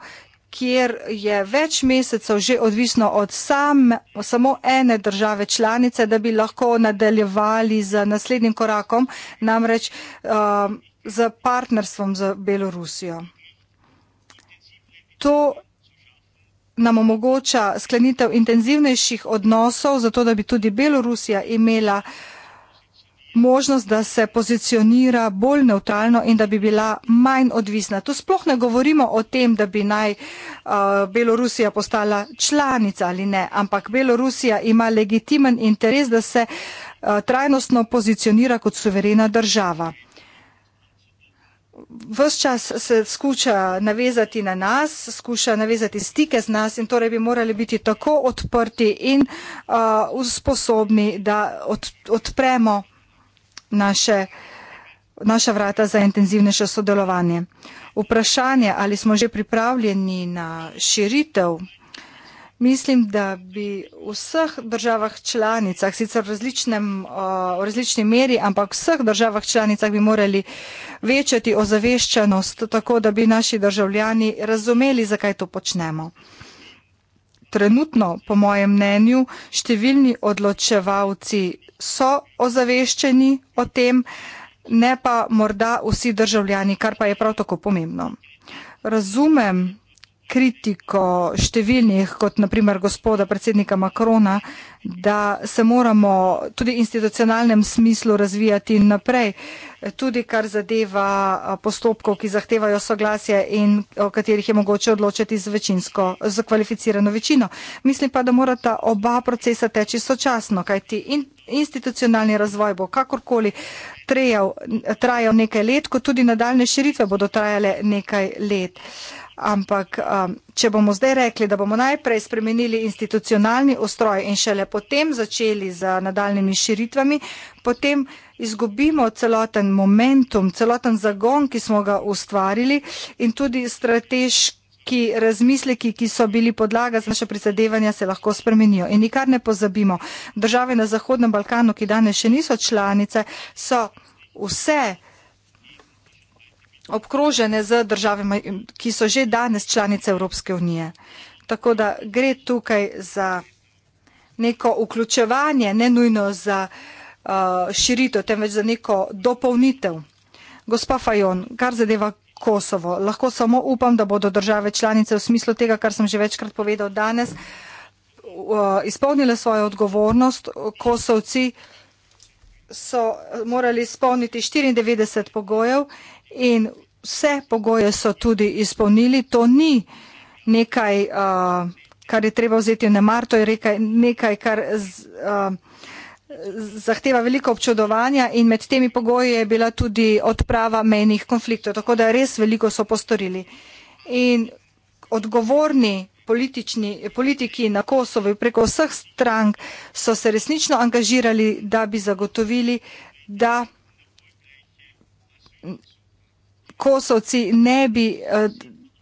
kjer je več mesecev že odvisno od sam, samo ene države članice, da bi lahko nadaljevali z naslednjim korakom, namreč uh, z partnerstvom z Belorusijo. To nam omogoča sklenitev intenzivnejših odnosov, zato da bi tudi Belorusija imela možnost, da se pozicionira bolj neutralno in da bi bila manj odvisna. Tu sploh ne govorimo o tem, da bi naj uh, Belorusija postala članica ali ne, ampak Belorusija ima legitimen interes, da se uh, trajnostno pozicionira kot suverena država vse čas se skuša navezati na nas, skuša navezati stike z nas in torej bi morali biti tako odprti in uh, sposobni, da od, odpremo naše, naša vrata za intenzivnejše sodelovanje. Vprašanje, ali smo že pripravljeni na širitev. Mislim, da bi v vseh državah članicah, sicer v, različnem, v različni meri, ampak v vseh državah članicah bi morali večati ozaveščenost, tako da bi naši državljani razumeli, zakaj to počnemo. Trenutno, po mojem mnenju, številni odločevalci so ozaveščeni o tem, ne pa morda vsi državljani, kar pa je prav tako pomembno. Razumem, kritiko številnih, kot naprimer gospoda predsednika Makrona, da se moramo tudi v institucionalnem smislu razvijati naprej, tudi kar zadeva postopkov, ki zahtevajo soglasje in o katerih je mogoče odločiti z večinsko, z kvalificirano večino. Mislim pa, da morata oba procesa teči sočasno, kajti in institucionalni razvoj bo kakorkoli trajal, trajal nekaj let, kot tudi nadaljne širitve bodo trajale nekaj let. Uh, Ampak, um, če bomo zdaj rekli, da bomo najprej spremenili institucionalni ustroj in šele potem začeli z nadaljnimi širitvami, potem izgubimo celoten momentum, celoten zagon, ki smo ga ustvarili in tudi strateški. Ki razmisleki, ki so bili podlaga za naše prizadevanja, se lahko spremenijo. In nikar ne pozabimo, države na Zahodnem Balkanu, ki danes še niso članice, so vse obkrožene z državami, ki so že danes članice Evropske unije. Tako da gre tukaj za neko vključevanje, ne nujno za uh, širitev, temveč za neko dopolnitev. Gospa Fajon, kar zadeva Kosovo, lahko samo upam, da bodo države članice v smislu tega, kar sem že večkrat povedal danes, uh, izpolnile svojo odgovornost. Kosovci so uh, morali izpolniti 94 pogojev in vse pogoje so tudi izpolnili. To ni nekaj, uh, kar je treba vzeti na mar, to je nekaj, nekaj kar. Z, uh, zahteva veliko občudovanja in med temi pogoji je bila tudi odprava menih konfliktov, tako da res veliko so postorili. In odgovorni politiki na Kosovo preko vseh strank so se resnično angažirali, da bi zagotovili, da Kosovci ne bi eh,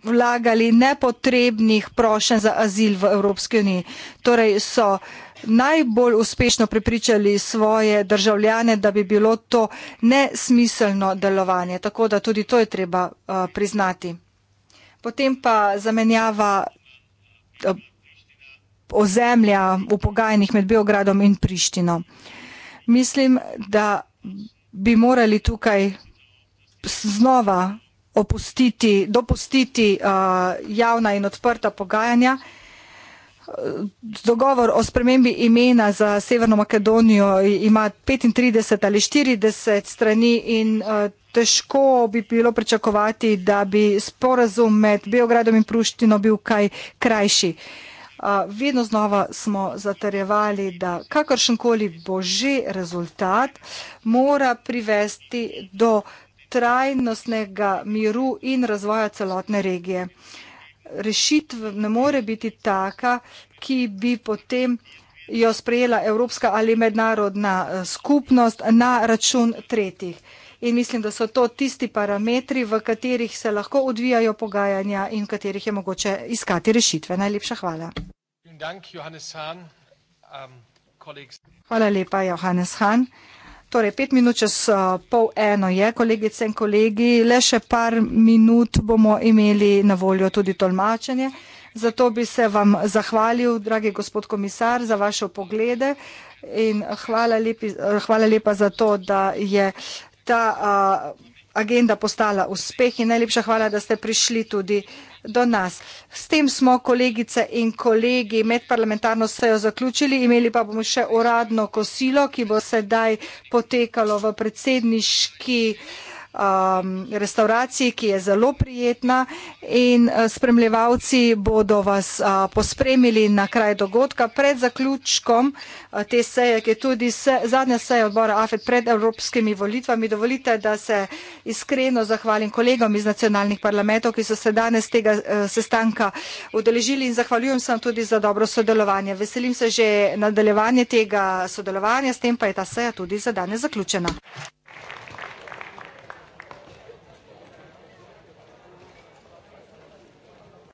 vlagali nepotrebnih prošen za azil v Evropski uniji. Torej so najbolj uspešno prepričali svoje državljane, da bi bilo to nesmiselno delovanje. Tako da tudi to je treba uh, priznati. Potem pa zamenjava uh, ozemlja v pogajanjih med Beogradom in Prištino. Mislim, da bi morali tukaj znova opustiti, dopustiti uh, javna in odprta pogajanja. Dogovor o spremembi imena za Severno Makedonijo ima 35 ali 40 strani in uh, težko bi bilo pričakovati, da bi sporazum med Beogradom in Pruštino bil kaj krajši. Uh, vedno znova smo zatarjevali, da kakršenkoli bo že rezultat, mora privesti do trajnostnega miru in razvoja celotne regije. Rešitev ne more biti taka, ki bi potem jo sprejela evropska ali mednarodna eh, skupnost na račun tretjih. In mislim, da so to tisti parametri, v katerih se lahko odvijajo pogajanja in v katerih je mogoče iskati rešitve. Najlepša hvala. Ähm, hvala lepa, Johannes Hahn. Torej, pet minut čez uh, pol eno je, kolegice in kolegi, le še par minut bomo imeli na voljo tudi tolmačenje. Zato bi se vam zahvalil, dragi gospod komisar, za vaše poglede in hvala, lepi, eh, hvala lepa za to, da je ta. Uh, agenda postala uspeh in najlepša hvala, da ste prišli tudi do nas. S tem smo kolegice in kolegi medparlamentarno sejo zaključili, imeli pa bomo še uradno kosilo, ki bo sedaj potekalo v predsedniški um, restauraciji, ki je zelo prijetna in uh, spremljevalci bodo vas uh, pospremili na kraj dogodka pred zaključkom uh, te seje, ki je tudi se, zadnja seja odbora AFED pred evropskimi volitvami. Dovolite, da se iskreno zahvalim kolegom iz nacionalnih parlamentov, ki so se danes tega uh, sestanka udeležili in zahvaljujem se vam tudi za dobro sodelovanje. Veselim se že nadaljevanje tega sodelovanja, s tem pa je ta seja tudi za danes zaključena. Thank you.